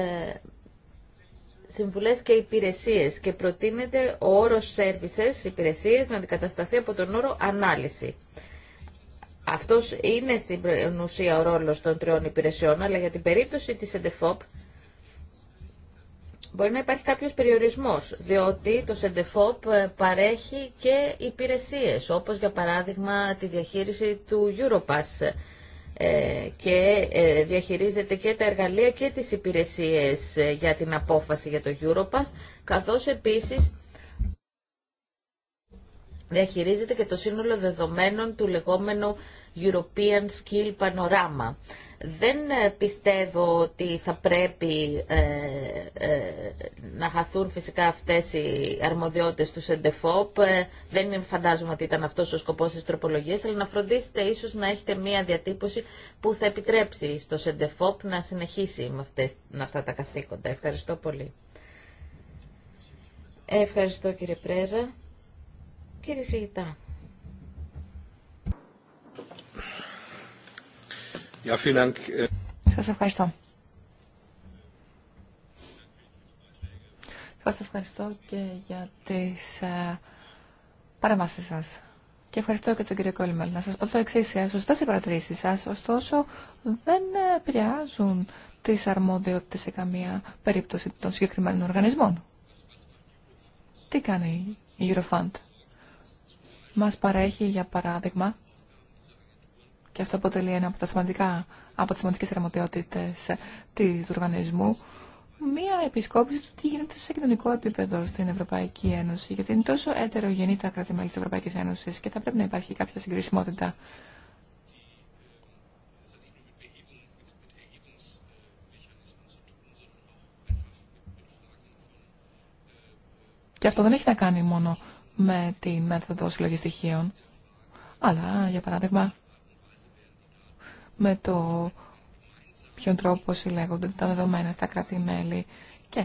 συμβουλές και υπηρεσίες και προτείνεται ο όρος services, υπηρεσίες, να αντικατασταθεί από τον όρο ανάλυση. Αυτός είναι στην ουσία ο ρόλος των τριών υπηρεσιών, αλλά για την περίπτωση της ΕΝΤΕΦΟΠ Μπορεί να υπάρχει κάποιος περιορισμός, διότι το ΣΕΝΤΕΦΟΠ ε, παρέχει και υπηρεσίες, όπως για παράδειγμα τη διαχείριση του Europass ε, και ε, διαχειρίζεται και τα εργαλεία και τις υπηρεσίες για την απόφαση για το Europass, καθώς επίσης διαχειρίζεται και το σύνολο δεδομένων του λεγόμενου European Skill Panorama. Δεν ε, πιστεύω ότι θα πρέπει ε, ε, να χαθούν φυσικά αυτές οι αρμοδιότητες του ΣΕΝΤΕΦΟΠ. Ε, δεν φαντάζομαι ότι ήταν αυτός ο σκοπός της τροπολογίας, αλλά να φροντίσετε ίσως να έχετε μία διατύπωση που θα επιτρέψει στο ΣΕΝΤΕΦΟΠ να συνεχίσει με, αυτές, με αυτά τα καθήκοντα. Ευχαριστώ πολύ. Ευχαριστώ κύριε Πρέζα. Κύριε Σιγητά. Σας ευχαριστώ. Σας ευχαριστώ και για τις ε, παρεμβάσεις σας. Και ευχαριστώ και τον κύριο Κόλμελ. Να σας πω το εξή. Ε, σωστά οι παρατηρήσεις σα, ωστόσο δεν επηρεάζουν τις αρμοδιότητες σε καμία περίπτωση των συγκεκριμένων οργανισμών. Τι κάνει η Eurofund. Μας παρέχει, για παράδειγμα, και αυτό αποτελεί ένα από, τα σημαντικά, από τις σημαντικές του ε, οργανισμού. Μία επισκόπηση του τι γίνεται σε κοινωνικό επίπεδο στην Ευρωπαϊκή Ένωση, γιατί είναι τόσο ετερογενή τα κράτη-μέλη της Ευρωπαϊκής Ένωσης και θα πρέπει να υπάρχει κάποια συγκρισιμότητα. Και αυτό δεν έχει να κάνει μόνο με τη μέθοδο συλλογή στοιχείων, αλλά, για παράδειγμα, με το ποιον τρόπο συλλέγονται τα δεδομένα στα κρατημέλη μελη Και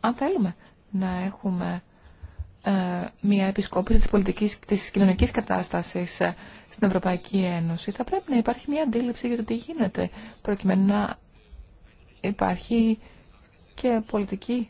αν θέλουμε να έχουμε ε, μια επισκόπηση της πολιτικής, της κοινωνικής κατάστασης ε, στην Ευρωπαϊκή Ένωση, θα πρέπει να υπάρχει μια αντίληψη για το τι γίνεται, προκειμένου να υπάρχει και πολιτική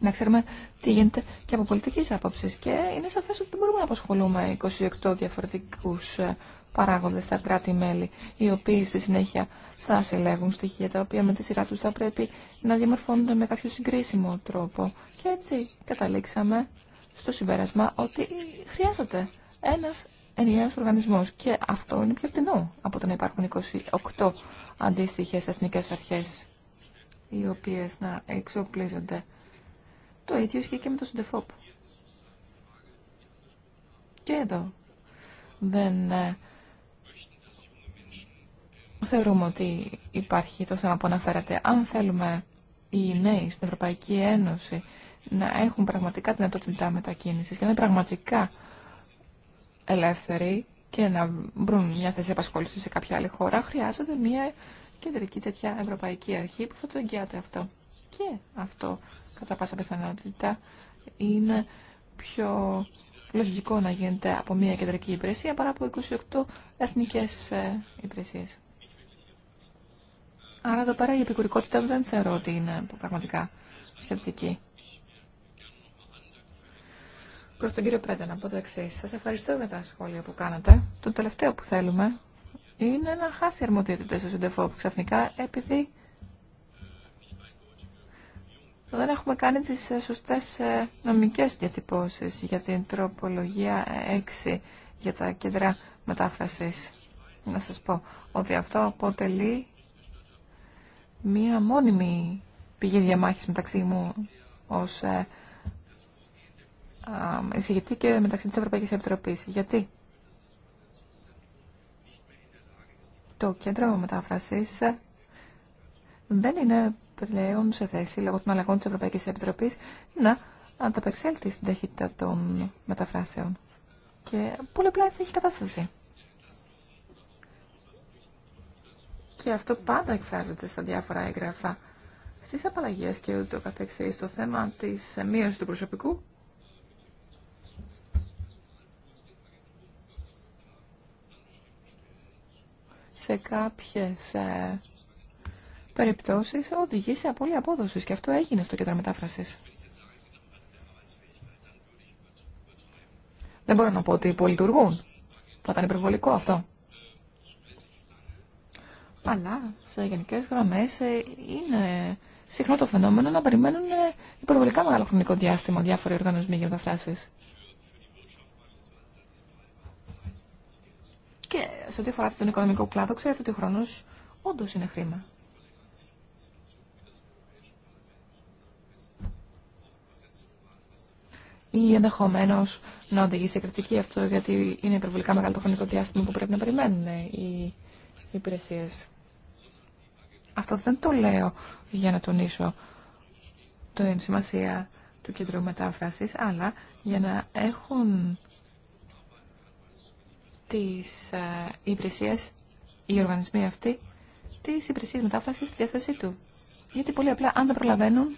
να ξέρουμε τι γίνεται και από πολιτικής άποψη. Και είναι σαφές ότι δεν μπορούμε να απασχολούμε 28 διαφορετικού ε, παράγοντες στα κράτη-μέλη, οι οποίοι στη συνέχεια θα συλλέγουν στοιχεία τα οποία με τη σειρά τους θα πρέπει να διαμορφώνονται με κάποιο συγκρίσιμο τρόπο. Και έτσι καταλήξαμε στο συμπέρασμα ότι χρειάζεται ένας ενιαίος οργανισμός και αυτό είναι πιο φτηνό από το να υπάρχουν 28 αντίστοιχες εθνικές αρχές οι οποίες να εξοπλίζονται. Το ίδιο ισχύει και με το Συντεφόπ. Και εδώ δεν ε, θεωρούμε ότι υπάρχει το θέμα που αναφέρατε. Αν θέλουμε οι νέοι στην Ευρωπαϊκή Ένωση να έχουν πραγματικά την δυνατότητα μετακίνηση και να είναι πραγματικά ελεύθεροι και να βρουν μια θέση απασχόληση σε κάποια άλλη χώρα, χρειάζεται μια κεντρική τέτοια ευρωπαϊκή αρχή που θα το εγγυάται αυτό. Και αυτό, κατά πάσα πιθανότητα, είναι πιο λογικό να γίνεται από μια κεντρική υπηρεσία παρά από 28 εθνικές ε, υπηρεσίες. Άρα εδώ πέρα η επικουρικότητα δεν θεωρώ ότι είναι πραγματικά σχετική. Προς τον κύριο Πρέντα να πω το εξή. Σας ευχαριστώ για τα σχόλια που κάνατε. Το τελευταίο που θέλουμε είναι να χάσει στο στο ΣΥΝΤΕΦΟΠ ξαφνικά επειδή δεν έχουμε κάνει τις ε, σωστές ε, νομικές διατυπώσεις για την τροπολογία 6 ε, για τα κέντρα μετάφρασης. Να σας πω ότι αυτό αποτελεί μία μόνιμη πηγή διαμάχης μεταξύ μου ως ε, εισηγητή και μεταξύ της Ευρωπαϊκής Επιτροπής. Γιατί το κέντρο μετάφρασης ε, δεν είναι πλέον σε θέση, λόγω των αλλαγών της Ευρωπαϊκής Επιτροπής, να ανταπεξέλθει στην ταχύτητα των μεταφράσεων. Και πολύ απλά έτσι έχει κατάσταση. και αυτό πάντα εκφράζεται στα διάφορα έγγραφα στις απαλλαγέ και ούτω καθεξή, στο θέμα τη μείωση του προσωπικού. Σε κάποιες ε, περιπτώσεις οδηγεί σε απόλυτη απόδοση και αυτό έγινε στο κέντρο μετάφραση. Δεν μπορώ να πω ότι υπολειτουργούν. Θα ήταν υπερβολικό αυτό. Αλλά σε γενικέ γραμμέ ε, είναι συχνό το φαινόμενο να περιμένουν ε, υπερβολικά μεγάλο χρονικό διάστημα διάφοροι οργανισμοί για μεταφράσει. Και σε ό,τι αφορά τον οικονομικό κλάδο, ξέρετε ότι ο χρόνο όντω είναι χρήμα. Ή ενδεχομένω να οδηγεί σε κριτική αυτό, γιατί είναι υπερβολικά μεγάλο το χρονικό διάστημα που πρέπει να περιμένουν ε, οι υπηρεσίε. Αυτό δεν το λέω για να τονίσω την σημασία του κέντρου μετάφρασης, αλλά για να έχουν τις ε, υπηρεσίες, οι οργανισμοί αυτοί, τις υπηρεσίες μετάφρασης στη διάθεσή του. Γιατί πολύ απλά, αν δεν προλαβαίνουν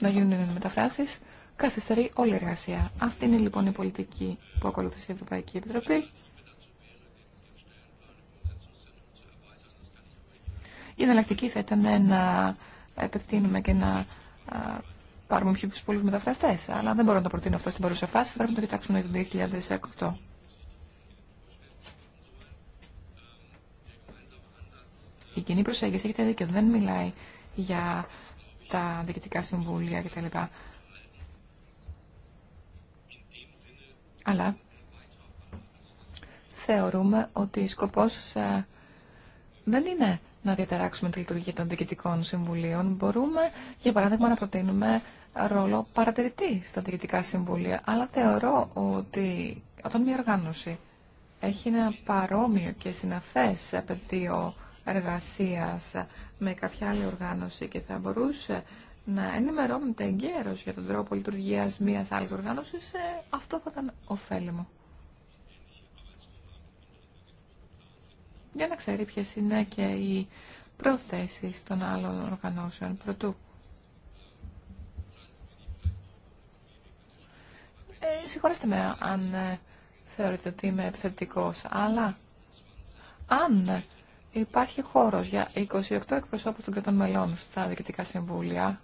να γίνουν μεταφράσεις, καθυστερεί όλη η εργασία. Αυτή είναι λοιπόν η πολιτική που ακολουθούσε η Ευρωπαϊκή Επιτροπή Η εναλλακτική θα ήταν να επεκτείνουμε και να πάρουμε πιο πολλού μεταφραστέ. Αλλά δεν μπορώ να το προτείνω αυτό στην παρούσα φάση. Πρέπει να το κοιτάξουμε το 2008. Η κοινή προσέγγιση, έχετε δίκιο, δεν μιλάει για τα διοικητικά συμβούλια κτλ. Αλλά θεωρούμε ότι σκοπός ε, δεν είναι να διαταράξουμε τη λειτουργία των διοικητικών συμβουλίων. Μπορούμε, για παράδειγμα, να προτείνουμε ρόλο παρατηρητή στα διοικητικά συμβούλια. Αλλά θεωρώ ότι όταν μια οργάνωση έχει ένα παρόμοιο και συναφές πεδίο εργασίας με κάποια άλλη οργάνωση και θα μπορούσε να ενημερώνεται εγκαίρως για τον τρόπο λειτουργίας μιας άλλης οργάνωσης, ε, αυτό θα ήταν ωφέλιμο. για να ξέρει ποιε είναι και οι προθέσεις των άλλων οργανώσεων πρωτού. Ε, συγχωρέστε με αν ε, θεωρείτε ότι είμαι επιθετικός, αλλά αν υπάρχει χώρος για 28 εκπροσώπους των κρατών μελών στα διοικητικά συμβούλια,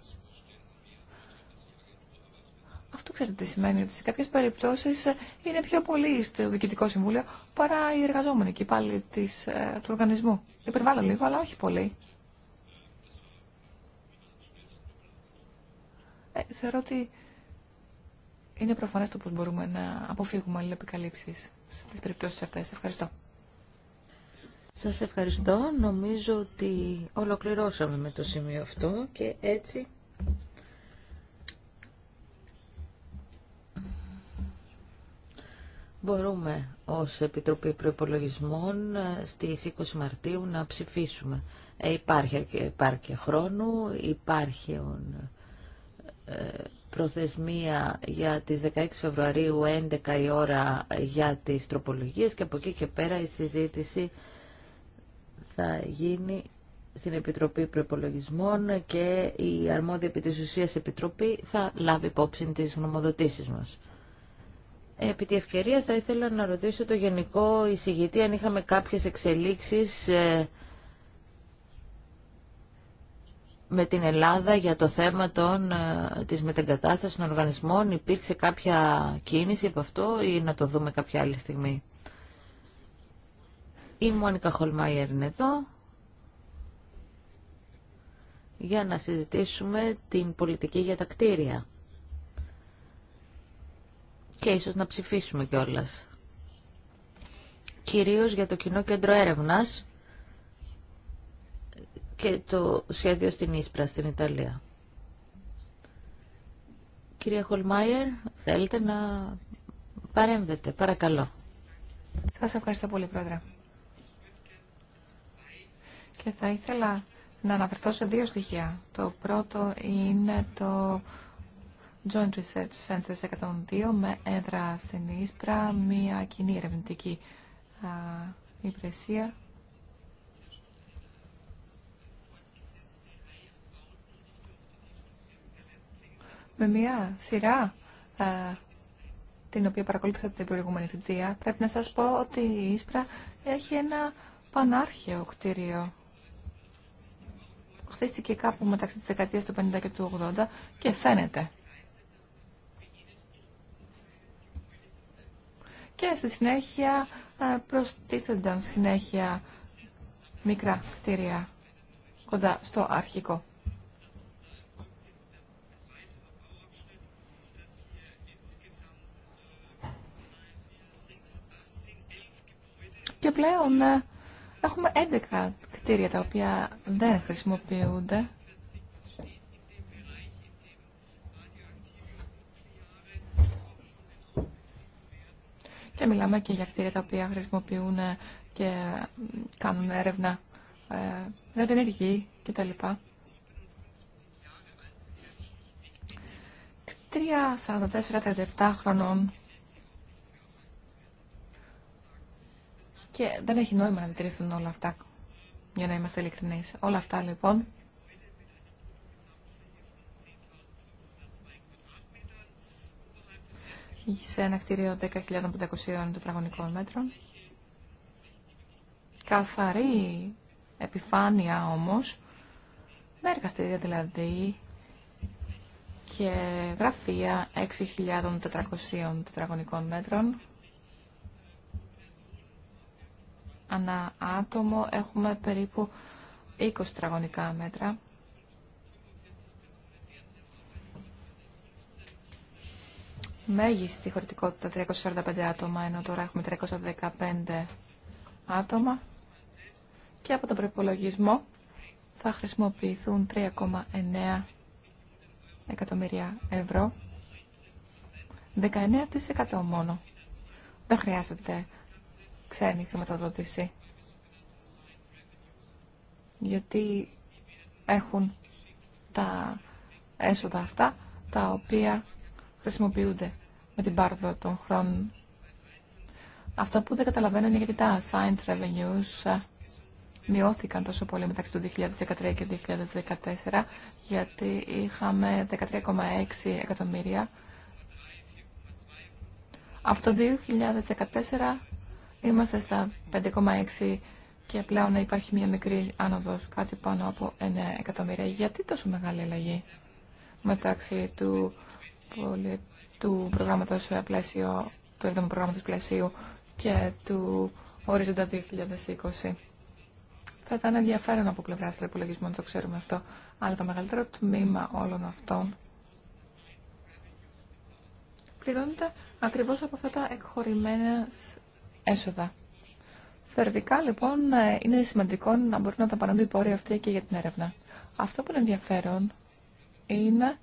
αυτό ξέρετε τι σημαίνει, ότι σε κάποιε περιπτώσει ε, είναι πιο πολύ στο Διοικητικό Συμβούλιο παρά οι εργαζόμενοι και πάλι της, ε, του οργανισμού. Υπερβάλλω λίγο, αλλά όχι πολύ. Ε, θεωρώ ότι είναι προφανέ το πώ μπορούμε να αποφύγουμε αλληλεπικαλύψει στι περιπτώσει αυτέ. Ευχαριστώ. Σας ευχαριστώ. Νομίζω ότι ολοκληρώσαμε με το σημείο αυτό και έτσι μπορούμε ως Επιτροπή Προϋπολογισμών ε, στις 20 Μαρτίου να ψηφίσουμε. Ε, υπάρχει, υπάρχει χρόνο, υπάρχει ε, προθεσμία για τις 16 Φεβρουαρίου 11 η ώρα για τις τροπολογίες και από εκεί και πέρα η συζήτηση θα γίνει στην Επιτροπή Προϋπολογισμών και η αρμόδια επί της ουσίας Επιτροπή θα λάβει υπόψη τις γνωμοδοτήσεις μας. Επί τη ευκαιρία θα ήθελα να ρωτήσω το Γενικό Εισηγητή αν είχαμε κάποιες εξελίξεις ε, με την Ελλάδα για το θέμα των, ε, της μετεγκατάστασης των οργανισμών. Υπήρξε κάποια κίνηση από αυτό ή να το δούμε κάποια άλλη στιγμή. Η Μόνικα Χολμάιερ εδώ για να συζητήσουμε την πολιτική για τα κτίρια και ίσως να ψηφίσουμε κιόλα. Κυρίως για το Κοινό Κέντρο Έρευνας και το σχέδιο στην Ίσπρα, στην Ιταλία. Κυρία Χολμάιερ, θέλετε να παρέμβετε, παρακαλώ. Θα σας ευχαριστώ πολύ, Πρόεδρε. Και θα ήθελα να αναφερθώ σε δύο στοιχεία. Το πρώτο είναι το Joint Research Center 102 με έδρα στην Ίσπρα, μια κοινή ερευνητική α, υπηρεσία. Με μια σειρά την οποία παρακολούθησα την προηγούμενη θητεία, πρέπει να σας πω ότι η Ίσπρα έχει ένα πανάρχαιο κτίριο χτίστηκε κάπου μεταξύ της δεκαετίας του 50 και του 80 και φαίνεται. και στη συνέχεια ε, προστίθενταν συνέχεια μικρά κτίρια κοντά στο αρχικό. Και πλέον ε, έχουμε 11 κτίρια τα οποία δεν χρησιμοποιούνται Και μιλάμε και για κτίρια τα οποία χρησιμοποιούν και κάνουν έρευνα ε, την ενεργή κτλ. Κτίρια 44-37 χρονών και δεν έχει νόημα να διατηρηθούν όλα αυτά, για να είμαστε ειλικρινείς. Όλα αυτά λοιπόν σε ένα κτίριο 10.500 τετραγωνικών μέτρων. Καθαρή επιφάνεια όμως, με εργαστήρια δηλαδή και γραφεία 6.400 τετραγωνικών μέτρων. Ανά άτομο έχουμε περίπου 20 τετραγωνικά μέτρα μέγιστη χωρητικότητα 345 άτομα, ενώ τώρα έχουμε 315 άτομα. Και από τον προπολογισμό θα χρησιμοποιηθούν 3,9 εκατομμύρια ευρώ. 19% μόνο. Δεν χρειάζεται ξένη χρηματοδότηση. Γιατί έχουν τα έσοδα αυτά τα οποία χρησιμοποιούνται με την πάρδο των χρόνων. Αυτό που δεν καταλαβαίνω είναι γιατί τα assigned revenues ε, μειώθηκαν τόσο πολύ μεταξύ του 2013 και 2014, γιατί είχαμε 13,6 εκατομμύρια. Από το 2014 είμαστε στα 5,6 και πλέον να υπάρχει μια μικρή άνοδος, κάτι πάνω από 9 εκατομμύρια. Γιατί τόσο μεγάλη αλλαγή μεταξύ του του προγράμματος ε, πλαίσιο, του 7ου προγράμματος πλαισίου και του ορίζοντα 2020. Θα ήταν ενδιαφέρον από πλευρά προπολογισμού να το ξέρουμε αυτό, αλλά το μεγαλύτερο τμήμα όλων αυτών πληρώνεται ακριβώς από αυτά τα εκχωρημένα έσοδα. Θεωρητικά λοιπόν ε, είναι σημαντικό να μπορούν να τα παρανούν οι πόροι αυτοί και για την έρευνα. Αυτό που είναι ενδιαφέρον είναι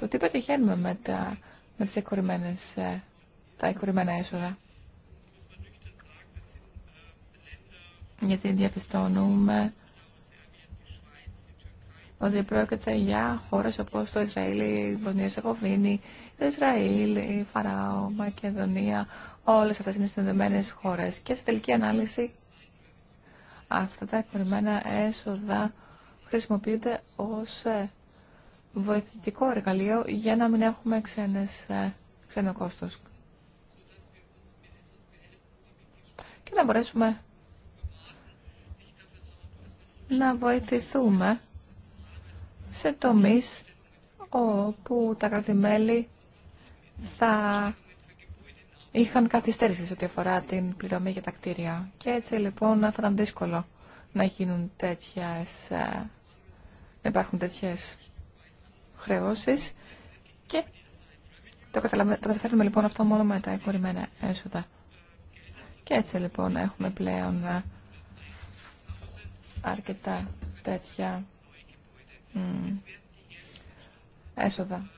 το τι πετυχαίνουμε με τα, με τις εκορυμένες, ε, τα έσοδα. Γιατί διαπιστώνουμε ότι πρόκειται για χώρες όπως το Ισραήλ, η Βοσνία Σεχοβίνη, το Ισραήλ, η Φαράω, η Μακεδονία, όλες αυτές είναι συνδεδεμένες χώρες. Και σε τελική ανάλυση αυτά τα εκπορημένα έσοδα χρησιμοποιούνται ως ε, βοηθητικό εργαλείο για να μην έχουμε ξένες, ε, ξένο κόστος. Και να μπορέσουμε να βοηθηθούμε σε τομείς όπου τα κρατημέλη θα είχαν καθυστέρηση σε ό,τι αφορά την πληρωμή για τα κτίρια. Και έτσι λοιπόν θα ήταν δύσκολο να γίνουν τέτοιες, ε, να υπάρχουν τέτοιες και το, το καταφέρνουμε λοιπόν αυτό μόνο με τα εγχωρημένα έσοδα. Και έτσι λοιπόν έχουμε πλέον ε, αρκετά τέτοια έσοδα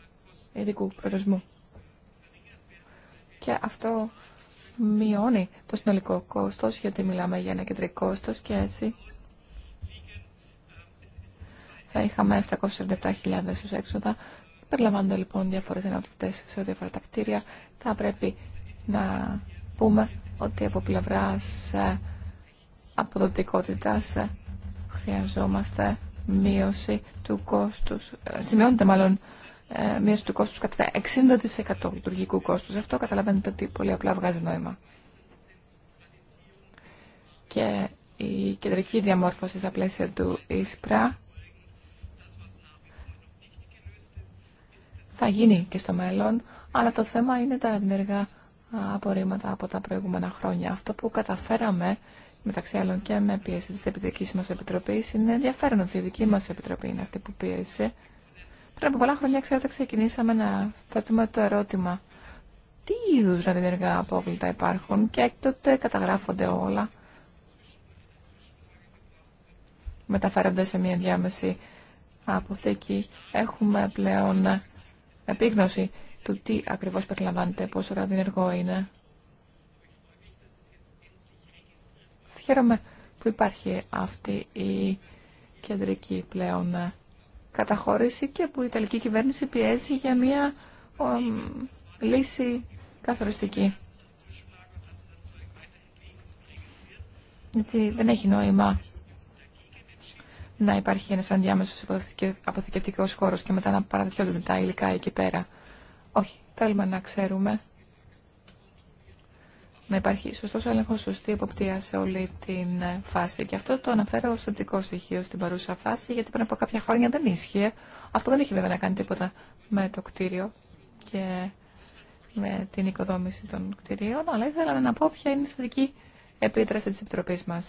ειδικού προορισμού. Και αυτό μειώνει το συνολικό κόστος, γιατί μιλάμε για ένα κεντρικό κόστος και έτσι θα είχαμε 747.000 ως έξοδα. Περιλαμβάνονται λοιπόν διάφορες δυνατότητες σε διάφορα τα κτίρια. Θα πρέπει να πούμε ότι από πλευρά ε, αποδοτικότητας ε, χρειαζόμαστε μείωση του κόστους, ε, σημειώνεται μάλλον μείωση του κόστους κατά 60% λειτουργικού κόστους. Αυτό καταλαβαίνετε ότι πολύ απλά βγάζει νόημα. Και η κεντρική διαμόρφωση στα πλαίσια του ΙΣΠΡΑ θα γίνει και στο μέλλον, αλλά το θέμα είναι τα ενεργά απορρίμματα από τα προηγούμενα χρόνια. Αυτό που καταφέραμε, μεταξύ άλλων και με πίεση της Επιτικής μας Επιτροπής, είναι ενδιαφέρον ότι η δική μας Επιτροπή είναι αυτή που πίεσε. Πριν από πολλά χρόνια, ξέρετε, ξεκινήσαμε να θέτουμε το ερώτημα τι είδους ραδιενεργά απόβλητα υπάρχουν και έκτοτε καταγράφονται όλα. Μεταφέρονται σε μια διάμεση αποθήκη. Έχουμε πλέον επίγνωση του τι ακριβώς περιλαμβάνεται, πόσο ραδιενεργό είναι. Χαίρομαι που υπάρχει αυτή η κεντρική πλέον καταχώρηση και που η Ιταλική κυβέρνηση πιέζει για μια λύση καθοριστική. Γιατί δεν έχει νόημα να υπάρχει ένας ενδιάμεσο αποθηκευτικό χώρο και μετά να παραδοχιόνται τα υλικά εκεί πέρα. Όχι, θέλουμε να ξέρουμε να υπάρχει σωστό έλεγχο σωστή υποπτία σε όλη την ε, φάση. Και αυτό το αναφέρω ω θετικό στοιχείο στην παρούσα φάση, γιατί πριν από κάποια χρόνια δεν ίσχυε. Αυτό δεν είχε βέβαια να κάνει τίποτα με το κτίριο και με την οικοδόμηση των κτιρίων, αλλά ήθελα να πω ποια είναι η θετική επίδραση τη επιτροπή μα.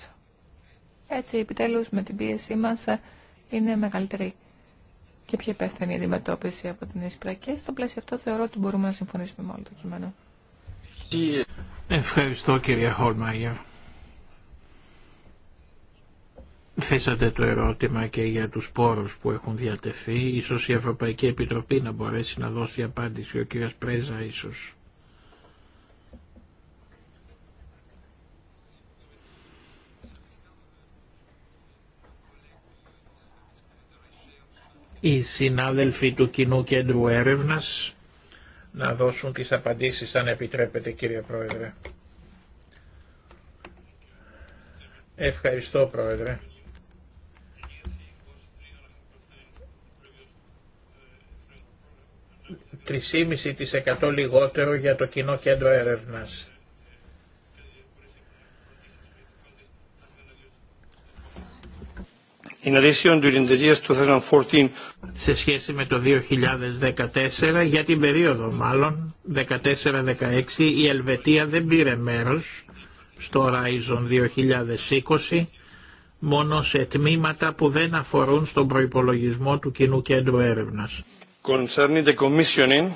Έτσι, επιτέλους, με την πίεσή μας ε, είναι μεγαλύτερη και πιο η αντιμετώπιση από την ΙΣΠΡΑ και στο πλαίσιο αυτό θεωρώ ότι μπορούμε να συμφωνήσουμε με όλο το κείμενο. Ευχαριστώ κυρια Χόλμαγερ. Θέσατε το ερώτημα και για τους πόρους που έχουν διατεθεί. Ίσως η Ευρωπαϊκή Επιτροπή να μπορέσει να δώσει απάντηση, ο κύριος Πρέζα ίσως. οι συνάδελφοι του Κοινού Κέντρου Έρευνας να δώσουν τις απαντήσεις αν επιτρέπετε κύριε Πρόεδρε. Ευχαριστώ Πρόεδρε. Τρισήμιση λιγότερο για το Κοινό Κέντρο Έρευνας. In addition, during the years 2014... σε σχέση με το 2014, για την περίοδο μάλλον, 14-16, η Ελβετία δεν πήρε μέρος στο Horizon 2020, μόνο σε τμήματα που δεν αφορούν στον προϋπολογισμό του Κοινού Κέντρου Έρευνας. Concerning the commissioning,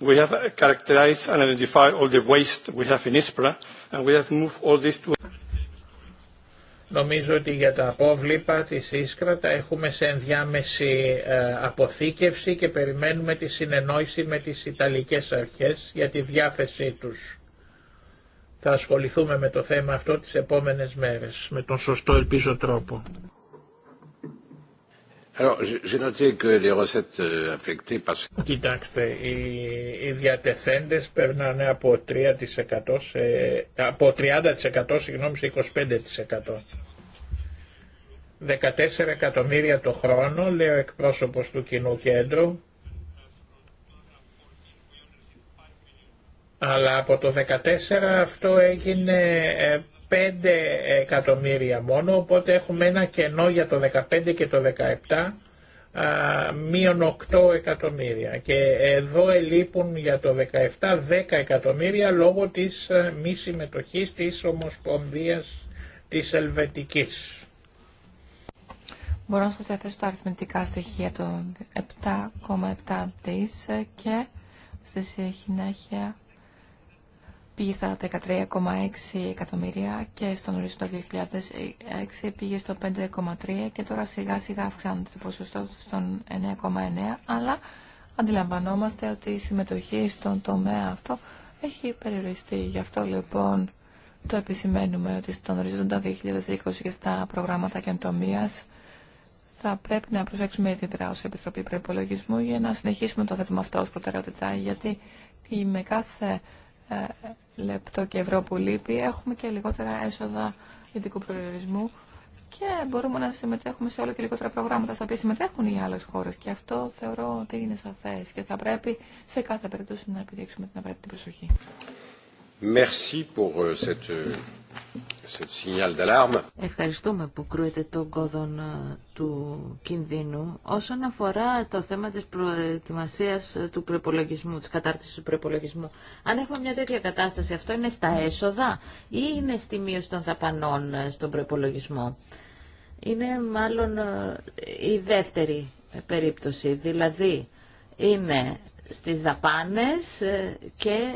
we have characterized and identified all the waste we have in ISPRA, and we have moved all this to... Νομίζω ότι για τα απόβληπα της Ίσκρα έχουμε σε ενδιάμεση ε, αποθήκευση και περιμένουμε τη συνεννόηση με τις Ιταλικές αρχές για τη διάθεσή τους. Θα ασχοληθούμε με το θέμα αυτό τις επόμενες μέρες, με τον σωστό ελπίζω τρόπο. Κοιτάξτε, οι, διατεθέντες περνάνε από 3% σε, από 30% συγγνώμη, σε 25%. 14 εκατομμύρια το χρόνο, λέει ο εκπρόσωπος του Κοινού Κέντρου, αλλά από το 14 αυτό έγινε ε, 5 εκατομμύρια μόνο, οπότε έχουμε ένα κενό για το 15 και το 17 μείον 8 εκατομμύρια και εδώ ελείπουν για το 17 10 εκατομμύρια λόγω της μη συμμετοχής της Ομοσπονδίας της Ελβετικής. Μπορώ να σας διαθέσω τα αριθμητικά στοιχεία των 7,7 δις και στη συνέχεια πήγε στα 13,6 εκατομμύρια και στον ορίζοντα 2006 πήγε στο 5,3 και τώρα σιγά σιγά αυξάνεται το ποσοστό στον 9,9 αλλά αντιλαμβανόμαστε ότι η συμμετοχή στον τομέα αυτό έχει περιοριστεί. Γι' αυτό λοιπόν το επισημαίνουμε ότι στον ορίζοντα 2020 και στα προγράμματα και εντομίας θα πρέπει να προσέξουμε ιδιαίτερα ως Επιτροπή Προϋπολογισμού για να συνεχίσουμε το θέμα αυτό ως προτεραιότητα γιατί με κάθε ε, λεπτό και ευρώ που λείπει, έχουμε και λιγότερα έσοδα ειδικού προορισμού και μπορούμε να συμμετέχουμε σε όλο και λιγότερα προγράμματα στα οποία συμμετέχουν οι άλλε χώρε. Και αυτό θεωρώ ότι είναι σαφέ και θα πρέπει σε κάθε περίπτωση να επιδείξουμε την απαραίτητη προσοχή. Merci pour ε, cette... Ε, Ευχαριστούμε που κρούεται τον κόδον του κινδύνου. Όσον αφορά το θέμα της προετοιμασίας του προπολογισμού, της κατάρτισης του προπολογισμού, αν έχουμε μια τέτοια κατάσταση, αυτό είναι στα έσοδα ή είναι στη μείωση των δαπανών στον προπολογισμό. Είναι μάλλον ε, η δεύτερη περίπτωση, δηλαδή είναι στις δαπάνες ε, και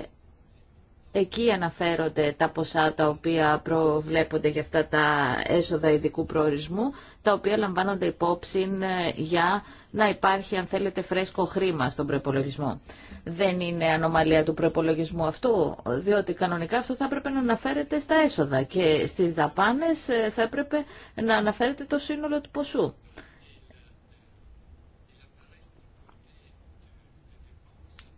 Εκεί αναφέρονται τα ποσά τα οποία προβλέπονται για αυτά τα έσοδα ειδικού προορισμού, τα οποία λαμβάνονται υπόψη ε, για να υπάρχει, αν θέλετε, φρέσκο χρήμα στον προπολογισμό. Δεν είναι ανομαλία του προπολογισμού αυτού, διότι κανονικά αυτό θα έπρεπε να αναφέρεται στα έσοδα και στις δαπάνες ε, θα έπρεπε να αναφέρεται το σύνολο του ποσού.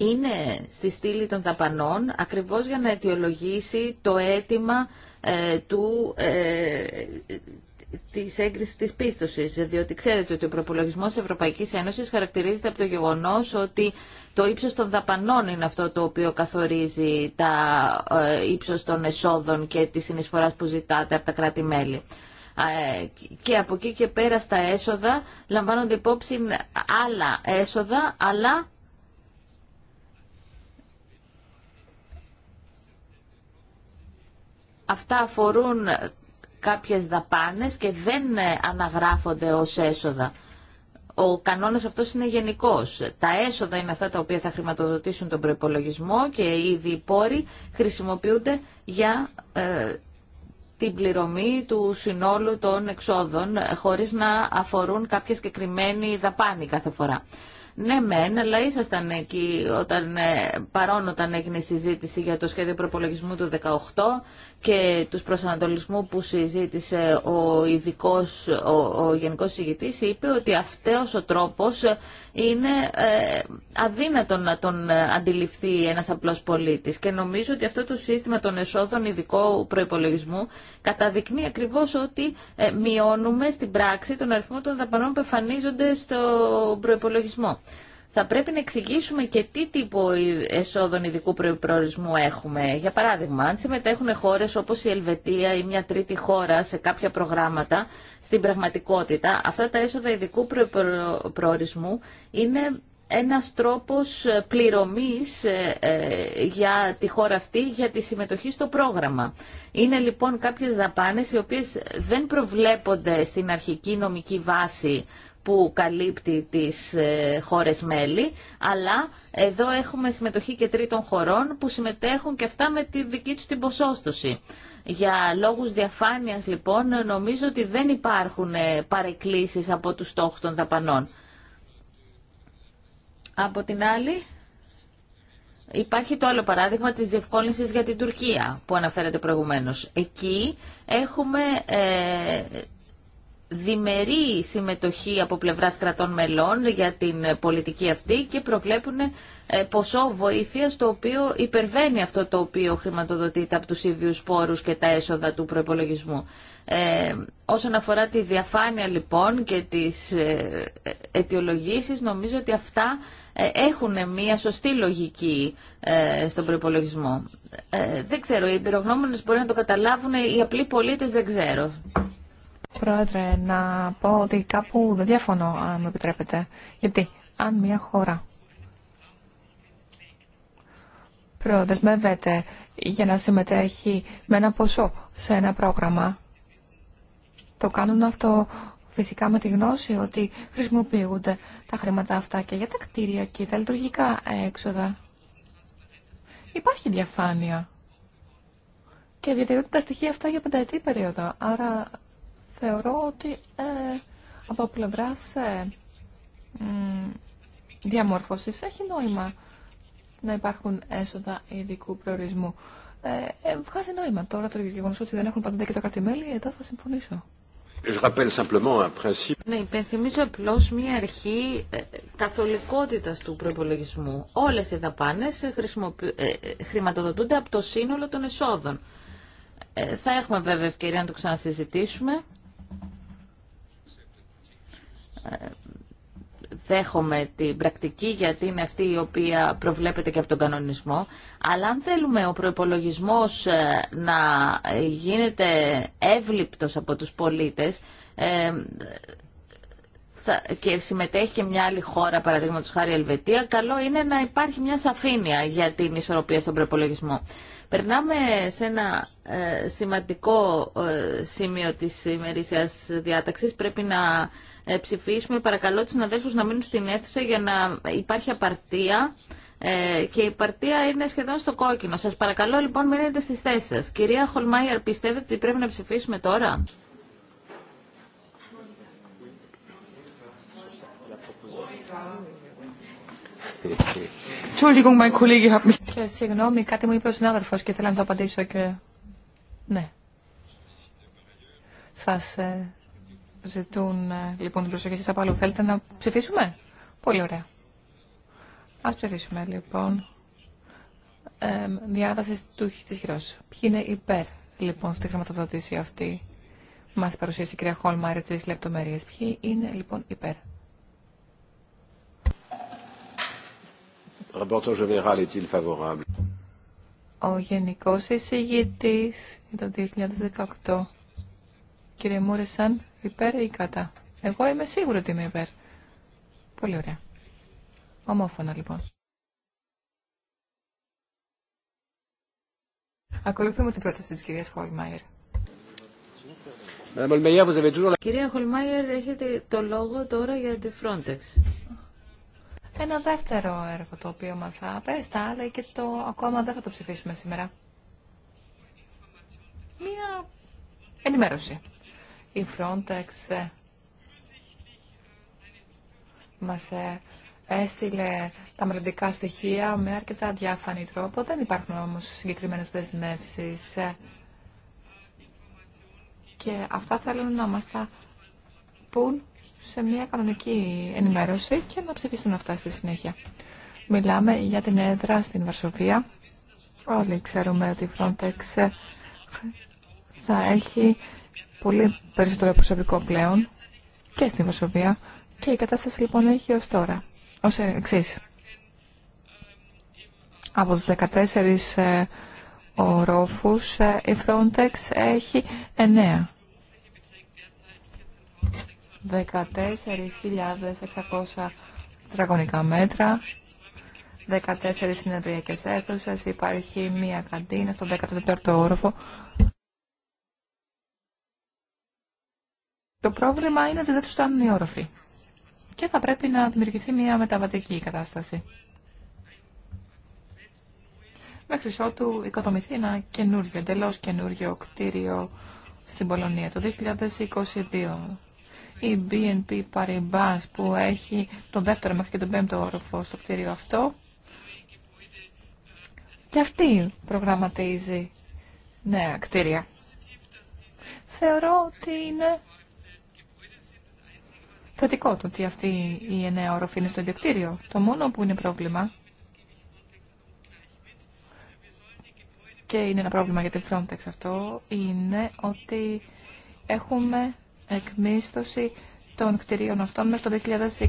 είναι στη στήλη των δαπανών ακριβώς για να αιτιολογήσει το αίτημα ε, του, ε, της έγκρισης της πίστοσης. Διότι ξέρετε ότι ο προπολογισμός της Ευρωπαϊκής Ένωσης χαρακτηρίζεται από το γεγονός ότι το ύψος των δαπανών είναι αυτό το οποίο καθορίζει τα ε, ύψος των εσόδων και τη συνεισφοράς που ζητάτε από τα κράτη-μέλη ε, και από εκεί και πέρα στα έσοδα λαμβάνονται υπόψη άλλα έσοδα αλλά αυτά αφορούν κάποιες δαπάνες και δεν αναγράφονται ως έσοδα. Ο κανόνας αυτός είναι γενικός. Τα έσοδα είναι αυτά τα οποία θα χρηματοδοτήσουν τον προϋπολογισμό και ήδη οι πόροι χρησιμοποιούνται για ε, την πληρωμή του συνόλου των εξόδων ε, χωρίς να αφορούν κάποια συγκεκριμένη δαπάνη κάθε φορά. Ναι, μεν, αλλά ήσασταν εκεί όταν, ε, παρόν όταν έγινε η συζήτηση για το σχέδιο προπολογισμού του 18 και τους προσανατολισμού που συζήτησε ο, ειδικός, ο, Γενικός Συγητής είπε ότι αυτός ο τρόπος είναι ε, αδύνατο να τον ε, αντιληφθεί ένας απλός πολίτης. Και νομίζω ότι αυτό το σύστημα των εσόδων ειδικού προϋπολογισμού καταδεικνύει ακριβώς ότι ε, μειώνουμε στην πράξη τον αριθμό των δαπανών που εμφανίζονται στο προϋπολογισμό θα πρέπει να εξηγήσουμε και τι τύπο ε, εσόδων ειδικού προορισμού έχουμε. Για παράδειγμα, αν συμμετέχουν χώρε όπω η Ελβετία ή μια τρίτη χώρα σε κάποια προγράμματα, στην πραγματικότητα αυτά τα έσοδα ειδικού προορισμού είναι ένας τρόπος ε, πληρωμής ε, για τη χώρα αυτή για τη συμμετοχή στο πρόγραμμα. Είναι λοιπόν κάποιες δαπάνες οι οποίες δεν προβλέπονται στην αρχική νομική βάση που καλύπτει τις ε, χώρες μέλη, αλλά εδώ έχουμε συμμετοχή και τρίτων χωρών που συμμετέχουν και αυτά με τη δική τους την ποσόστοση. Για λόγους διαφάνειας λοιπόν νομίζω ότι δεν υπάρχουν ε, παρεκκλήσεις από τους στόχους των δαπανών. Από την άλλη υπάρχει το άλλο παράδειγμα της διευκόλυνσης για την Τουρκία που αναφέρατε προηγουμένως. Εκεί έχουμε... Ε, διμερή συμμετοχή από πλευράς κρατών μελών για την πολιτική αυτή και προβλέπουν ε, ποσό βοήθεια το οποίο υπερβαίνει αυτό το οποίο χρηματοδοτείται από τους ίδιους πόρους και τα έσοδα του προϋπολογισμού. Ε, όσον αφορά τη διαφάνεια λοιπόν και τις ε, αιτιολογήσεις νομίζω ότι αυτά ε, έχουν μια σωστή λογική στον προϋπολογισμό. Ε, δεν ξέρω, οι εμπειρογνώμονες μπορεί να το καταλάβουν, οι απλοί πολίτες δεν ξέρω. Πρόεδρε, να πω ότι κάπου δεν διαφωνώ, αν μου επιτρέπετε. Γιατί, αν μια χώρα προδεσμεύεται για να συμμετέχει με ένα ποσό σε ένα πρόγραμμα, το κάνουν αυτό φυσικά με τη γνώση ότι χρησιμοποιούνται τα χρήματα αυτά και για τα κτίρια και τα λειτουργικά έξοδα. Υπάρχει διαφάνεια και διατηρούνται τα στοιχεία αυτά για πενταετή περίοδο. Άρα θεωρώ ότι ε, από πλευρά ε, διαμόρφωση έχει νόημα να υπάρχουν έσοδα ειδικού προορισμού. Ε, ε βγάζει νόημα τώρα το γεγονό ότι δεν έχουν πάντα και τα κρατημέλη, εδώ θα συμφωνήσω. Ναι, υπενθυμίζω απλώ μία αρχή ε, καθολικότητα του προπολογισμού. Όλε οι δαπάνε ε, χρηματοδοτούνται από το σύνολο των εσόδων. Θα έχουμε βέβαια ευκαιρία να το ξανασυζητήσουμε δέχομαι την πρακτική γιατί είναι αυτή η οποία προβλέπεται και από τον κανονισμό αλλά αν θέλουμε ο προϋπολογισμός ε, να γίνεται εύληπτος από τους πολίτες ε, και συμμετέχει και μια άλλη χώρα, παραδείγματος χάρη Ελβετία, καλό είναι να υπάρχει μια σαφήνεια για την ισορροπία στον προπολογισμό. Περνάμε σε ένα ε, σημαντικό σημείο της ημερήσιας διάταξης. Πρέπει να ε, ψηφίσουμε. Παρακαλώ τις συναδέλφους να μείνουν στην αίθουσα για να υπάρχει απαρτία. Ε, και η απαρτία είναι σχεδόν στο κόκκινο. Σας παρακαλώ λοιπόν μείνετε στις θέσεις σας. Κυρία Χολμάιερ, πιστεύετε ότι πρέπει να ψηφίσουμε τώρα. Ε, συγγνώμη, κάτι μου είπε ο συνάδελφο και ήθελα να το απαντήσω και. Ναι. Σα Ζητούν ε, λοιπόν την προσοχή σας από άλλο. Θέλετε να ψηφίσουμε? Πολύ ωραία. Ας ψηφίσουμε λοιπόν ε, διάταση του της χειρός. Ποιοι είναι υπέρ λοιπόν στη χρηματοδότηση αυτή. Μας παρουσίασε η κυρία Χόλμαρη τις λεπτομέρειες. Ποιοι είναι λοιπόν υπέρ. Ο Γενικός Εισηγητής για το 2018, κύριε Μούρεσαν, Υπέρ ή κατά. Εγώ είμαι σίγουρη ότι είμαι υπέρ. Πολύ ωραία. Ομόφωνα λοιπόν. Ακολουθούμε την πρόταση της κυρίας Χολμάιερ. Κυρία Χολμάιερ, έχετε το λόγο τώρα για τη Frontex. Ένα δεύτερο έργο το οποίο μας απέστα, αλλά και το ακόμα δεν θα το ψηφίσουμε σήμερα. Μία ενημέρωση η Frontex ε, μας ε, έστειλε τα μελλοντικά στοιχεία με αρκετά διάφανη τρόπο. Δεν υπάρχουν όμως συγκεκριμένες δεσμεύσεις. Ε. Και αυτά θέλουν να μας τα πούν σε μια κανονική ενημέρωση και να ψηφίσουν αυτά στη συνέχεια. Μιλάμε για την έδρα στην Βαρσοβία. Όλοι ξέρουμε ότι η Frontex θα έχει πολύ περισσότερο προσωπικό πλέον και στην Βασοβία και η κατάσταση λοιπόν έχει ως τώρα, ως εξή. Από τους 14 ε, ορόφους ε, η Frontex έχει 9. 14.600 τετραγωνικά μέτρα, 14 συνεδριακές αίθουσες, υπάρχει μία καντίνα στον 14ο όροφο, Το πρόβλημα είναι ότι δεν του στάνουν οι όροφοι. Και θα πρέπει να δημιουργηθεί μια μεταβατική κατάσταση. Μέχρι ότου οικοδομηθεί ένα καινούριο, εντελώ καινούριο κτίριο στην Πολωνία το 2022. Η BNP Paribas που έχει τον δεύτερο μέχρι και τον πέμπτο όροφο στο κτίριο αυτό και αυτή προγραμματίζει νέα κτίρια. Θεωρώ ότι είναι θετικό το ότι αυτή η εννέα όροφη είναι στο ιδιοκτήριο. Το μόνο που είναι πρόβλημα και είναι ένα πρόβλημα για την Frontex αυτό, είναι ότι έχουμε εκμίσθωση των κτηρίων αυτών μέχρι το 2024,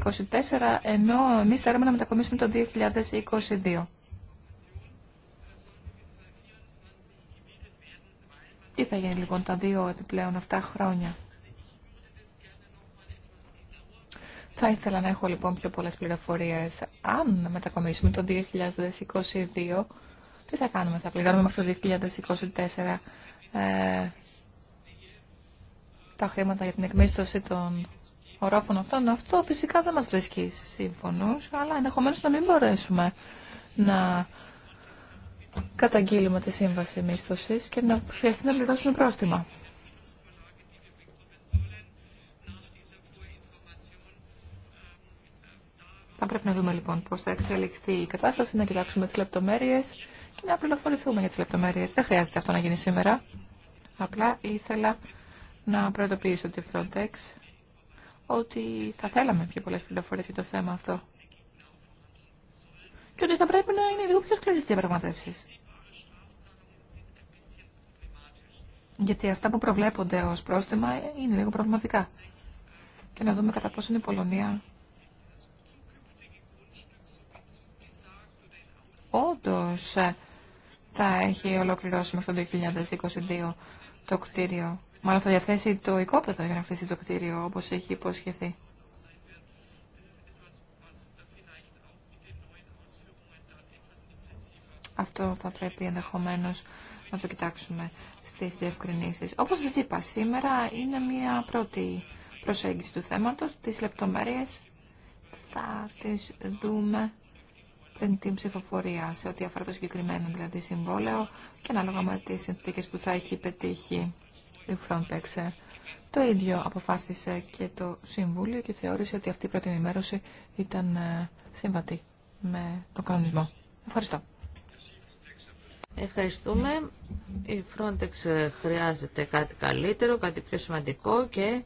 ενώ εμεί θέλουμε να μετακομίσουμε το 2022. Τι θα γίνει λοιπόν τα δύο επιπλέον αυτά χρόνια. Θα ήθελα να έχω λοιπόν πιο πολλές πληροφορίες. Αν μετακομίσουμε το 2022, τι θα κάνουμε, θα πληρώνουμε μέχρι το 2024 ε, τα χρήματα για την εκμίσθωση των ορόφων αυτών. Αυτό φυσικά δεν μας βρίσκει σύμφωνος, αλλά ενδεχομένω να μην μπορέσουμε να καταγγείλουμε τη σύμβαση μίσθωσης και να χρειαστεί να πληρώσουμε πρόστιμα. Θα πρέπει να δούμε λοιπόν πώ θα εξελιχθεί η κατάσταση, να κοιτάξουμε τι λεπτομέρειε και να πληροφορηθούμε για τι λεπτομέρειε. Δεν χρειάζεται αυτό να γίνει σήμερα. Απλά ήθελα να προειδοποιήσω τη Frontex ότι θα θέλαμε πιο πολλέ πληροφορίε για το θέμα αυτό. Και ότι θα πρέπει να είναι λίγο πιο σκληρέ διαπραγματεύσει. Γιατί αυτά που προβλέπονται ω πρόστιμα είναι λίγο προβληματικά. Και να δούμε κατά πόσο η Πολωνία όντως ε, θα έχει ολοκληρώσει μέχρι το 2022 το κτίριο. Μάλλον θα διαθέσει το οικόπεδο για να χτίσει το κτίριο όπως έχει υποσχεθεί. Αυτό θα πρέπει ενδεχομένω να το κοιτάξουμε στις διευκρινήσεις. Όπως σας είπα, σήμερα είναι μια πρώτη προσέγγιση του θέματος. Τις λεπτομέρειες θα τις δούμε πριν την ψηφοφορία σε ό,τι αφορά το συγκεκριμένο δηλαδή συμβόλαιο και ανάλογα με τις συνθήκες που θα έχει πετύχει η Frontex. Το ίδιο αποφάσισε και το Συμβούλιο και θεώρησε ότι αυτή η πρώτη ενημέρωση ήταν ε, συμβατή με τον κανονισμό. Ευχαριστώ. Ευχαριστούμε. Η Frontex ε, χρειάζεται κάτι καλύτερο, κάτι πιο σημαντικό και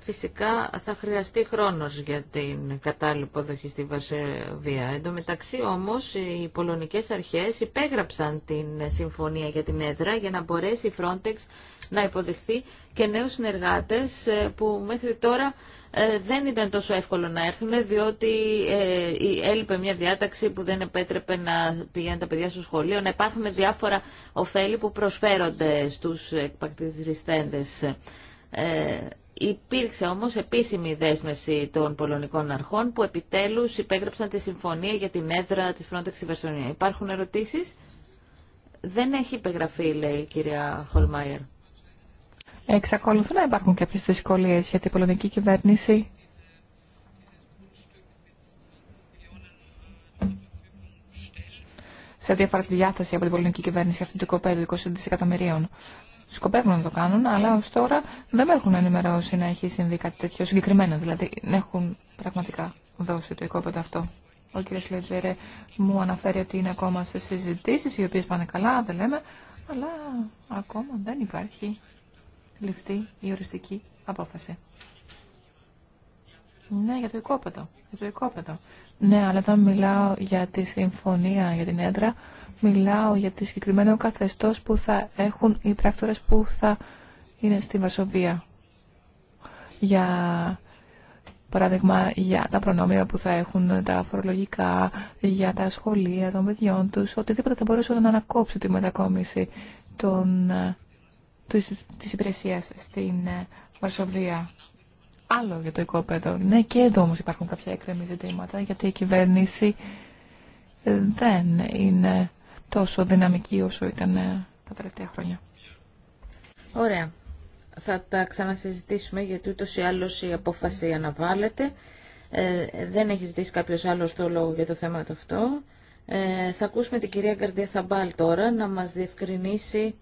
φυσικά θα χρειαστεί χρόνος για την κατάλληλη υποδοχή στη Βασεβία. Εν τω μεταξύ όμως οι πολωνικές αρχές υπέγραψαν την συμφωνία για την έδρα για να μπορέσει η Frontex να υποδεχθεί και νέους συνεργάτες ε, που μέχρι τώρα ε, δεν ήταν τόσο εύκολο να έρθουν διότι ε, έλειπε μια διάταξη που δεν επέτρεπε να πηγαίνουν τα παιδιά στο σχολείο, να υπάρχουν διάφορα ωφέλη που προσφέρονται στους εκπακτηριστέντες. Υπήρξε όμως επίσημη δέσμευση των πολωνικών αρχών που επιτέλους υπέγραψαν τη συμφωνία για την έδρα της Frontex στη Βερσονία. Υπάρχουν ερωτήσεις? Δεν έχει υπεγραφεί, λέει η κυρία Χολμάιερ. Εξακολουθούν να υπάρχουν κάποιε δυσκολίες για την πολωνική κυβέρνηση σε ό,τι αφορά τη διάθεση από την πολωνική κυβέρνηση αυτού του κοπέδου 20 δισεκατομμυρίων σκοπεύουν να το κάνουν, αλλά ως τώρα δεν με έχουν ενημερώσει να έχει συμβεί κάτι τέτοιο συγκεκριμένα, δηλαδή να έχουν πραγματικά δώσει το οικόπεδο αυτό. Ο κ. Λετζέρε μου αναφέρει ότι είναι ακόμα σε συζητήσεις, οι οποίες πάνε καλά, δεν λέμε, αλλά ακόμα δεν υπάρχει ληφθεί η οριστική απόφαση. Ναι, για το οικόπεδο. Για το οικόπεδο. Ναι, αλλά όταν μιλάω για τη συμφωνία, για την έντρα, μιλάω για τη συγκεκριμένο καθεστώς που θα έχουν οι πράκτορες που θα είναι στη Βαρσοβία. Για παράδειγμα για τα προνόμια που θα έχουν τα φορολογικά, για τα σχολεία των παιδιών τους, οτιδήποτε θα μπορούσε να ανακόψει τη μετακόμιση των, της, της στην ε, Βαρσοβία. Άλλο για το οικόπεδο. Ναι, και εδώ όμως υπάρχουν κάποια έκρεμη ζητήματα, γιατί η κυβέρνηση ε, δεν είναι τόσο δυναμική όσο ήταν ε, τα τελευταία χρόνια. Ωραία. Θα τα ξανασυζητήσουμε γιατί ούτω ή άλλω η απόφαση αναβάλλεται. Ε, δεν έχει ζητήσει κάποιο άλλο το λόγο για το θέμα αυτό. Ε, θα ακούσουμε την κυρία Γκαρδία Θαμπάλ τώρα να μας διευκρινίσει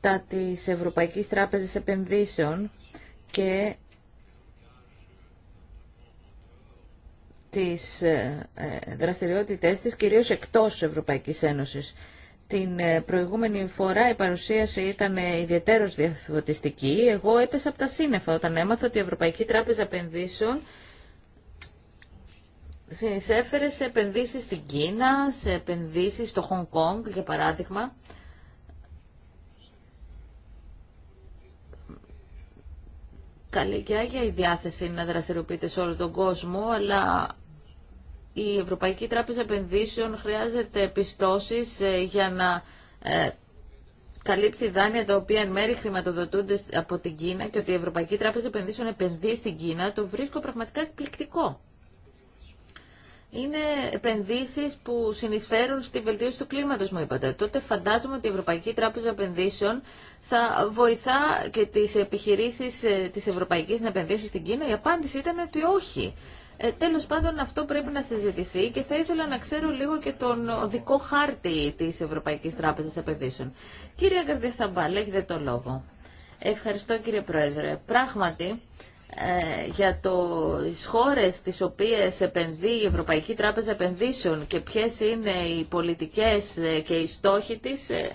τα της Ευρωπαϊκής Τράπεζα Επενδύσεων και τις ε, ε, δραστηριότητές της, κυρίως εκτός Ευρωπαϊκής Ένωσης. Την ε, προηγούμενη φορά η παρουσίαση ήταν ιδιαίτερως διαφωτιστική. Εγώ έπεσα από τα σύννεφα όταν έμαθα ότι η Ευρωπαϊκή Τράπεζα Επενδύσεων συνεισέφερε σε επενδύσεις στην Κίνα, σε επενδύσεις στο Χονγκ Κόνγκ, για παράδειγμα. Καλή και άγια η διάθεση να δραστηριοποιείται σε όλο τον κόσμο, αλλά η Ευρωπαϊκή Τράπεζα Επενδύσεων χρειάζεται πιστώσεις ε, για να ε, καλύψει δάνεια τα οποία εν μέρη χρηματοδοτούνται από την Κίνα και ότι η Ευρωπαϊκή Τράπεζα Επενδύσεων επενδύει στην Κίνα, το βρίσκω πραγματικά εκπληκτικό. Είναι επενδύσει που συνεισφέρουν στη βελτίωση του κλίματο, μου είπατε. Τότε φαντάζομαι ότι η Ευρωπαϊκή Τράπεζα Επενδύσεων θα βοηθά και τι επιχειρήσει ε, τη Ευρωπαϊκή να επενδύσουν στην Κίνα. Η απάντηση ήταν ότι όχι. Ε, τέλος πάντων αυτό πρέπει να συζητηθεί και θα ήθελα να ξέρω λίγο και τον δικό χάρτη της Ευρωπαϊκής Τράπεζας Επενδύσεων. Κύριε Αγκαρδία Θαμπάλ, έχετε το λόγο. Ευχαριστώ κύριε Πρόεδρε. Πράγματι, ε, για το, τις χώρες τις οποίες επενδύει η Ευρωπαϊκή Τράπεζα Επενδύσεων και ποιες είναι οι πολιτικές ε, και οι στόχοι της, ε,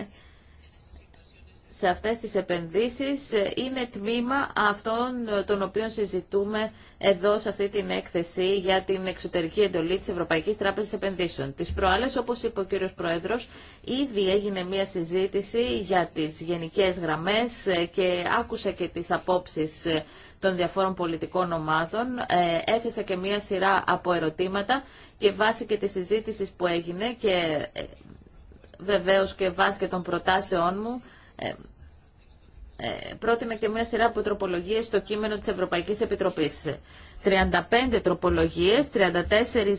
σε αυτές τις επενδύσεις ε, είναι τμήμα αυτών ε, των οποίων συζητούμε εδώ σε αυτή την έκθεση για την εξωτερική εντολή της Ευρωπαϊκής Τράπεζας Επενδύσεων. Τις προάλλες, όπως είπε ο κύριος Πρόεδρος, ήδη έγινε μια συζήτηση για τις γενικές γραμμές ε, και άκουσα και τις απόψεις των διαφόρων πολιτικών ομάδων. Έθεσα και μια σειρά από ερωτήματα και βάσει και τη συζήτηση που έγινε και βεβαίως και βάσει και των προτάσεών μου, ε, ε, πρότεινα και μια σειρά από τροπολογίε στο κείμενο της Ευρωπαϊκής Επιτροπή. 35 τροπολογίε, 34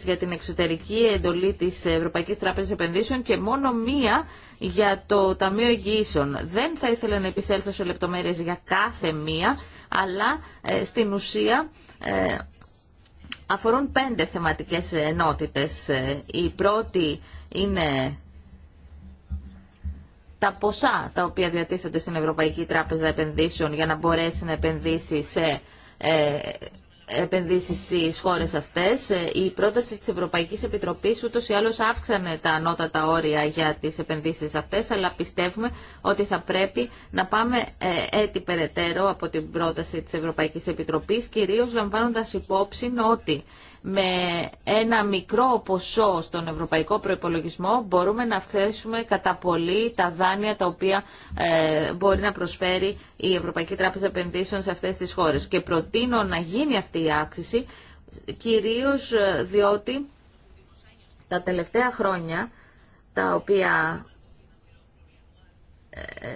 για την εξωτερική εντολή της Ευρωπαϊκής Τράπεζα Επενδύσεων και μόνο μία για το Ταμείο Εγγυήσεων. Δεν θα ήθελα να επισέλθω σε λεπτομέρειε για κάθε μία, αλλά ε, στην ουσία... αφορούν πέντε θεματικές ενότητες. Η πρώτη είναι τα ποσά τα οποία διατίθενται στην Ευρωπαϊκή Τράπεζα Επενδύσεων για να μπορέσει να επενδύσει σε ε, επενδύσεις στις χώρες αυτές. Ε, η πρόταση της Ευρωπαϊκής Επιτροπής ούτως ή άλλως αύξανε τα ανώτατα όρια για τις επενδύσεις αυτές, αλλά πιστεύουμε ότι θα πρέπει να πάμε ε, έτη περαιτέρω από την πρόταση της Ευρωπαϊκής Επιτροπής, κυρίως λαμβάνοντας υπόψη ότι με ένα μικρό ποσό στον ευρωπαϊκό προϋπολογισμό μπορούμε να αυξήσουμε κατά πολύ τα δάνεια τα οποία ε, μπορεί να προσφέρει η Ευρωπαϊκή Τράπεζα Επενδύσεων σε αυτές τις χώρες. Και προτείνω να γίνει αυτή η άξιση κυρίως ε, διότι τα τελευταία χρόνια τα οποία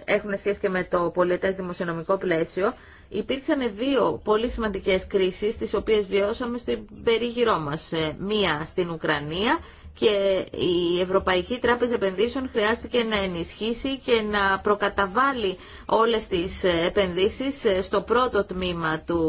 έχουν σχέση και με το πολιτές δημοσιονομικό πλαίσιο, υπήρξαν δύο πολύ σημαντικές κρίσεις, τις οποίες βιώσαμε στην περίγυρό μας. Ε, μία στην Ουκρανία και η Ευρωπαϊκή Τράπεζα Επενδύσεων χρειάστηκε να ενισχύσει και να προκαταβάλει όλες τις επενδύσεις στο πρώτο τμήμα του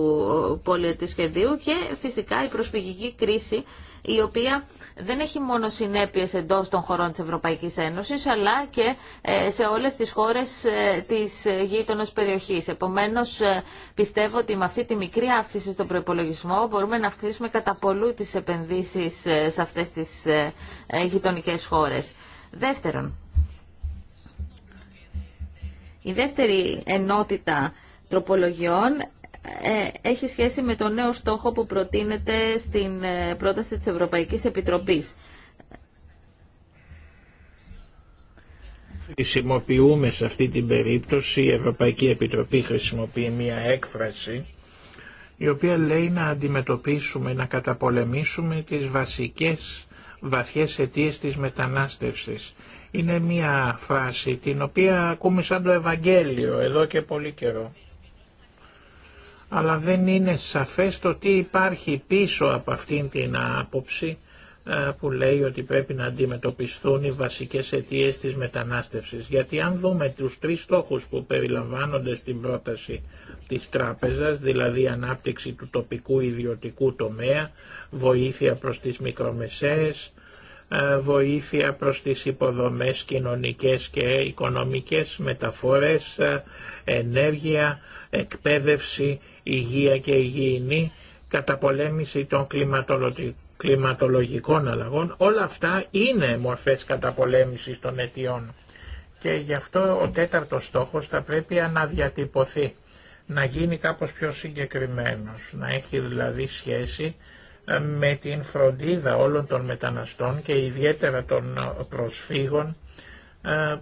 πολιτικού σχεδίου και φυσικά η προσφυγική κρίση η οποία δεν έχει μόνο συνέπειες εντός των χωρών της Ευρωπαϊκής Ένωσης, αλλά και ε, σε όλες τις χώρες ε, της γείτονο περιοχής. Επομένως, ε, πιστεύω ότι με αυτή τη μικρή αύξηση στον προπολογισμό μπορούμε να αυξήσουμε κατά πολλού τις επενδύσεις σε αυτές τις γειτονικέ χώρες. Δεύτερον, η δεύτερη ενότητα τροπολογιών ε, έχει σχέση με το νέο στόχο που προτείνεται στην ε, πρόταση της Ευρωπαϊκής Επιτροπής. Χρησιμοποιούμε σε αυτή την περίπτωση, η Ευρωπαϊκή Επιτροπή χρησιμοποιεί μία έκφραση η οποία λέει να αντιμετωπίσουμε, να καταπολεμήσουμε τις βασικές βαθιές αιτίες της μετανάστευσης. Είναι μία φράση την οποία ακούμε σαν το Ευαγγέλιο εδώ και πολύ καιρό αλλά δεν είναι σαφές το τι υπάρχει πίσω από αυτήν την άποψη ε, που λέει ότι πρέπει να αντιμετωπιστούν οι βασικές αιτίες της μετανάστευσης. Γιατί αν δούμε τους τρεις στόχους που περιλαμβάνονται στην πρόταση της τράπεζας, δηλαδή ανάπτυξη του τοπικού ιδιωτικού τομέα, βοήθεια προς τις μικρομεσαίες, ε, βοήθεια προς τις υποδομές κοινωνικές και οικονομικές, μεταφορές, ε, ενέργεια, εκπαίδευση υγεία και υγιεινή, καταπολέμηση των κλιματολογικών αλλαγών, όλα αυτά είναι μορφές καταπολέμησης των αιτιών. Και γι' αυτό ο τέταρτος στόχος θα πρέπει να διατυπωθεί, να γίνει κάπως πιο συγκεκριμένος, να έχει δηλαδή σχέση ε, με την φροντίδα όλων των μεταναστών και ιδιαίτερα των προσφύγων ε,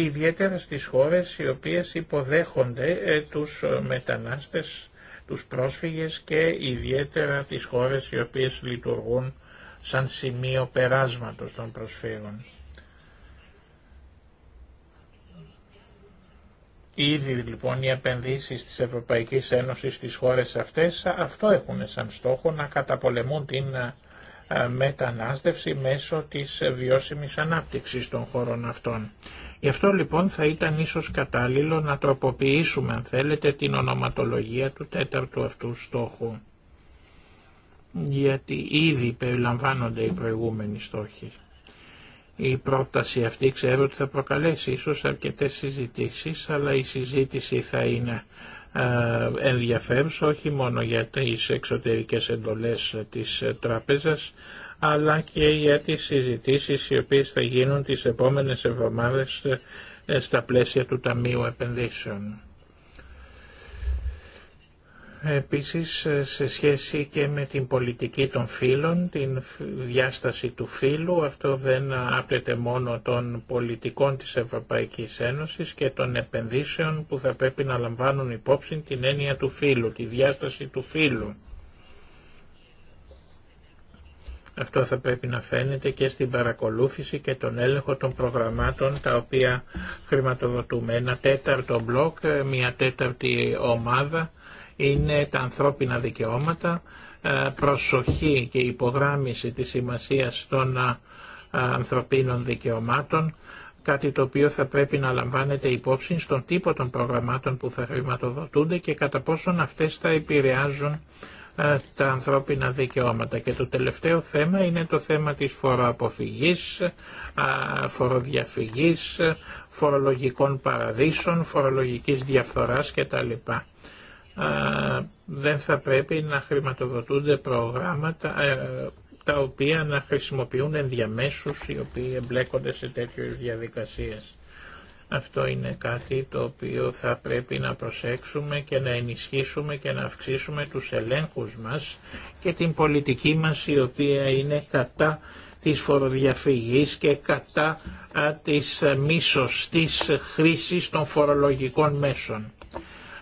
ιδιαίτερα στις χώρες οι οποίες υποδέχονται ε, τους ε, μετανάστες, τους πρόσφυγες και ιδιαίτερα τις χώρες οι οποίες λειτουργούν σαν σημείο περάσματος των προσφύγων. Ήδη λοιπόν οι επενδύσεις της Ευρωπαϊκής Ένωσης στις χώρες αυτές αυτό έχουν σαν στόχο να καταπολεμούν την ε, μετανάστευση μέσω της βιώσιμης ανάπτυξης των χωρών αυτών. Γι' αυτό λοιπόν θα ήταν ίσως κατάλληλο να τροποποιήσουμε αν θέλετε την ονοματολογία του τέταρτου αυτού στόχου γιατί ήδη περιλαμβάνονται οι προηγούμενοι στόχοι. Η πρόταση αυτή ξέρω ότι θα προκαλέσει ίσως αρκετές συζητήσεις, αλλά η συζήτηση θα είναι ε, ενδιαφέρουσα όχι μόνο για τις εξωτερικές εντολές της ε, τράπεζας, αλλά και για τις συζητήσεις οι οποίες θα γίνουν τις επόμενες εβδομάδες ε, στα πλαίσια του Ταμείου Επενδύσεων. Επίσης ε, σε σχέση και με την πολιτική των φύλων, την διάσταση του φίλου, αυτό δεν άπτεται μόνο των πολιτικών της Ευρωπαϊκής Ένωσης και των επενδύσεων που θα πρέπει να λαμβάνουν υπόψη την έννοια του φύλου, τη διάσταση του φύλου. Αυτό θα πρέπει να φαίνεται και στην παρακολούθηση και τον έλεγχο των προγραμμάτων τα οποία χρηματοδοτούμε. Ένα τέταρτο μπλοκ, μια τέταρτη ομάδα είναι τα ανθρώπινα δικαιώματα, ε, προσοχή και υπογράμμιση της σημασίας των ε, ανθρωπίνων δικαιωμάτων, κάτι το οποίο θα πρέπει να λαμβάνεται υπόψη στον τύπο των προγραμμάτων που θα χρηματοδοτούνται και κατά πόσον αυτές θα επηρεάζουν ε, τα ανθρώπινα δικαιώματα. Και το τελευταίο θέμα είναι το θέμα της φοροαποφυγής, φοροδιαφυγής, φορολογικών παραδείσων, φορολογικής διαφθοράς κτλ. Δεν θα πρέπει να χρηματοδοτούνται προγράμματα ε, τα οποία να χρησιμοποιούν ενδιαμέσους οι οποίοι εμπλέκονται σε τέτοιες διαδικασίες. Αυτό είναι κάτι το οποίο θα πρέπει να προσέξουμε και να ενισχύσουμε και να αυξήσουμε τους ελέγχους μας και την πολιτική μας η οποία είναι κατά της φοροδιαφυγής και κατά α, της μη σωστής χρήσης των φορολογικών μέσων.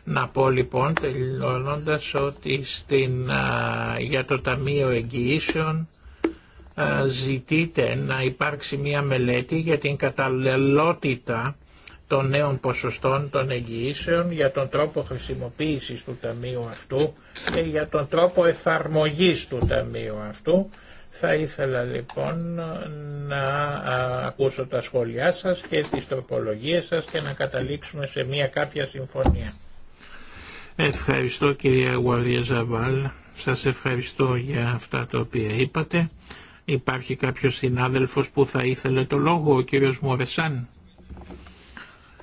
Να πω λοιπόν τελειώνοντας ότι στην, για το Ταμείο Εγγυήσεων ζητείτε να υπάρξει μια μελέτη για την καταλληλότητα των νέων ποσοστών των εγγυήσεων, για τον τρόπο χρησιμοποίησης του Ταμείου αυτού και για τον τρόπο εφαρμογής του Ταμείου αυτού. Θα ήθελα λοιπόν να ακούσω τα σχόλιά σας και τις τροπολογίες σας και να καταλήξουμε σε μια κάποια συμφωνία. Ευχαριστώ κυρία Γουαρία Ζαβάλ. Σας ευχαριστώ για αυτά τα οποία είπατε. Υπάρχει κάποιος συνάδελφος που θα ήθελε το λόγο, ο κύριος Μορεσάν.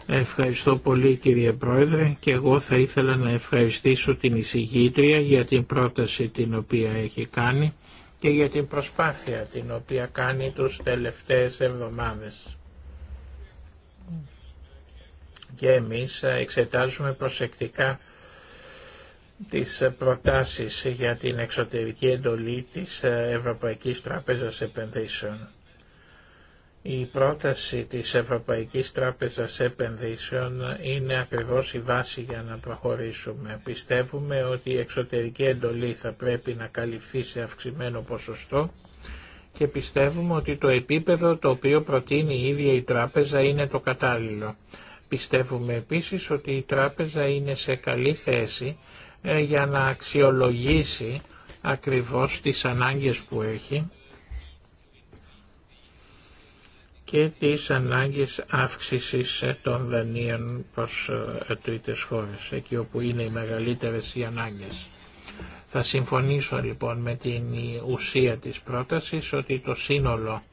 Ευχαριστώ πολύ κύριε Πρόεδρε και εγώ θα ήθελα να ευχαριστήσω την εισηγήτρια για την πρόταση την οποία έχει κάνει και για την προσπάθεια την οποία κάνει τους τελευταίες εβδομάδες. Και εμείς εξετάζουμε προσεκτικά τις προτάσεις για την εξωτερική εντολή της Ευρωπαϊκής Τράπεζας Επενδύσεων. Η πρόταση της Ευρωπαϊκής Τράπεζας Επενδύσεων είναι ακριβώς η βάση για να προχωρήσουμε. Πιστεύουμε ότι η εξωτερική εντολή θα πρέπει να καλυφθεί σε αυξημένο ποσοστό και πιστεύουμε ότι το επίπεδο το οποίο προτείνει η ίδια η τράπεζα είναι το κατάλληλο. Πιστεύουμε επίσης ότι η τράπεζα είναι σε καλή θέση ε, για να αξιολογήσει ακριβώς τις ανάγκες που έχει και τις ανάγκες αύξησης των δανείων προς ε, τρίτες χώρες, εκεί όπου είναι οι μεγαλύτερες οι ανάγκες. Θα συμφωνήσω λοιπόν με την ουσία της πρότασης ότι το σύνολο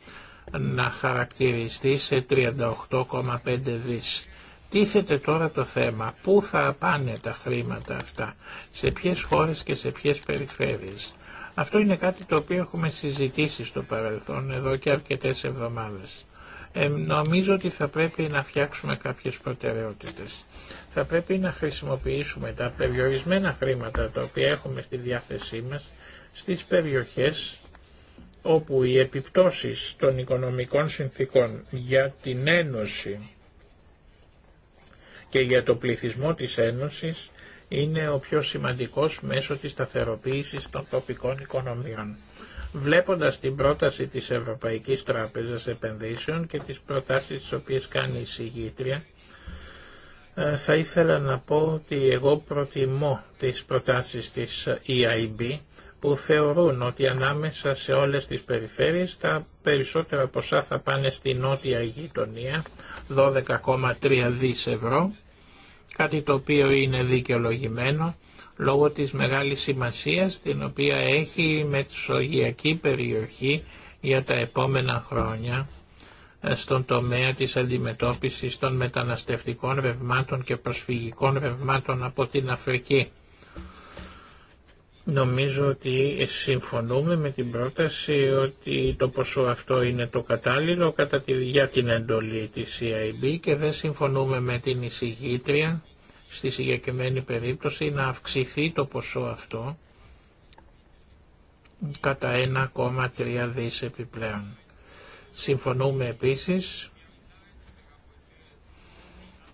να χαρακτηριστεί σε 38,5 δις. Τίθεται τώρα το θέμα πού θα πάνε τα χρήματα αυτά, σε ποιες χώρες και σε ποιες περιφέρειες. Αυτό είναι κάτι το οποίο έχουμε συζητήσει στο παρελθόν εδώ και αρκετές εβδομάδες. Ε, νομίζω ότι θα πρέπει να φτιάξουμε κάποιες προτεραιότητες. Θα πρέπει να χρησιμοποιήσουμε τα περιορισμένα χρήματα τα οποία έχουμε στη διάθεσή μας στις περιοχές όπου οι επιπτώσεις των οικονομικών συνθήκων για την Ένωση και για το πληθυσμό της Ένωσης είναι ο πιο σημαντικός μέσω της σταθεροποίησης των τοπικών οικονομιών. Βλέποντας την πρόταση της Ευρωπαϊκής Τράπεζας Επενδύσεων και τις προτάσεις τις οποίες κάνει η συγγήτρια, ε, θα ήθελα να πω ότι εγώ προτιμώ τις προτάσεις της EIB που θεωρούν ότι ανάμεσα σε όλες τις περιφέρειες τα περισσότερα ποσά θα πάνε στη νότια γειτονία, 12,3 δις ευρώ, κάτι το οποίο είναι δικαιολογημένο λόγω της μεγάλης σημασίας την οποία έχει με η Μετσογειακή περιοχή για τα επόμενα χρόνια ε, στον τομέα της αντιμετώπισης των μεταναστευτικών ρευμάτων και προσφυγικών ρευμάτων από την Αφρική. Νομίζω ότι συμφωνούμε με την πρόταση ότι το ποσό αυτό είναι το κατάλληλο κατά τη, για την εντολή της CIB και δεν συμφωνούμε με την εισηγήτρια στη συγκεκριμένη περίπτωση να αυξηθεί το ποσό αυτό κατά 1,3 δις επιπλέον. Συμφωνούμε επίσης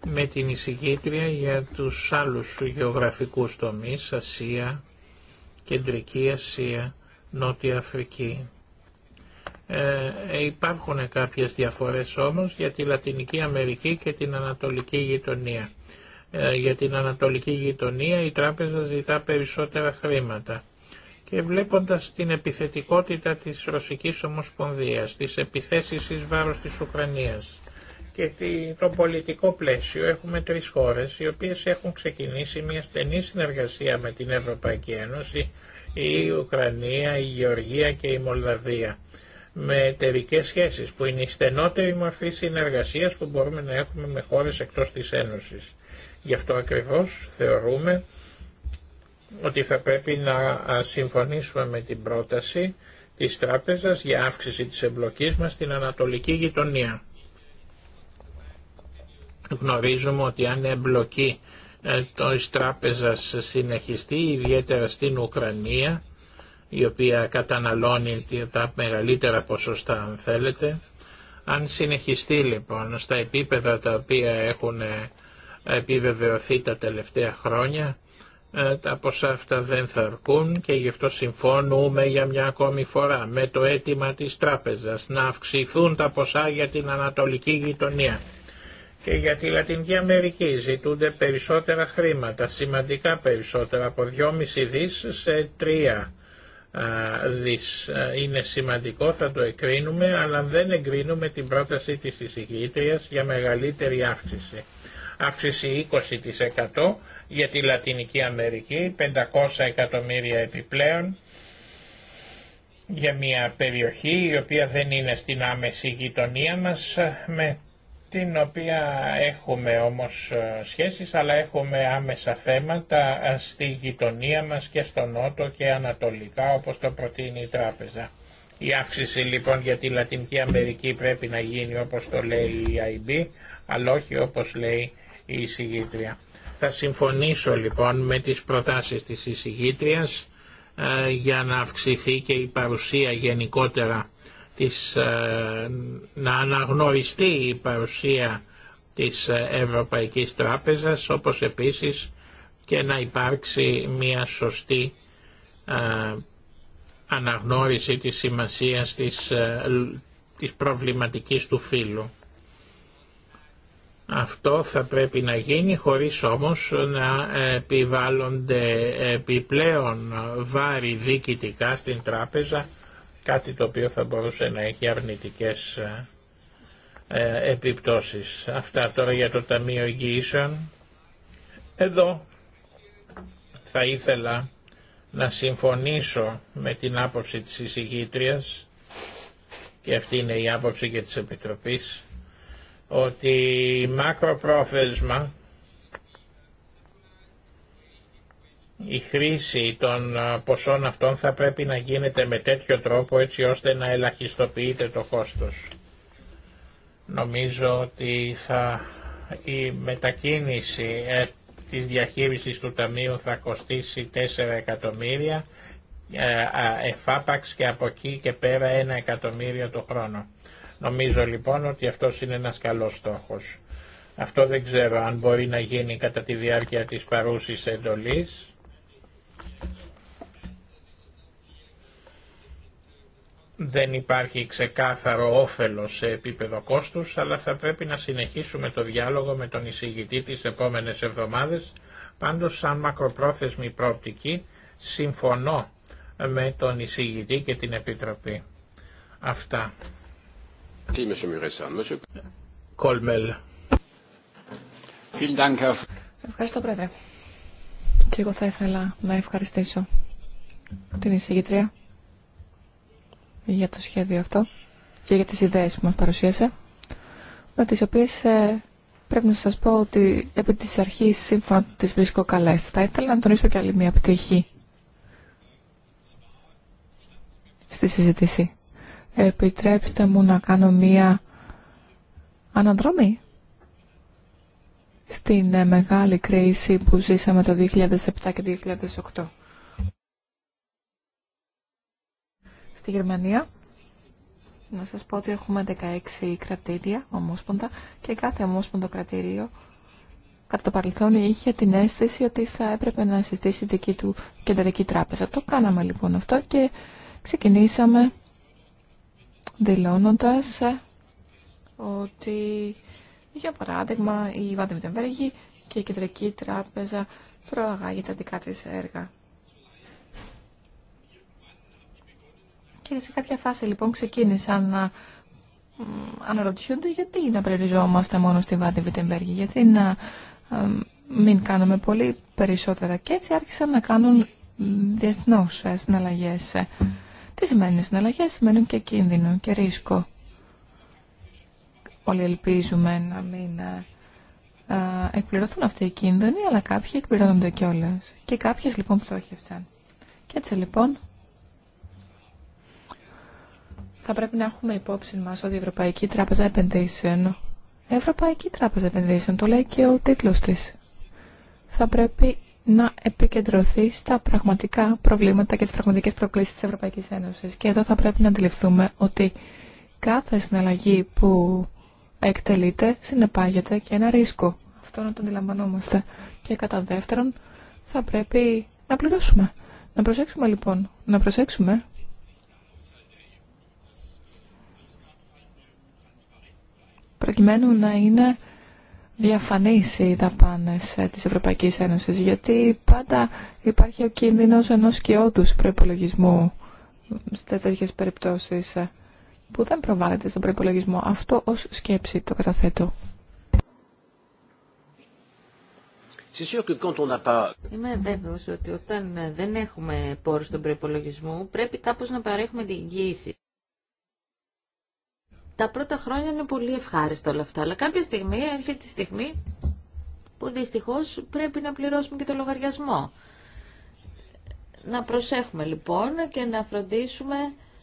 με την εισηγήτρια για τους άλλους γεωγραφικούς τομείς, Ασία, Κεντρική Ασία, Νότια Αφρική. Ε, υπάρχουν κάποιες διαφορές όμως για τη Λατινική Αμερική και την Ανατολική Γειτονία. Ε, για την ανατολική γειτονία η τράπεζα ζητά περισσότερα χρήματα. Και βλέποντας την επιθετικότητα της Ρωσικής Ομοσπονδίας, τις επιθέσεις εις βάρος της Ουκρανίας και το πολιτικό πλαίσιο έχουμε τρεις χώρες οι οποίες έχουν ξεκινήσει μια στενή συνεργασία με την Ευρωπαϊκή Ένωση, η Ουκρανία, η Γεωργία και η Μολδαβία με εταιρικέ σχέσεις που είναι η στενότερη μορφή συνεργασίας που μπορούμε να έχουμε με χώρες εκτός της Ένωσης. Γι' αυτό ακριβώς θεωρούμε ότι θα πρέπει να συμφωνήσουμε με την πρόταση της τράπεζας για αύξηση της εμπλοκής μας στην ανατολική γειτονία. Γνωρίζουμε ότι αν εμπλοκή ε, της τράπεζας συνεχιστεί, ιδιαίτερα στην Ουκρανία, η οποία καταναλώνει τα μεγαλύτερα ποσοστά αν θέλετε, αν συνεχιστεί λοιπόν στα επίπεδα τα οποία έχουν ε, επιβεβαιωθεί τα τελευταία χρόνια. Ε, τα ποσά αυτά δεν θα αρκούν και γι' αυτό συμφωνούμε για μια ακόμη φορά με το αίτημα της τράπεζας να αυξηθούν τα ποσά για την Ανατολική Γειτονία. Και για τη Λατινική Αμερική ζητούνται περισσότερα χρήματα, σημαντικά περισσότερα, από 2,5 δις σε 3 ε, δις. Ε, είναι σημαντικό, θα το εκρίνουμε, αλλά δεν εγκρίνουμε την πρόταση της εισηγήτριας για μεγαλύτερη αύξηση αύξηση 20% για τη Λατινική Αμερική, 500 εκατομμύρια επιπλέον για μια περιοχή η οποία δεν είναι στην άμεση γειτονία μας με την οποία έχουμε όμως ε, σχέσεις αλλά έχουμε άμεσα θέματα ε, στη γειτονία μας και στο νότο και ανατολικά όπως το προτείνει η τράπεζα. Η αύξηση λοιπόν για τη Λατινική Αμερική πρέπει να γίνει όπως το λέει η IB αλλά όχι όπως λέει η Θα συμφωνήσω λοιπόν με τις προτάσεις της εισηγήτριας ε, για να αυξηθεί και η παρουσία γενικότερα της, ε, να αναγνωριστεί η παρουσία της Ευρωπαϊκής Τράπεζας όπως επίσης και να υπάρξει μια σωστή ε, αναγνώριση της σημασίας της, της προβληματικής του φύλου. Αυτό θα πρέπει να γίνει χωρίς όμως να επιβάλλονται επιπλέον βάρη διοικητικά στην τράπεζα, κάτι το οποίο θα μπορούσε να έχει αρνητικές ε, επιπτώσεις. Αυτά τώρα για το Ταμείο Εγγυήσεων. Εδώ θα ήθελα να συμφωνήσω με την άποψη της εισηγήτριας και αυτή είναι η άποψη και της Επιτροπής ότι μακροπρόθεσμα η χρήση των ποσών αυτών θα πρέπει να γίνεται με τέτοιο τρόπο έτσι ώστε να ελαχιστοποιείται το κόστος. Νομίζω ότι θα, η μετακίνηση ε, της διαχείρισης του Ταμείου θα κοστίσει 4 εκατομμύρια ε, εφάπαξ και από εκεί και πέρα 1 εκατομμύριο το χρόνο. Νομίζω λοιπόν ότι αυτό είναι ένας καλός στόχος. Αυτό δεν ξέρω αν μπορεί να γίνει κατά τη διάρκεια της παρούσης εντολής. Δεν υπάρχει ξεκάθαρο όφελος σε επίπεδο κόστους, αλλά θα πρέπει να συνεχίσουμε το διάλογο με τον εισηγητή τις επόμενες εβδομάδες. Πάντως, σαν μακροπρόθεσμη πρόπτικη, συμφωνώ με τον εισηγητή και την Επιτροπή. Αυτά. Ευχαριστώ, Πρόεδρε. Και εγώ θα ήθελα να ευχαριστήσω την εισηγητρία για το σχέδιο αυτό και για τις ιδέες που μας παρουσίασε, με τις οποίες ε, πρέπει να σας πω ότι επί της αρχής σύμφωνα τις βρίσκω καλές. Θα ήθελα να τονίσω και άλλη μια πτυχή στη συζήτηση επιτρέψτε μου να κάνω μία αναδρομή στην ε, μεγάλη κρίση που ζήσαμε το 2007 και 2008. Στη Γερμανία, να σας πω ότι έχουμε 16 κρατήρια, ομόσπονδα, και κάθε ομόσπονδο κρατήριο κατά το παρελθόν είχε την αίσθηση ότι θα έπρεπε να συστήσει δική του κεντρική τράπεζα. Το κάναμε λοιπόν αυτό και ξεκινήσαμε δηλώνοντας ε, ότι, για παράδειγμα, η Βαντεμιτεμβέργη και η Κεντρική Τράπεζα προαγάγει τα δικά της έργα. Και σε κάποια φάση λοιπόν ξεκίνησαν να αναρωτιούνται γιατί να περιοριζόμαστε μόνο στη Βάντη Βιτεμβέργη, γιατί να ε, μην κάνουμε πολύ περισσότερα. Και έτσι άρχισαν να κάνουν διεθνώς ε, συναλλαγές τι σημαίνουν συναλλαγές, σημαίνουν και κίνδυνο και ρίσκο. Όλοι ελπίζουμε να μην α, ε, ε, εκπληρωθούν αυτοί οι κίνδυνοι, αλλά κάποιοι εκπληρώνονται κιόλα. Και κάποιε λοιπόν πτώχευσαν. Και έτσι λοιπόν θα πρέπει να έχουμε υπόψη μας ότι η Ευρωπαϊκή Τράπεζα Επενδύσεων Ευρωπαϊκή Τράπεζα Επενδύσεων, το λέει και ο τίτλος της. Θα πρέπει να επικεντρωθεί στα πραγματικά προβλήματα και τις πραγματικές προκλήσεις της Ευρωπαϊκής Ένωσης. Και εδώ θα πρέπει να αντιληφθούμε ότι κάθε συναλλαγή που εκτελείται συνεπάγεται και ένα ρίσκο. Αυτό να το αντιλαμβανόμαστε. Και κατά δεύτερον θα πρέπει να πληρώσουμε. Να προσέξουμε λοιπόν, να προσέξουμε προκειμένου να είναι Διαφανίσει οι δαπάνε ε, της Ευρωπαϊκής Ένωσης, γιατί πάντα υπάρχει ο κίνδυνος ενός σκιώδους προπολογισμού σε τέτοιες περιπτώσεις ε, που δεν προβάλλεται στον προπολογισμό. Αυτό ως σκέψη το καταθέτω. Είμαι βέβαιος ότι όταν δεν έχουμε πόρους στον προπολογισμό πρέπει κάπως να παρέχουμε την εγγύηση τα πρώτα χρόνια είναι πολύ ευχάριστα όλα αυτά, αλλά κάποια στιγμή έρχεται η στιγμή που δυστυχώς πρέπει να πληρώσουμε και το λογαριασμό. Να προσέχουμε λοιπόν και να φροντίσουμε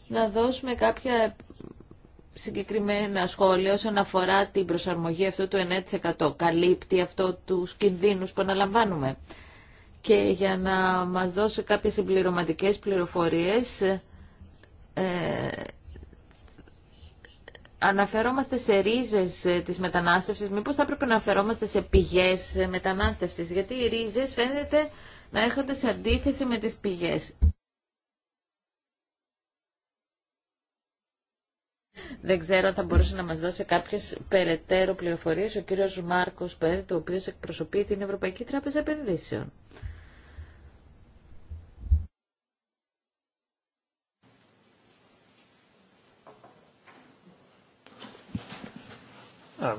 να δώσουμε κάποια συγκεκριμένα σχόλια όσον αφορά την προσαρμογή αυτού του 9%. Καλύπτει αυτό του κινδύνους που αναλαμβάνουμε. Και για να μας δώσει κάποιες συμπληρωματικές πληροφορίες, ε, αναφερόμαστε σε ρίζες ε, της μετανάστευσης, μήπως θα έπρεπε να αναφερόμαστε σε πηγές ε, μετανάστευσης, γιατί οι ρίζες φαίνεται να έρχονται σε αντίθεση με τις πηγές. Δεν ξέρω αν θα μπορούσε να μας δώσει κάποιες περαιτέρω πληροφορίες ο κύριος Μάρκος Πέρτ, ο οποίος εκπροσωπεί την Ευρωπαϊκή Τράπεζα Επενδύσεων. Thank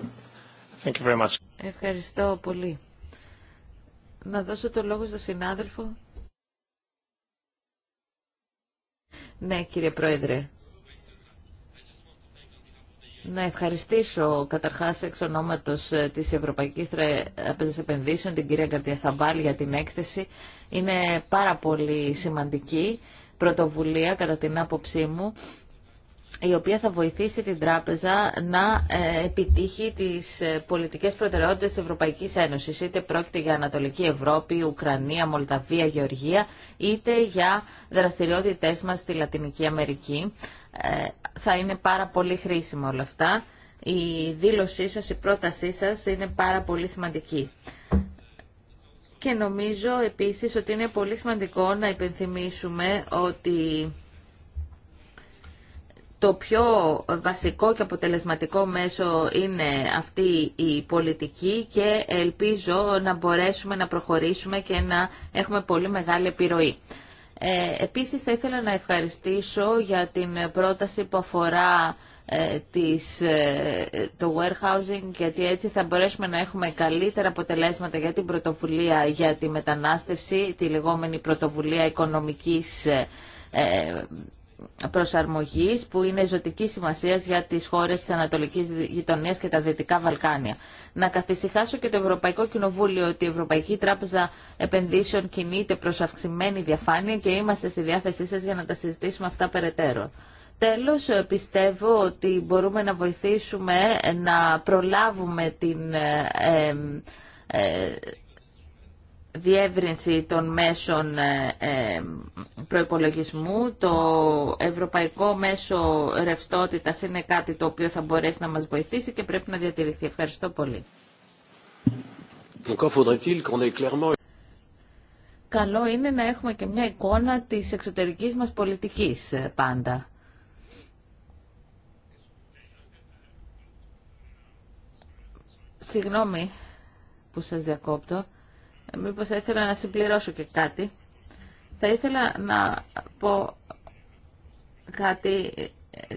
you Ευχαριστώ πολύ. Να δώσω το λόγο στον συνάδελφο. Ναι, κύριε Πρόεδρε. Να ευχαριστήσω καταρχάς εξ ονόματος ε, της Ευρωπαϊκής Τραπέζας Επενδύσεων την κυρία Καρδιά Θαμπάλ για την έκθεση. Είναι πάρα πολύ σημαντική πρωτοβουλία κατά την άποψή μου η οποία θα βοηθήσει την τράπεζα να ε, επιτύχει τις ε, πολιτικές προτεραιότητες της Ευρωπαϊκής Ένωσης, είτε πρόκειται για Ανατολική Ευρώπη, Ουκρανία, Μολδαβία, Γεωργία, είτε για δραστηριότητές μας στη Λατινική Αμερική. Ε, θα είναι πάρα πολύ χρήσιμο όλα αυτά. Η δήλωσή σας, η πρότασή σας είναι πάρα πολύ σημαντική. Και νομίζω επίσης ότι είναι πολύ σημαντικό να υπενθυμίσουμε ότι το πιο βασικό και αποτελεσματικό μέσο είναι αυτή η πολιτική και ελπίζω να μπορέσουμε να προχωρήσουμε και να έχουμε πολύ μεγάλη επιρροή. Ε, επίσης θα ήθελα να ευχαριστήσω για την πρόταση που αφορά ε, της, ε, το warehousing γιατί έτσι θα μπορέσουμε να έχουμε καλύτερα αποτελέσματα για την πρωτοβουλία για τη μετανάστευση, τη λεγόμενη πρωτοβουλία οικονομικής ε, προσαρμογής που είναι ζωτική σημασία για τις χώρες της Ανατολικής Γειτονία και τα Δυτικά Βαλκάνια. Να καθησυχάσω και το Ευρωπαϊκό Κοινοβούλιο ότι η Ευρωπαϊκή Τράπεζα Επενδύσεων κινείται προ αυξημένη διαφάνεια και είμαστε στη διάθεσή σα για να τα συζητήσουμε αυτά περαιτέρω. Τέλος, πιστεύω ότι μπορούμε να βοηθήσουμε να προλάβουμε την... Ε, ε, διεύρυνση των μέσων ε, ε, προϋπολογισμού. Το Ευρωπαϊκό Μέσο Ρευστότητας είναι κάτι το οποίο θα μπορέσει να μας βοηθήσει και πρέπει να διατηρηθεί. Ευχαριστώ πολύ. Καλό είναι να έχουμε και μια εικόνα της εξωτερικής μας πολιτικής ε, πάντα. Συγγνώμη που σας διακόπτω. Μήπως θα ήθελα να συμπληρώσω και κάτι. Θα ήθελα να πω κάτι.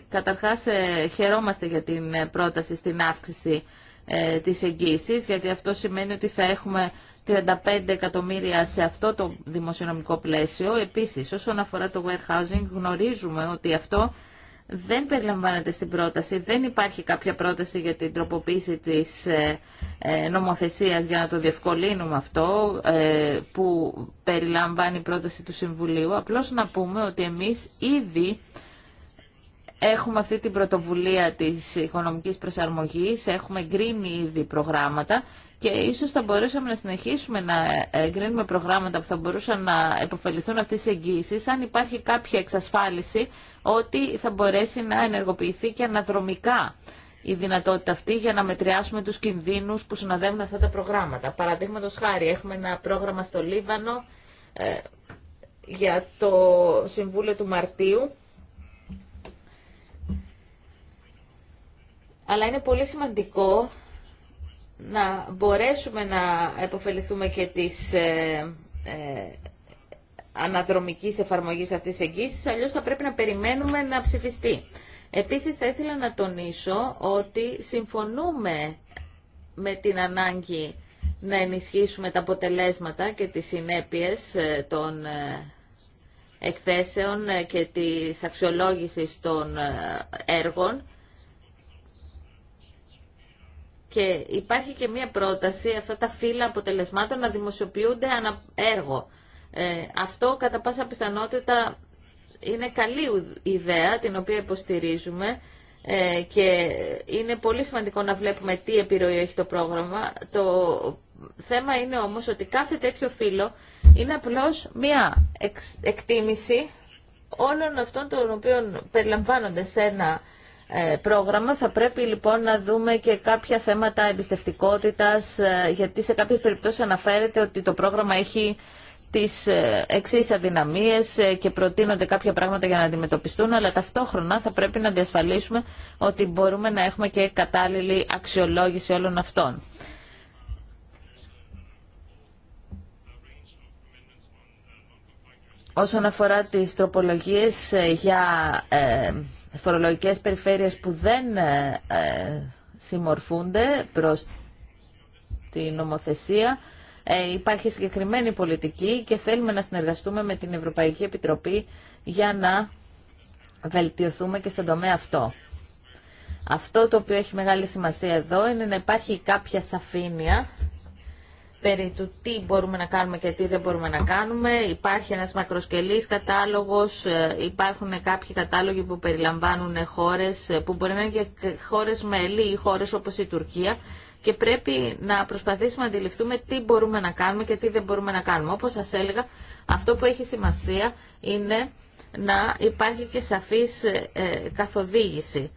Καταρχάς ε, χαιρόμαστε για την πρόταση στην αύξηση ε, της εγγύησης, γιατί αυτό σημαίνει ότι θα έχουμε 35 εκατομμύρια σε αυτό το δημοσιονομικό πλαίσιο. Επίσης, όσον αφορά το warehousing, γνωρίζουμε ότι αυτό δεν περιλαμβάνεται στην πρόταση, δεν υπάρχει κάποια πρόταση για την τροποποίηση της ε, ε, νομοθεσίας για να το διευκολύνουμε αυτό ε, που περιλαμβάνει η πρόταση του Συμβουλίου. Απλώς να πούμε ότι εμείς ήδη Έχουμε αυτή την πρωτοβουλία της οικονομικής προσαρμογής, έχουμε γκρίνει ήδη προγράμματα και ίσως θα μπορούσαμε να συνεχίσουμε να εγκρίνουμε προγράμματα που θα μπορούσαν να επωφεληθούν αυτές τις εγγύησεις αν υπάρχει κάποια εξασφάλιση ότι θα μπορέσει να ενεργοποιηθεί και αναδρομικά η δυνατότητα αυτή για να μετριάσουμε τους κινδύνους που συνοδεύουν αυτά τα προγράμματα. Παραδείγματο χάρη, έχουμε ένα πρόγραμμα στο Λίβανο ε, για το Συμβούλιο του Μαρτίου αλλά είναι πολύ σημαντικό να μπορέσουμε να επωφεληθούμε και της ε, ε, αναδρομικής εφαρμογής αυτής της εγγύησης, αλλιώς θα πρέπει να περιμένουμε να ψηφιστεί. Επίσης θα ήθελα να τονίσω ότι συμφωνούμε με την ανάγκη να ενισχύσουμε τα αποτελέσματα και τις συνέπειες ε, των ε, εκθέσεων ε, και της αξιολόγησης των έργων και υπάρχει και μία πρόταση αυτά τα φύλλα αποτελεσμάτων να δημοσιοποιούνται ανα έργο. Ε, αυτό κατά πάσα πιθανότητα είναι καλή ιδέα την οποία υποστηρίζουμε ε, και είναι πολύ σημαντικό να βλέπουμε τι επιρροή έχει το πρόγραμμα. Το θέμα είναι όμως ότι κάθε τέτοιο φύλλο είναι απλώς μία εκτίμηση όλων αυτών των οποίων περιλαμβάνονται σε ένα ε, πρόγραμμα. Θα πρέπει λοιπόν να δούμε και κάποια θέματα εμπιστευτικότητας, ε, γιατί σε κάποιες περιπτώσεις αναφέρεται ότι το πρόγραμμα έχει τις ε, εξή αδυναμίες και προτείνονται κάποια πράγματα για να αντιμετωπιστούν, αλλά ταυτόχρονα θα πρέπει να διασφαλίσουμε ότι μπορούμε να έχουμε και κατάλληλη αξιολόγηση όλων αυτών. Όσον αφορά τις τροπολογίες ε, για ε, φορολογικές περιφέρειες που δεν ε, ε συμμορφούνται προς την νομοθεσία, ε, υπάρχει συγκεκριμένη πολιτική και θέλουμε να συνεργαστούμε με την Ευρωπαϊκή Επιτροπή για να βελτιωθούμε και στον τομέα αυτό. Αυτό το οποίο έχει μεγάλη σημασία εδώ είναι να υπάρχει κάποια σαφήνεια περί του τι μπορούμε να κάνουμε και τι δεν μπορούμε να κάνουμε. Υπάρχει ένας μακροσκελής κατάλογος, ε, υπάρχουν κάποιοι κατάλογοι που περιλαμβάνουν χώρες ε, που μπορεί να είναι και χώρες μελή ή χώρες όπως η Τουρκία και πρέπει να προσπαθήσουμε να αντιληφθούμε τι μπορούμε να κάνουμε και τι δεν μπορούμε να κάνουμε. Όπως σας έλεγα, αυτό που έχει σημασία είναι να υπάρχει και σαφής ε, καθοδήγηση.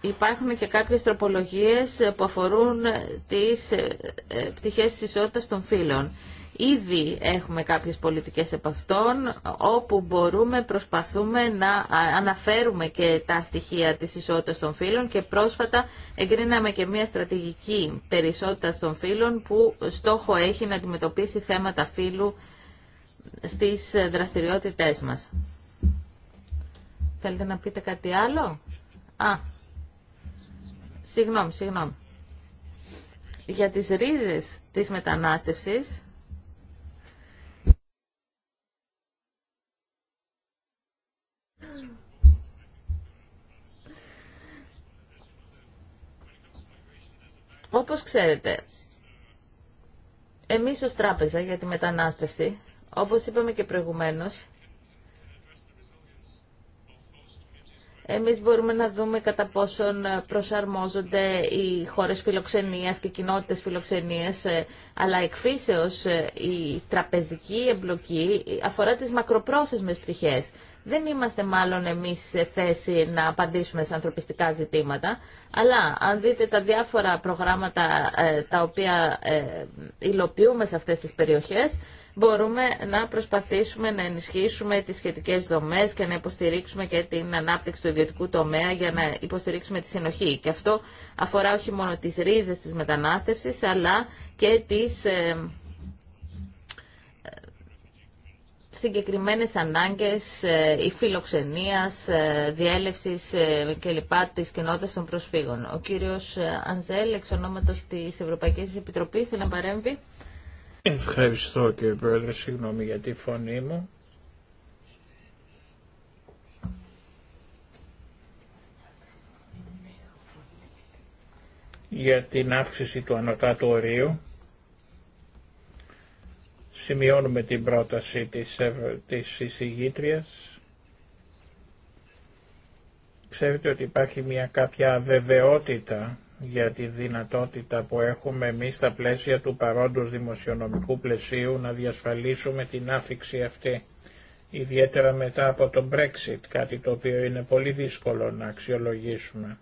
Υπάρχουν και κάποιες τροπολογίες που αφορούν τις ε, ε, πτυχές της ισότητας των φύλων. Ήδη έχουμε κάποιες πολιτικές επ' αυτών, όπου μπορούμε προσπαθούμε να αναφέρουμε και τα στοιχεία της ισότητας των φύλων και πρόσφατα εγκρίναμε και μια στρατηγική περισσότητας των φύλων που στόχο έχει να αντιμετωπίσει θέματα φύλου στις δραστηριότητές μας. Θέλετε να πείτε κάτι άλλο? Α, Συγγνώμη, συγγνώμη. Για τις ρίζες της μετανάστευσης, όπως ξέρετε, εμείς ως τράπεζα για τη μετανάστευση, όπως είπαμε και προηγουμένως, εμείς μπορούμε να δούμε κατά πόσον προσαρμόζονται οι χώρες φιλοξενίας και οι κοινότητες φιλοξενίας, ε, αλλά εκφύσεως ε, η τραπεζική εμπλοκή αφορά τις μακροπρόθεσμες πτυχές. Δεν είμαστε μάλλον εμείς σε θέση να απαντήσουμε σε ανθρωπιστικά ζητήματα, αλλά αν δείτε τα διάφορα προγράμματα ε, τα οποία υλοποιούμε σε αυτές τις περιοχές, μπορούμε να προσπαθήσουμε να ενισχύσουμε τις σχετικές δομές και να υποστηρίξουμε και την ανάπτυξη του ιδιωτικού τομέα για να υποστηρίξουμε τη συνοχή. Και αυτό αφορά όχι μόνο τις ρίζες της μετανάστευσης, αλλά και τις ε, ε, συγκεκριμένες ανάγκες ε, η φιλοξενίας, διέλευσης και λοιπά της κοινότητας των προσφύγων. Ο κύριος Ανζέλ, εξ ονόματος της Ευρωπαϊκής Επιτροπής, θέλει να παρέμβει. Ευχαριστώ κύριε Πρόεδρε, συγγνώμη για τη φωνή μου. για την αύξηση του ανωτάτου ορίου. Σημειώνουμε την πρόταση της, της εισηγήτριας. Ξέρετε ότι υπάρχει μια κάποια αβεβαιότητα για τη δυνατότητα που έχουμε εμείς στα πλαίσια του παρόντος δημοσιονομικού πλαισίου να διασφαλίσουμε την άφηξη αυτή. Ιδιαίτερα μετά από τον Brexit, κάτι το οποίο είναι πολύ δύσκολο να αξιολογήσουμε.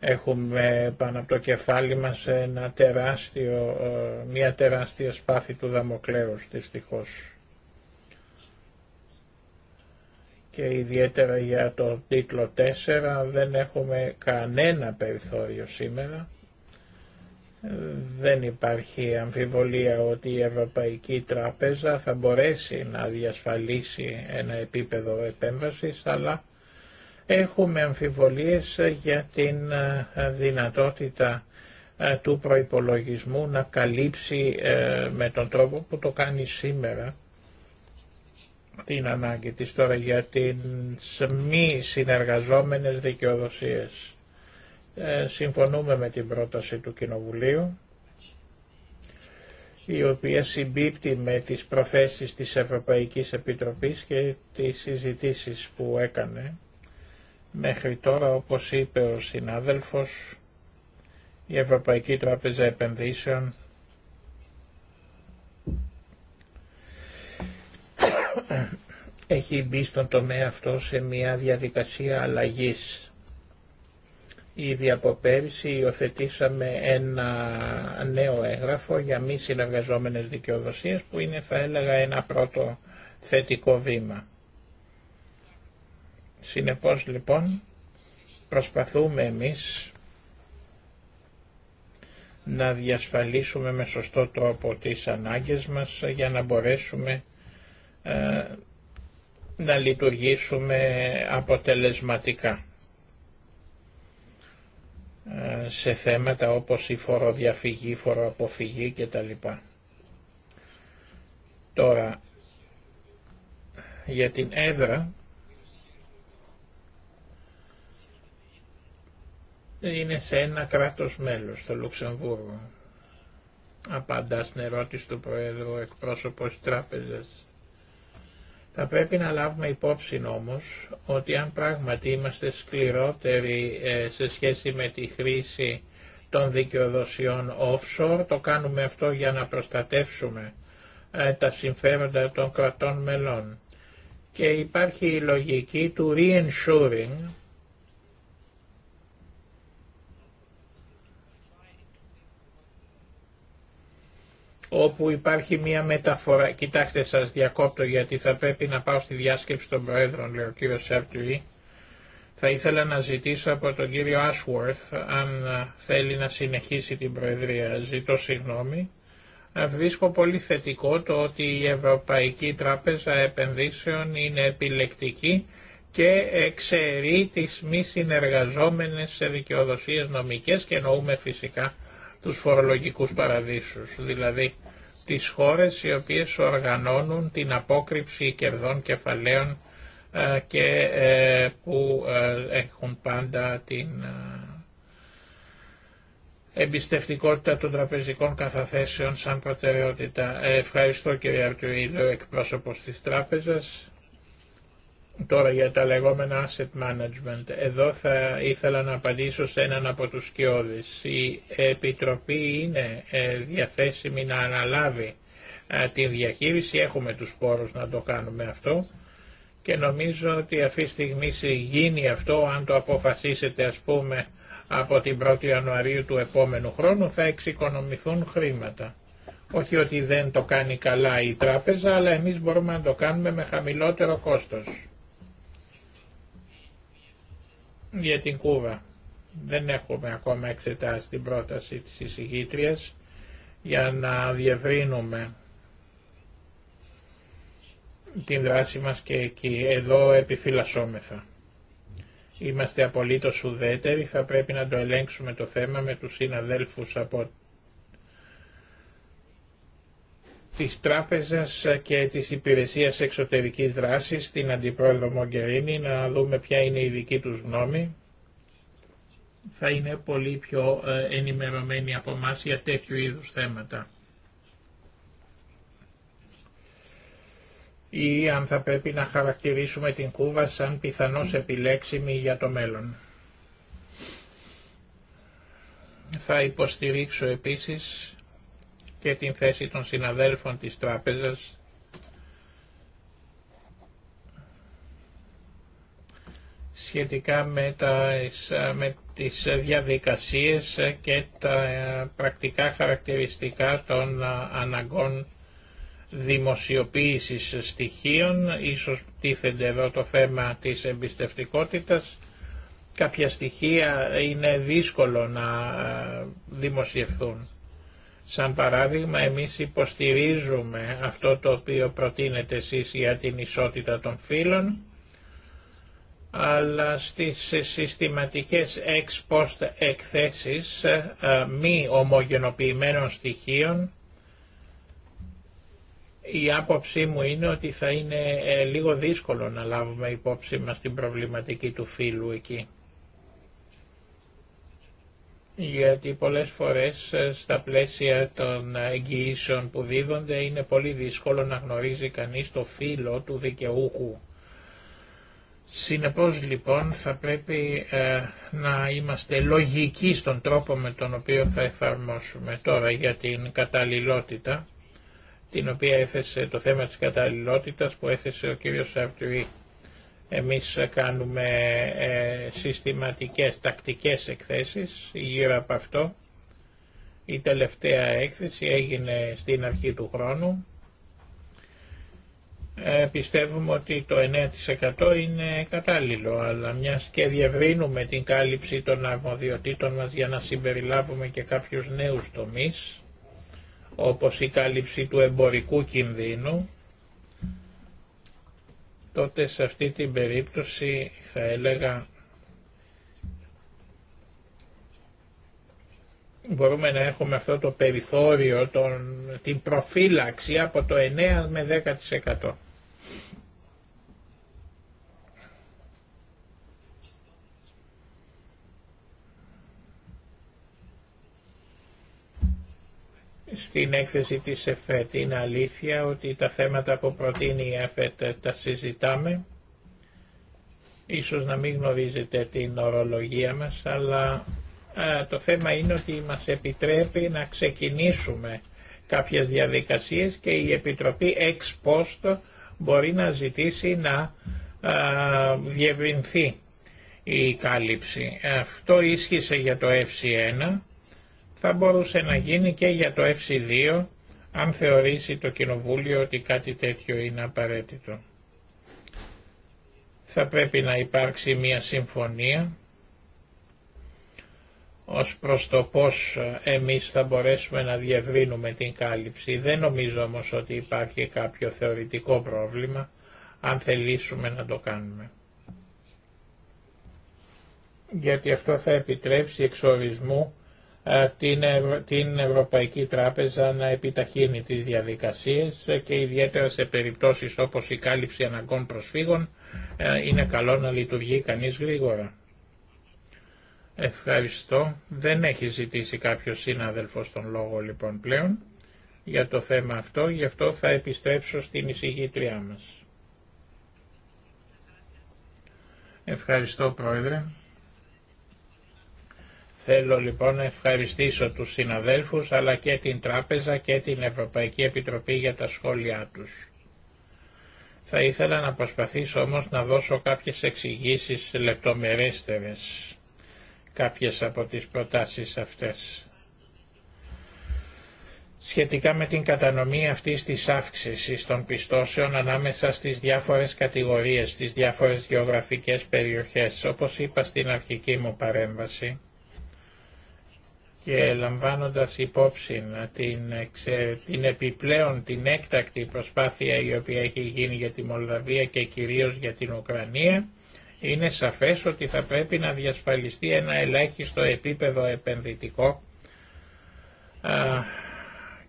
Έχουμε πάνω από το κεφάλι μας ένα τεράστιο, ε, μια τεράστια σπάθη του δαμοκλέους δυστυχώς. και ιδιαίτερα για το τίτλο 4 δεν έχουμε κανένα περιθώριο σήμερα. Δεν υπάρχει αμφιβολία ότι η Ευρωπαϊκή Τράπεζα θα μπορέσει να διασφαλίσει ένα επίπεδο επέμβασης, αλλά έχουμε αμφιβολίες για την ε, δυνατότητα ε, του προϋπολογισμού να καλύψει ε, με τον τρόπο που το κάνει σήμερα την ανάγκη της τώρα για τις μη συνεργαζόμενες δικαιοδοσίες. Ε, συμφωνούμε με την πρόταση του Κοινοβουλίου, η οποία συμπίπτει με τις προθέσεις της Ευρωπαϊκής Επιτροπής και τις συζητήσεις που έκανε. Μέχρι τώρα, όπως είπε ο συνάδελφος, η Ευρωπαϊκή Τράπεζα Επενδύσεων έχει μπει στον τομέα αυτό σε μια διαδικασία αλλαγής. Ήδη από πέρυσι υιοθετήσαμε ένα νέο έγγραφο για μη συνεργαζόμενες δικαιοδοσίες που είναι θα έλεγα ένα πρώτο θετικό βήμα. Συνεπώς λοιπόν προσπαθούμε εμείς να διασφαλίσουμε με σωστό τρόπο τις ανάγκες μας για να μπορέσουμε ε, να λειτουργήσουμε αποτελεσματικά ε, σε θέματα όπως η φοροδιαφυγή, και φοροαποφυγή κτλ. Τώρα, για την έδρα είναι σε ένα κράτος μέλος, στο Λουξεμβούργο. Απαντά στην ερώτηση του Προέδρου εκπρόσωπος τράπεζας. Θα πρέπει να λάβουμε υπόψη όμως ότι αν πράγματι είμαστε σκληρότεροι ε, σε σχέση με τη χρήση των δικαιοδοσιών offshore, το κάνουμε αυτό για να προστατεύσουμε ε, τα συμφέροντα των κρατών μελών. Και υπάρχει η λογική του reinsuring, όπου υπάρχει μια μεταφορά. Κοιτάξτε σας διακόπτω γιατί θα πρέπει να πάω στη διάσκεψη των Προέδρων, λέει ο κύριος Θα ήθελα να ζητήσω από τον κύριο Ashworth αν ε, θέλει να συνεχίσει την Προεδρία. Ζητώ συγγνώμη. Ε, βρίσκω πολύ θετικό το ότι η Ευρωπαϊκή Τράπεζα Επενδύσεων είναι επιλεκτική και εξαιρεί τις μη συνεργαζόμενες σε δικαιοδοσίες νομικές και εννοούμε φυσικά τους φορολογικούς παραδείσους, δηλαδή τις χώρες οι οποίες οργανώνουν την απόκρυψη κερδών κεφαλαίων ε, και ε, που ε, έχουν πάντα την εμπιστευτικότητα των τραπεζικών καθαθέσεων σαν προτεραιότητα. Ευχαριστώ κύριε ο εκπρόσωπος της τράπεζας. Τώρα για τα λεγόμενα asset management. Εδώ θα ήθελα να απαντήσω σε έναν από τους σκιώδεις. Η Επιτροπή είναι ε, διαθέσιμη να αναλάβει ε, την διαχείριση. Έχουμε τους πόρους να το κάνουμε αυτό και νομίζω ότι αυτή τη στιγμή γίνει αυτό αν το αποφασίσετε ας πούμε από την 1η Ιανουαρίου του επόμενου χρόνου θα εξοικονομηθούν χρήματα. Όχι ότι δεν το κάνει καλά η τράπεζα, αλλά εμείς μπορούμε να το κάνουμε με χαμηλότερο κόστος για την Κούβα. Δεν έχουμε ακόμα εξετάσει την πρόταση της εισηγήτριας για να διευρύνουμε την δράση μας και εκεί. Εδώ επιφυλασσόμεθα. Είμαστε απολύτως ουδέτεροι, θα πρέπει να το ελέγξουμε το θέμα με τους συναδέλφους από της Τράπεζας και της Υπηρεσίας Εξωτερικής Δράσης στην Αντιπρόεδρο Μογκερίνη να δούμε ποια είναι η δική τους γνώμη. Θα είναι πολύ πιο ε, ενημερωμένοι από εμά για τέτοιου είδους θέματα. Ή αν θα πρέπει να χαρακτηρίσουμε την Κούβα σαν πιθανώς επιλέξιμη για το μέλλον. Θα υποστηρίξω επίσης και την θέση των συναδέλφων της τράπεζας σχετικά με, τα, με τις διαδικασίες και τα ε, πρακτικά χαρακτηριστικά των ε, αναγκών δημοσιοποίησης στοιχείων, ίσως τίθενται εδώ το θέμα της εμπιστευτικότητας. Κάποια στοιχεία είναι δύσκολο να ε, δημοσιευθούν. Σαν παράδειγμα εμείς υποστηρίζουμε αυτό το οποίο προτείνετε εσείς για την ισότητα των φίλων, αλλά στις συστηματικές ex post εκθέσεις ε, ε, μη ομογενοποιημένων στοιχείων η άποψή μου είναι ότι θα είναι ε, λίγο δύσκολο να λάβουμε υπόψη μας την προβληματική του φύλου εκεί γιατί πολλές φορές ε, στα πλαίσια των ε, εγγυήσεων που δίδονται είναι πολύ δύσκολο να γνωρίζει κανείς το φύλλο του δικαιούχου. Συνεπώς λοιπόν θα πρέπει ε, να είμαστε λογικοί στον τρόπο με τον οποίο θα εφαρμόσουμε τώρα για την καταλληλότητα, την οποία έθεσε το θέμα της καταλληλότητας που έθεσε ο κύριος Σαρτουρί. Εμείς κάνουμε ε, συστηματικές τακτικές εκθέσεις γύρω από αυτό. Η τελευταία έκθεση έγινε στην αρχή του χρόνου. Ε, πιστεύουμε ότι το 9% είναι κατάλληλο, αλλά μιας και διευρύνουμε την κάλυψη των αρμοδιοτήτων μας για να συμπεριλάβουμε και κάποιους νέους τομείς, όπως η κάλυψη του εμπορικού κινδύνου, τότε σε αυτή την περίπτωση θα έλεγα μπορούμε να έχουμε αυτό το περιθώριο, τον, την προφύλαξη από το 9 με 10%. στην έκθεση της ΕΦΕΤ. Είναι αλήθεια ότι τα θέματα που προτείνει η ΕΦΕΤ τα συζητάμε. Ίσως να μην γνωρίζετε την ορολογία μας, αλλά το θέμα είναι ότι μας επιτρέπει να ξεκινήσουμε κάποιες διαδικασίες και η Επιτροπή εξ πόστο μπορεί να ζητήσει να α, διευρυνθεί η κάλυψη. Αυτό ίσχυσε για το FC1 θα μπορούσε να γίνει και για το FC2 αν θεωρήσει το Κοινοβούλιο ότι κάτι τέτοιο είναι απαραίτητο. Θα πρέπει να υπάρξει μια συμφωνία ως προς το πώς ε, εμείς θα μπορέσουμε να διευρύνουμε την κάλυψη. Δεν νομίζω όμως ότι υπάρχει κάποιο θεωρητικό πρόβλημα αν θελήσουμε να το κάνουμε. Γιατί αυτό θα επιτρέψει εξορισμού ε, την, Ευρωπαϊκή Τράπεζα να επιταχύνει τις διαδικασίες ε, και ιδιαίτερα σε περιπτώσεις όπως η κάλυψη αναγκών προσφύγων ε, είναι καλό να λειτουργεί κανείς γρήγορα. Ευχαριστώ. Δεν έχει ζητήσει κάποιο συναδελφο τον λόγο λοιπόν πλέον για το θέμα αυτό, γι' αυτό θα επιστρέψω στην εισηγήτριά μας. Ευχαριστώ Πρόεδρε. Θέλω λοιπόν να ευχαριστήσω τους συναδέλφους αλλά και την Τράπεζα και την Ευρωπαϊκή Επιτροπή για τα σχόλιά τους. Θα ήθελα να προσπαθήσω όμως να δώσω κάποιες εξηγήσεις λεπτομερέστερες, κάποιες από τις προτάσεις αυτές. Σχετικά με την κατανομή αυτής της αύξησης των πιστώσεων ανάμεσα στις διάφορες κατηγορίες, στις διάφορες γεωγραφικές περιοχές, όπως είπα στην αρχική μου παρέμβαση, και λαμβάνοντας υπόψη την, επιπλέον την έκτακτη προσπάθεια η οποία έχει γίνει για τη Μολδαβία και κυρίως για την Ουκρανία, είναι σαφές ότι θα πρέπει να διασφαλιστεί ένα ελάχιστο επίπεδο επενδυτικό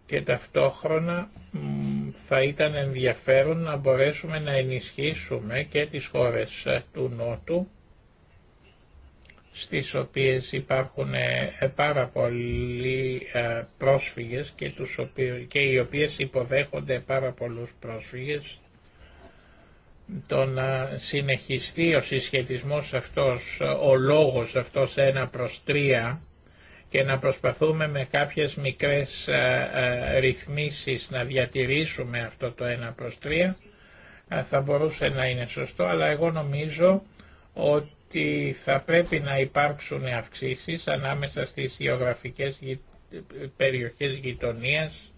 και ταυτόχρονα θα ήταν ενδιαφέρον να μπορέσουμε να ενισχύσουμε και τις χώρες ε, του Νότου στις οποίες υπάρχουν ε, πάρα πολλοί ε, πρόσφυγες και, τους και οι οποίες υποδέχονται πάρα πολλούς πρόσφυγες. Το να συνεχιστεί ο συσχετισμός αυτός, ο λόγος αυτός ένα προς τρία και να προσπαθούμε με κάποιες μικρές ε, ρυθμίσεις να διατηρήσουμε αυτό το ένα προς τρία θα μπορούσε να είναι σωστό, αλλά εγώ νομίζω ότι θα πρέπει να υπάρξουν αυξήσεις ανάμεσα στις γεωγραφικές περιοχές γειτονίας.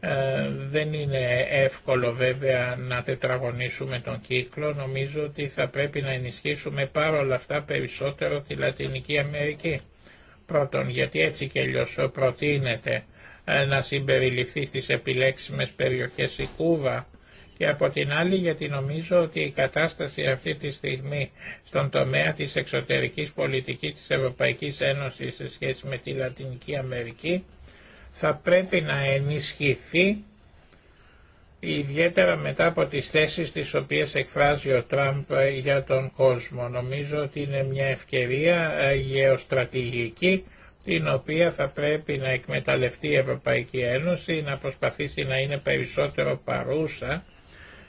Ε, δεν είναι εύκολο βέβαια να τετραγωνίσουμε τον κύκλο. Νομίζω ότι θα πρέπει να ενισχύσουμε παρόλα αυτά περισσότερο τη Λατινική Αμερική. Πρώτον, γιατί έτσι και αλλιώς προτείνεται ε, να συμπεριληφθεί στις επιλέξιμες περιοχές η Κούβα και από την άλλη γιατί νομίζω ότι η κατάσταση αυτή τη στιγμή στον τομέα της εξωτερικής πολιτικής της Ευρωπαϊκής Ένωσης σε σχέση με τη Λατινική Αμερική θα πρέπει να ενισχυθεί ιδιαίτερα μετά από τις θέσεις τις οποίες εκφράζει ο Τραμπ ε, για τον κόσμο. Νομίζω ότι είναι μια ευκαιρία ε, γεωστρατηγική την οποία θα πρέπει να εκμεταλλευτεί η Ευρωπαϊκή Ένωση, να προσπαθήσει να είναι περισσότερο παρούσα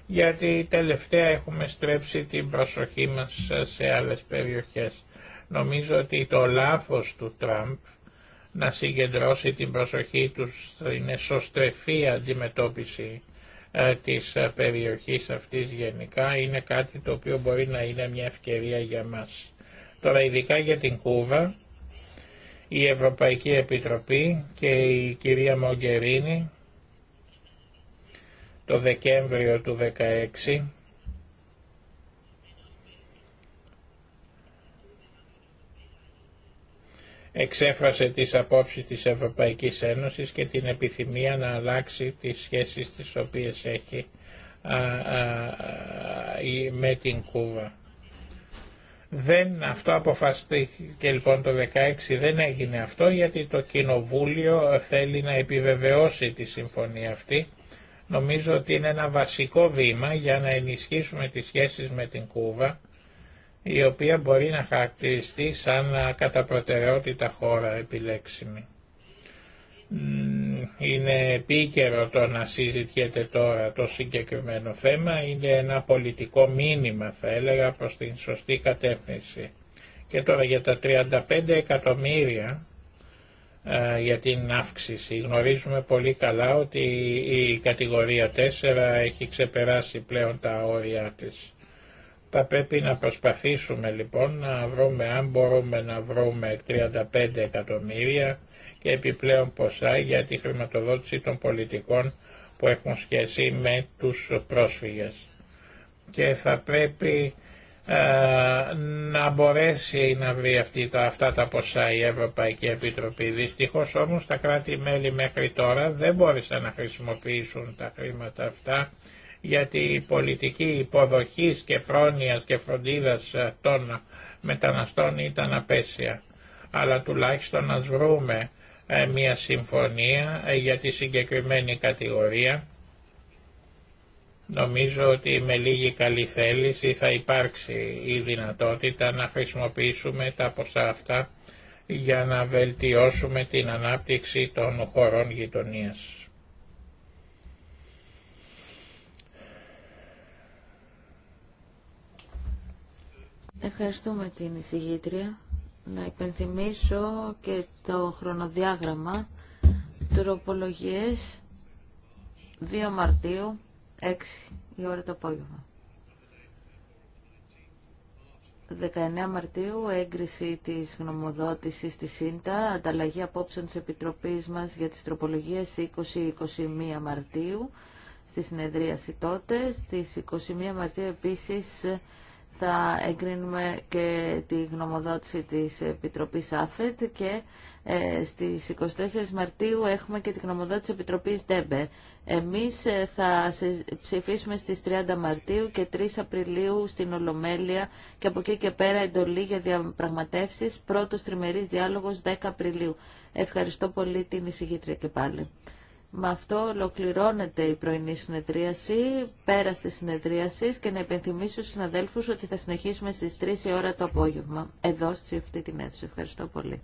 γιατί τελευταία έχουμε στρέψει την προσοχή μας σε άλλες περιοχές. Νομίζω ότι το λάθος του Τραμπ να συγκεντρώσει την προσοχή του στην εσωστρεφή αντιμετώπιση ε, της ε, περιοχής αυτής γενικά είναι κάτι το οποίο μπορεί να είναι μια ευκαιρία για μας. Τώρα ειδικά για την Κούβα, η Ευρωπαϊκή Επιτροπή και η κυρία Μογκερίνη το Δεκέμβριο του 2016 εξέφρασε τις απόψεις της Ευρωπαϊκής Ένωσης και την επιθυμία να αλλάξει τις σχέσεις τις οποίες έχει α, με την Κούβα. Δεν, αυτό αποφασίστηκε λοιπόν το 2016 δεν έγινε αυτό γιατί το Κοινοβούλιο θέλει να επιβεβαιώσει τη συμφωνία αυτή νομίζω ότι είναι ένα βασικό βήμα για να ενισχύσουμε τις σχέσεις με την Κούβα, η οποία μπορεί να χαρακτηριστεί σαν κατά προτεραιότητα χώρα επιλέξιμη. Είναι επίκαιρο το να συζητιέται τώρα το συγκεκριμένο θέμα, είναι ένα πολιτικό μήνυμα θα έλεγα προς την σωστή κατεύθυνση. Και τώρα για τα 35 εκατομμύρια ε, για την αύξηση. Γνωρίζουμε πολύ καλά ότι η κατηγορία 4 έχει ξεπεράσει πλέον τα όρια της. Θα πρέπει να προσπαθήσουμε λοιπόν να βρούμε αν μπορούμε να βρούμε 35 εκατομμύρια και επιπλέον ποσά για τη χρηματοδότηση των πολιτικών που έχουν σχέση με τους πρόσφυγες. Και θα πρέπει ε, να μπορέσει να βρει αυτή, τα, αυτά τα ποσά η Ευρωπαϊκή Επιτροπή. Δυστυχώς όμως τα κράτη-μέλη μέχρι τώρα δεν μπόρεσαν να χρησιμοποιήσουν τα χρήματα αυτά γιατί η πολιτική υποδοχής και πρόνοιας και φροντίδας ε, των μεταναστών ήταν απέσια. Αλλά τουλάχιστον να βρούμε ε, μια συμφωνία για τη συγκεκριμένη κατηγορία Νομίζω ότι με λίγη καλή θέληση θα υπάρξει η δυνατότητα να χρησιμοποιήσουμε τα ποσά αυτά για να βελτιώσουμε την ανάπτυξη των χωρών γειτονίας. Ευχαριστούμε την εισηγήτρια. Να υπενθυμίσω και το χρονοδιάγραμμα τροπολογίες 2 Μαρτίου 6 η ώρα το απόγευμα. 19 Μαρτίου, έγκριση της γνωμοδότησης της ΣΥΝΤΑ, ανταλλαγή απόψεων της Επιτροπής μας για τις τροπολογίες 20-21 Μαρτίου, στη συνεδρίαση τότε. Στις 21 Μαρτίου επίσης θα εγκρίνουμε και τη γνωμοδότηση της Επιτροπής ΑΦΕΤ και ε, στις 24 Μαρτίου έχουμε και τη γνωμοδότηση της Επιτροπής ΔΕΜΠΕ. Εμείς ε, θα ψηφίσουμε στις 30 Μαρτίου και 3 Απριλίου στην Ολομέλεια και από εκεί και πέρα εντολή για διαπραγματεύσεις, πρώτος τριμερής διάλογος 10 Απριλίου. Ευχαριστώ πολύ την εισηγήτρια και πάλι. Με αυτό ολοκληρώνεται η πρωινή συνεδρίαση, πέρα τη συνεδρίαση και να υπενθυμίσω στους αδέλφους ότι θα συνεχίσουμε στις 3 η ώρα το απόγευμα, εδώ σε αυτή την αίθουσα. Ευχαριστώ πολύ.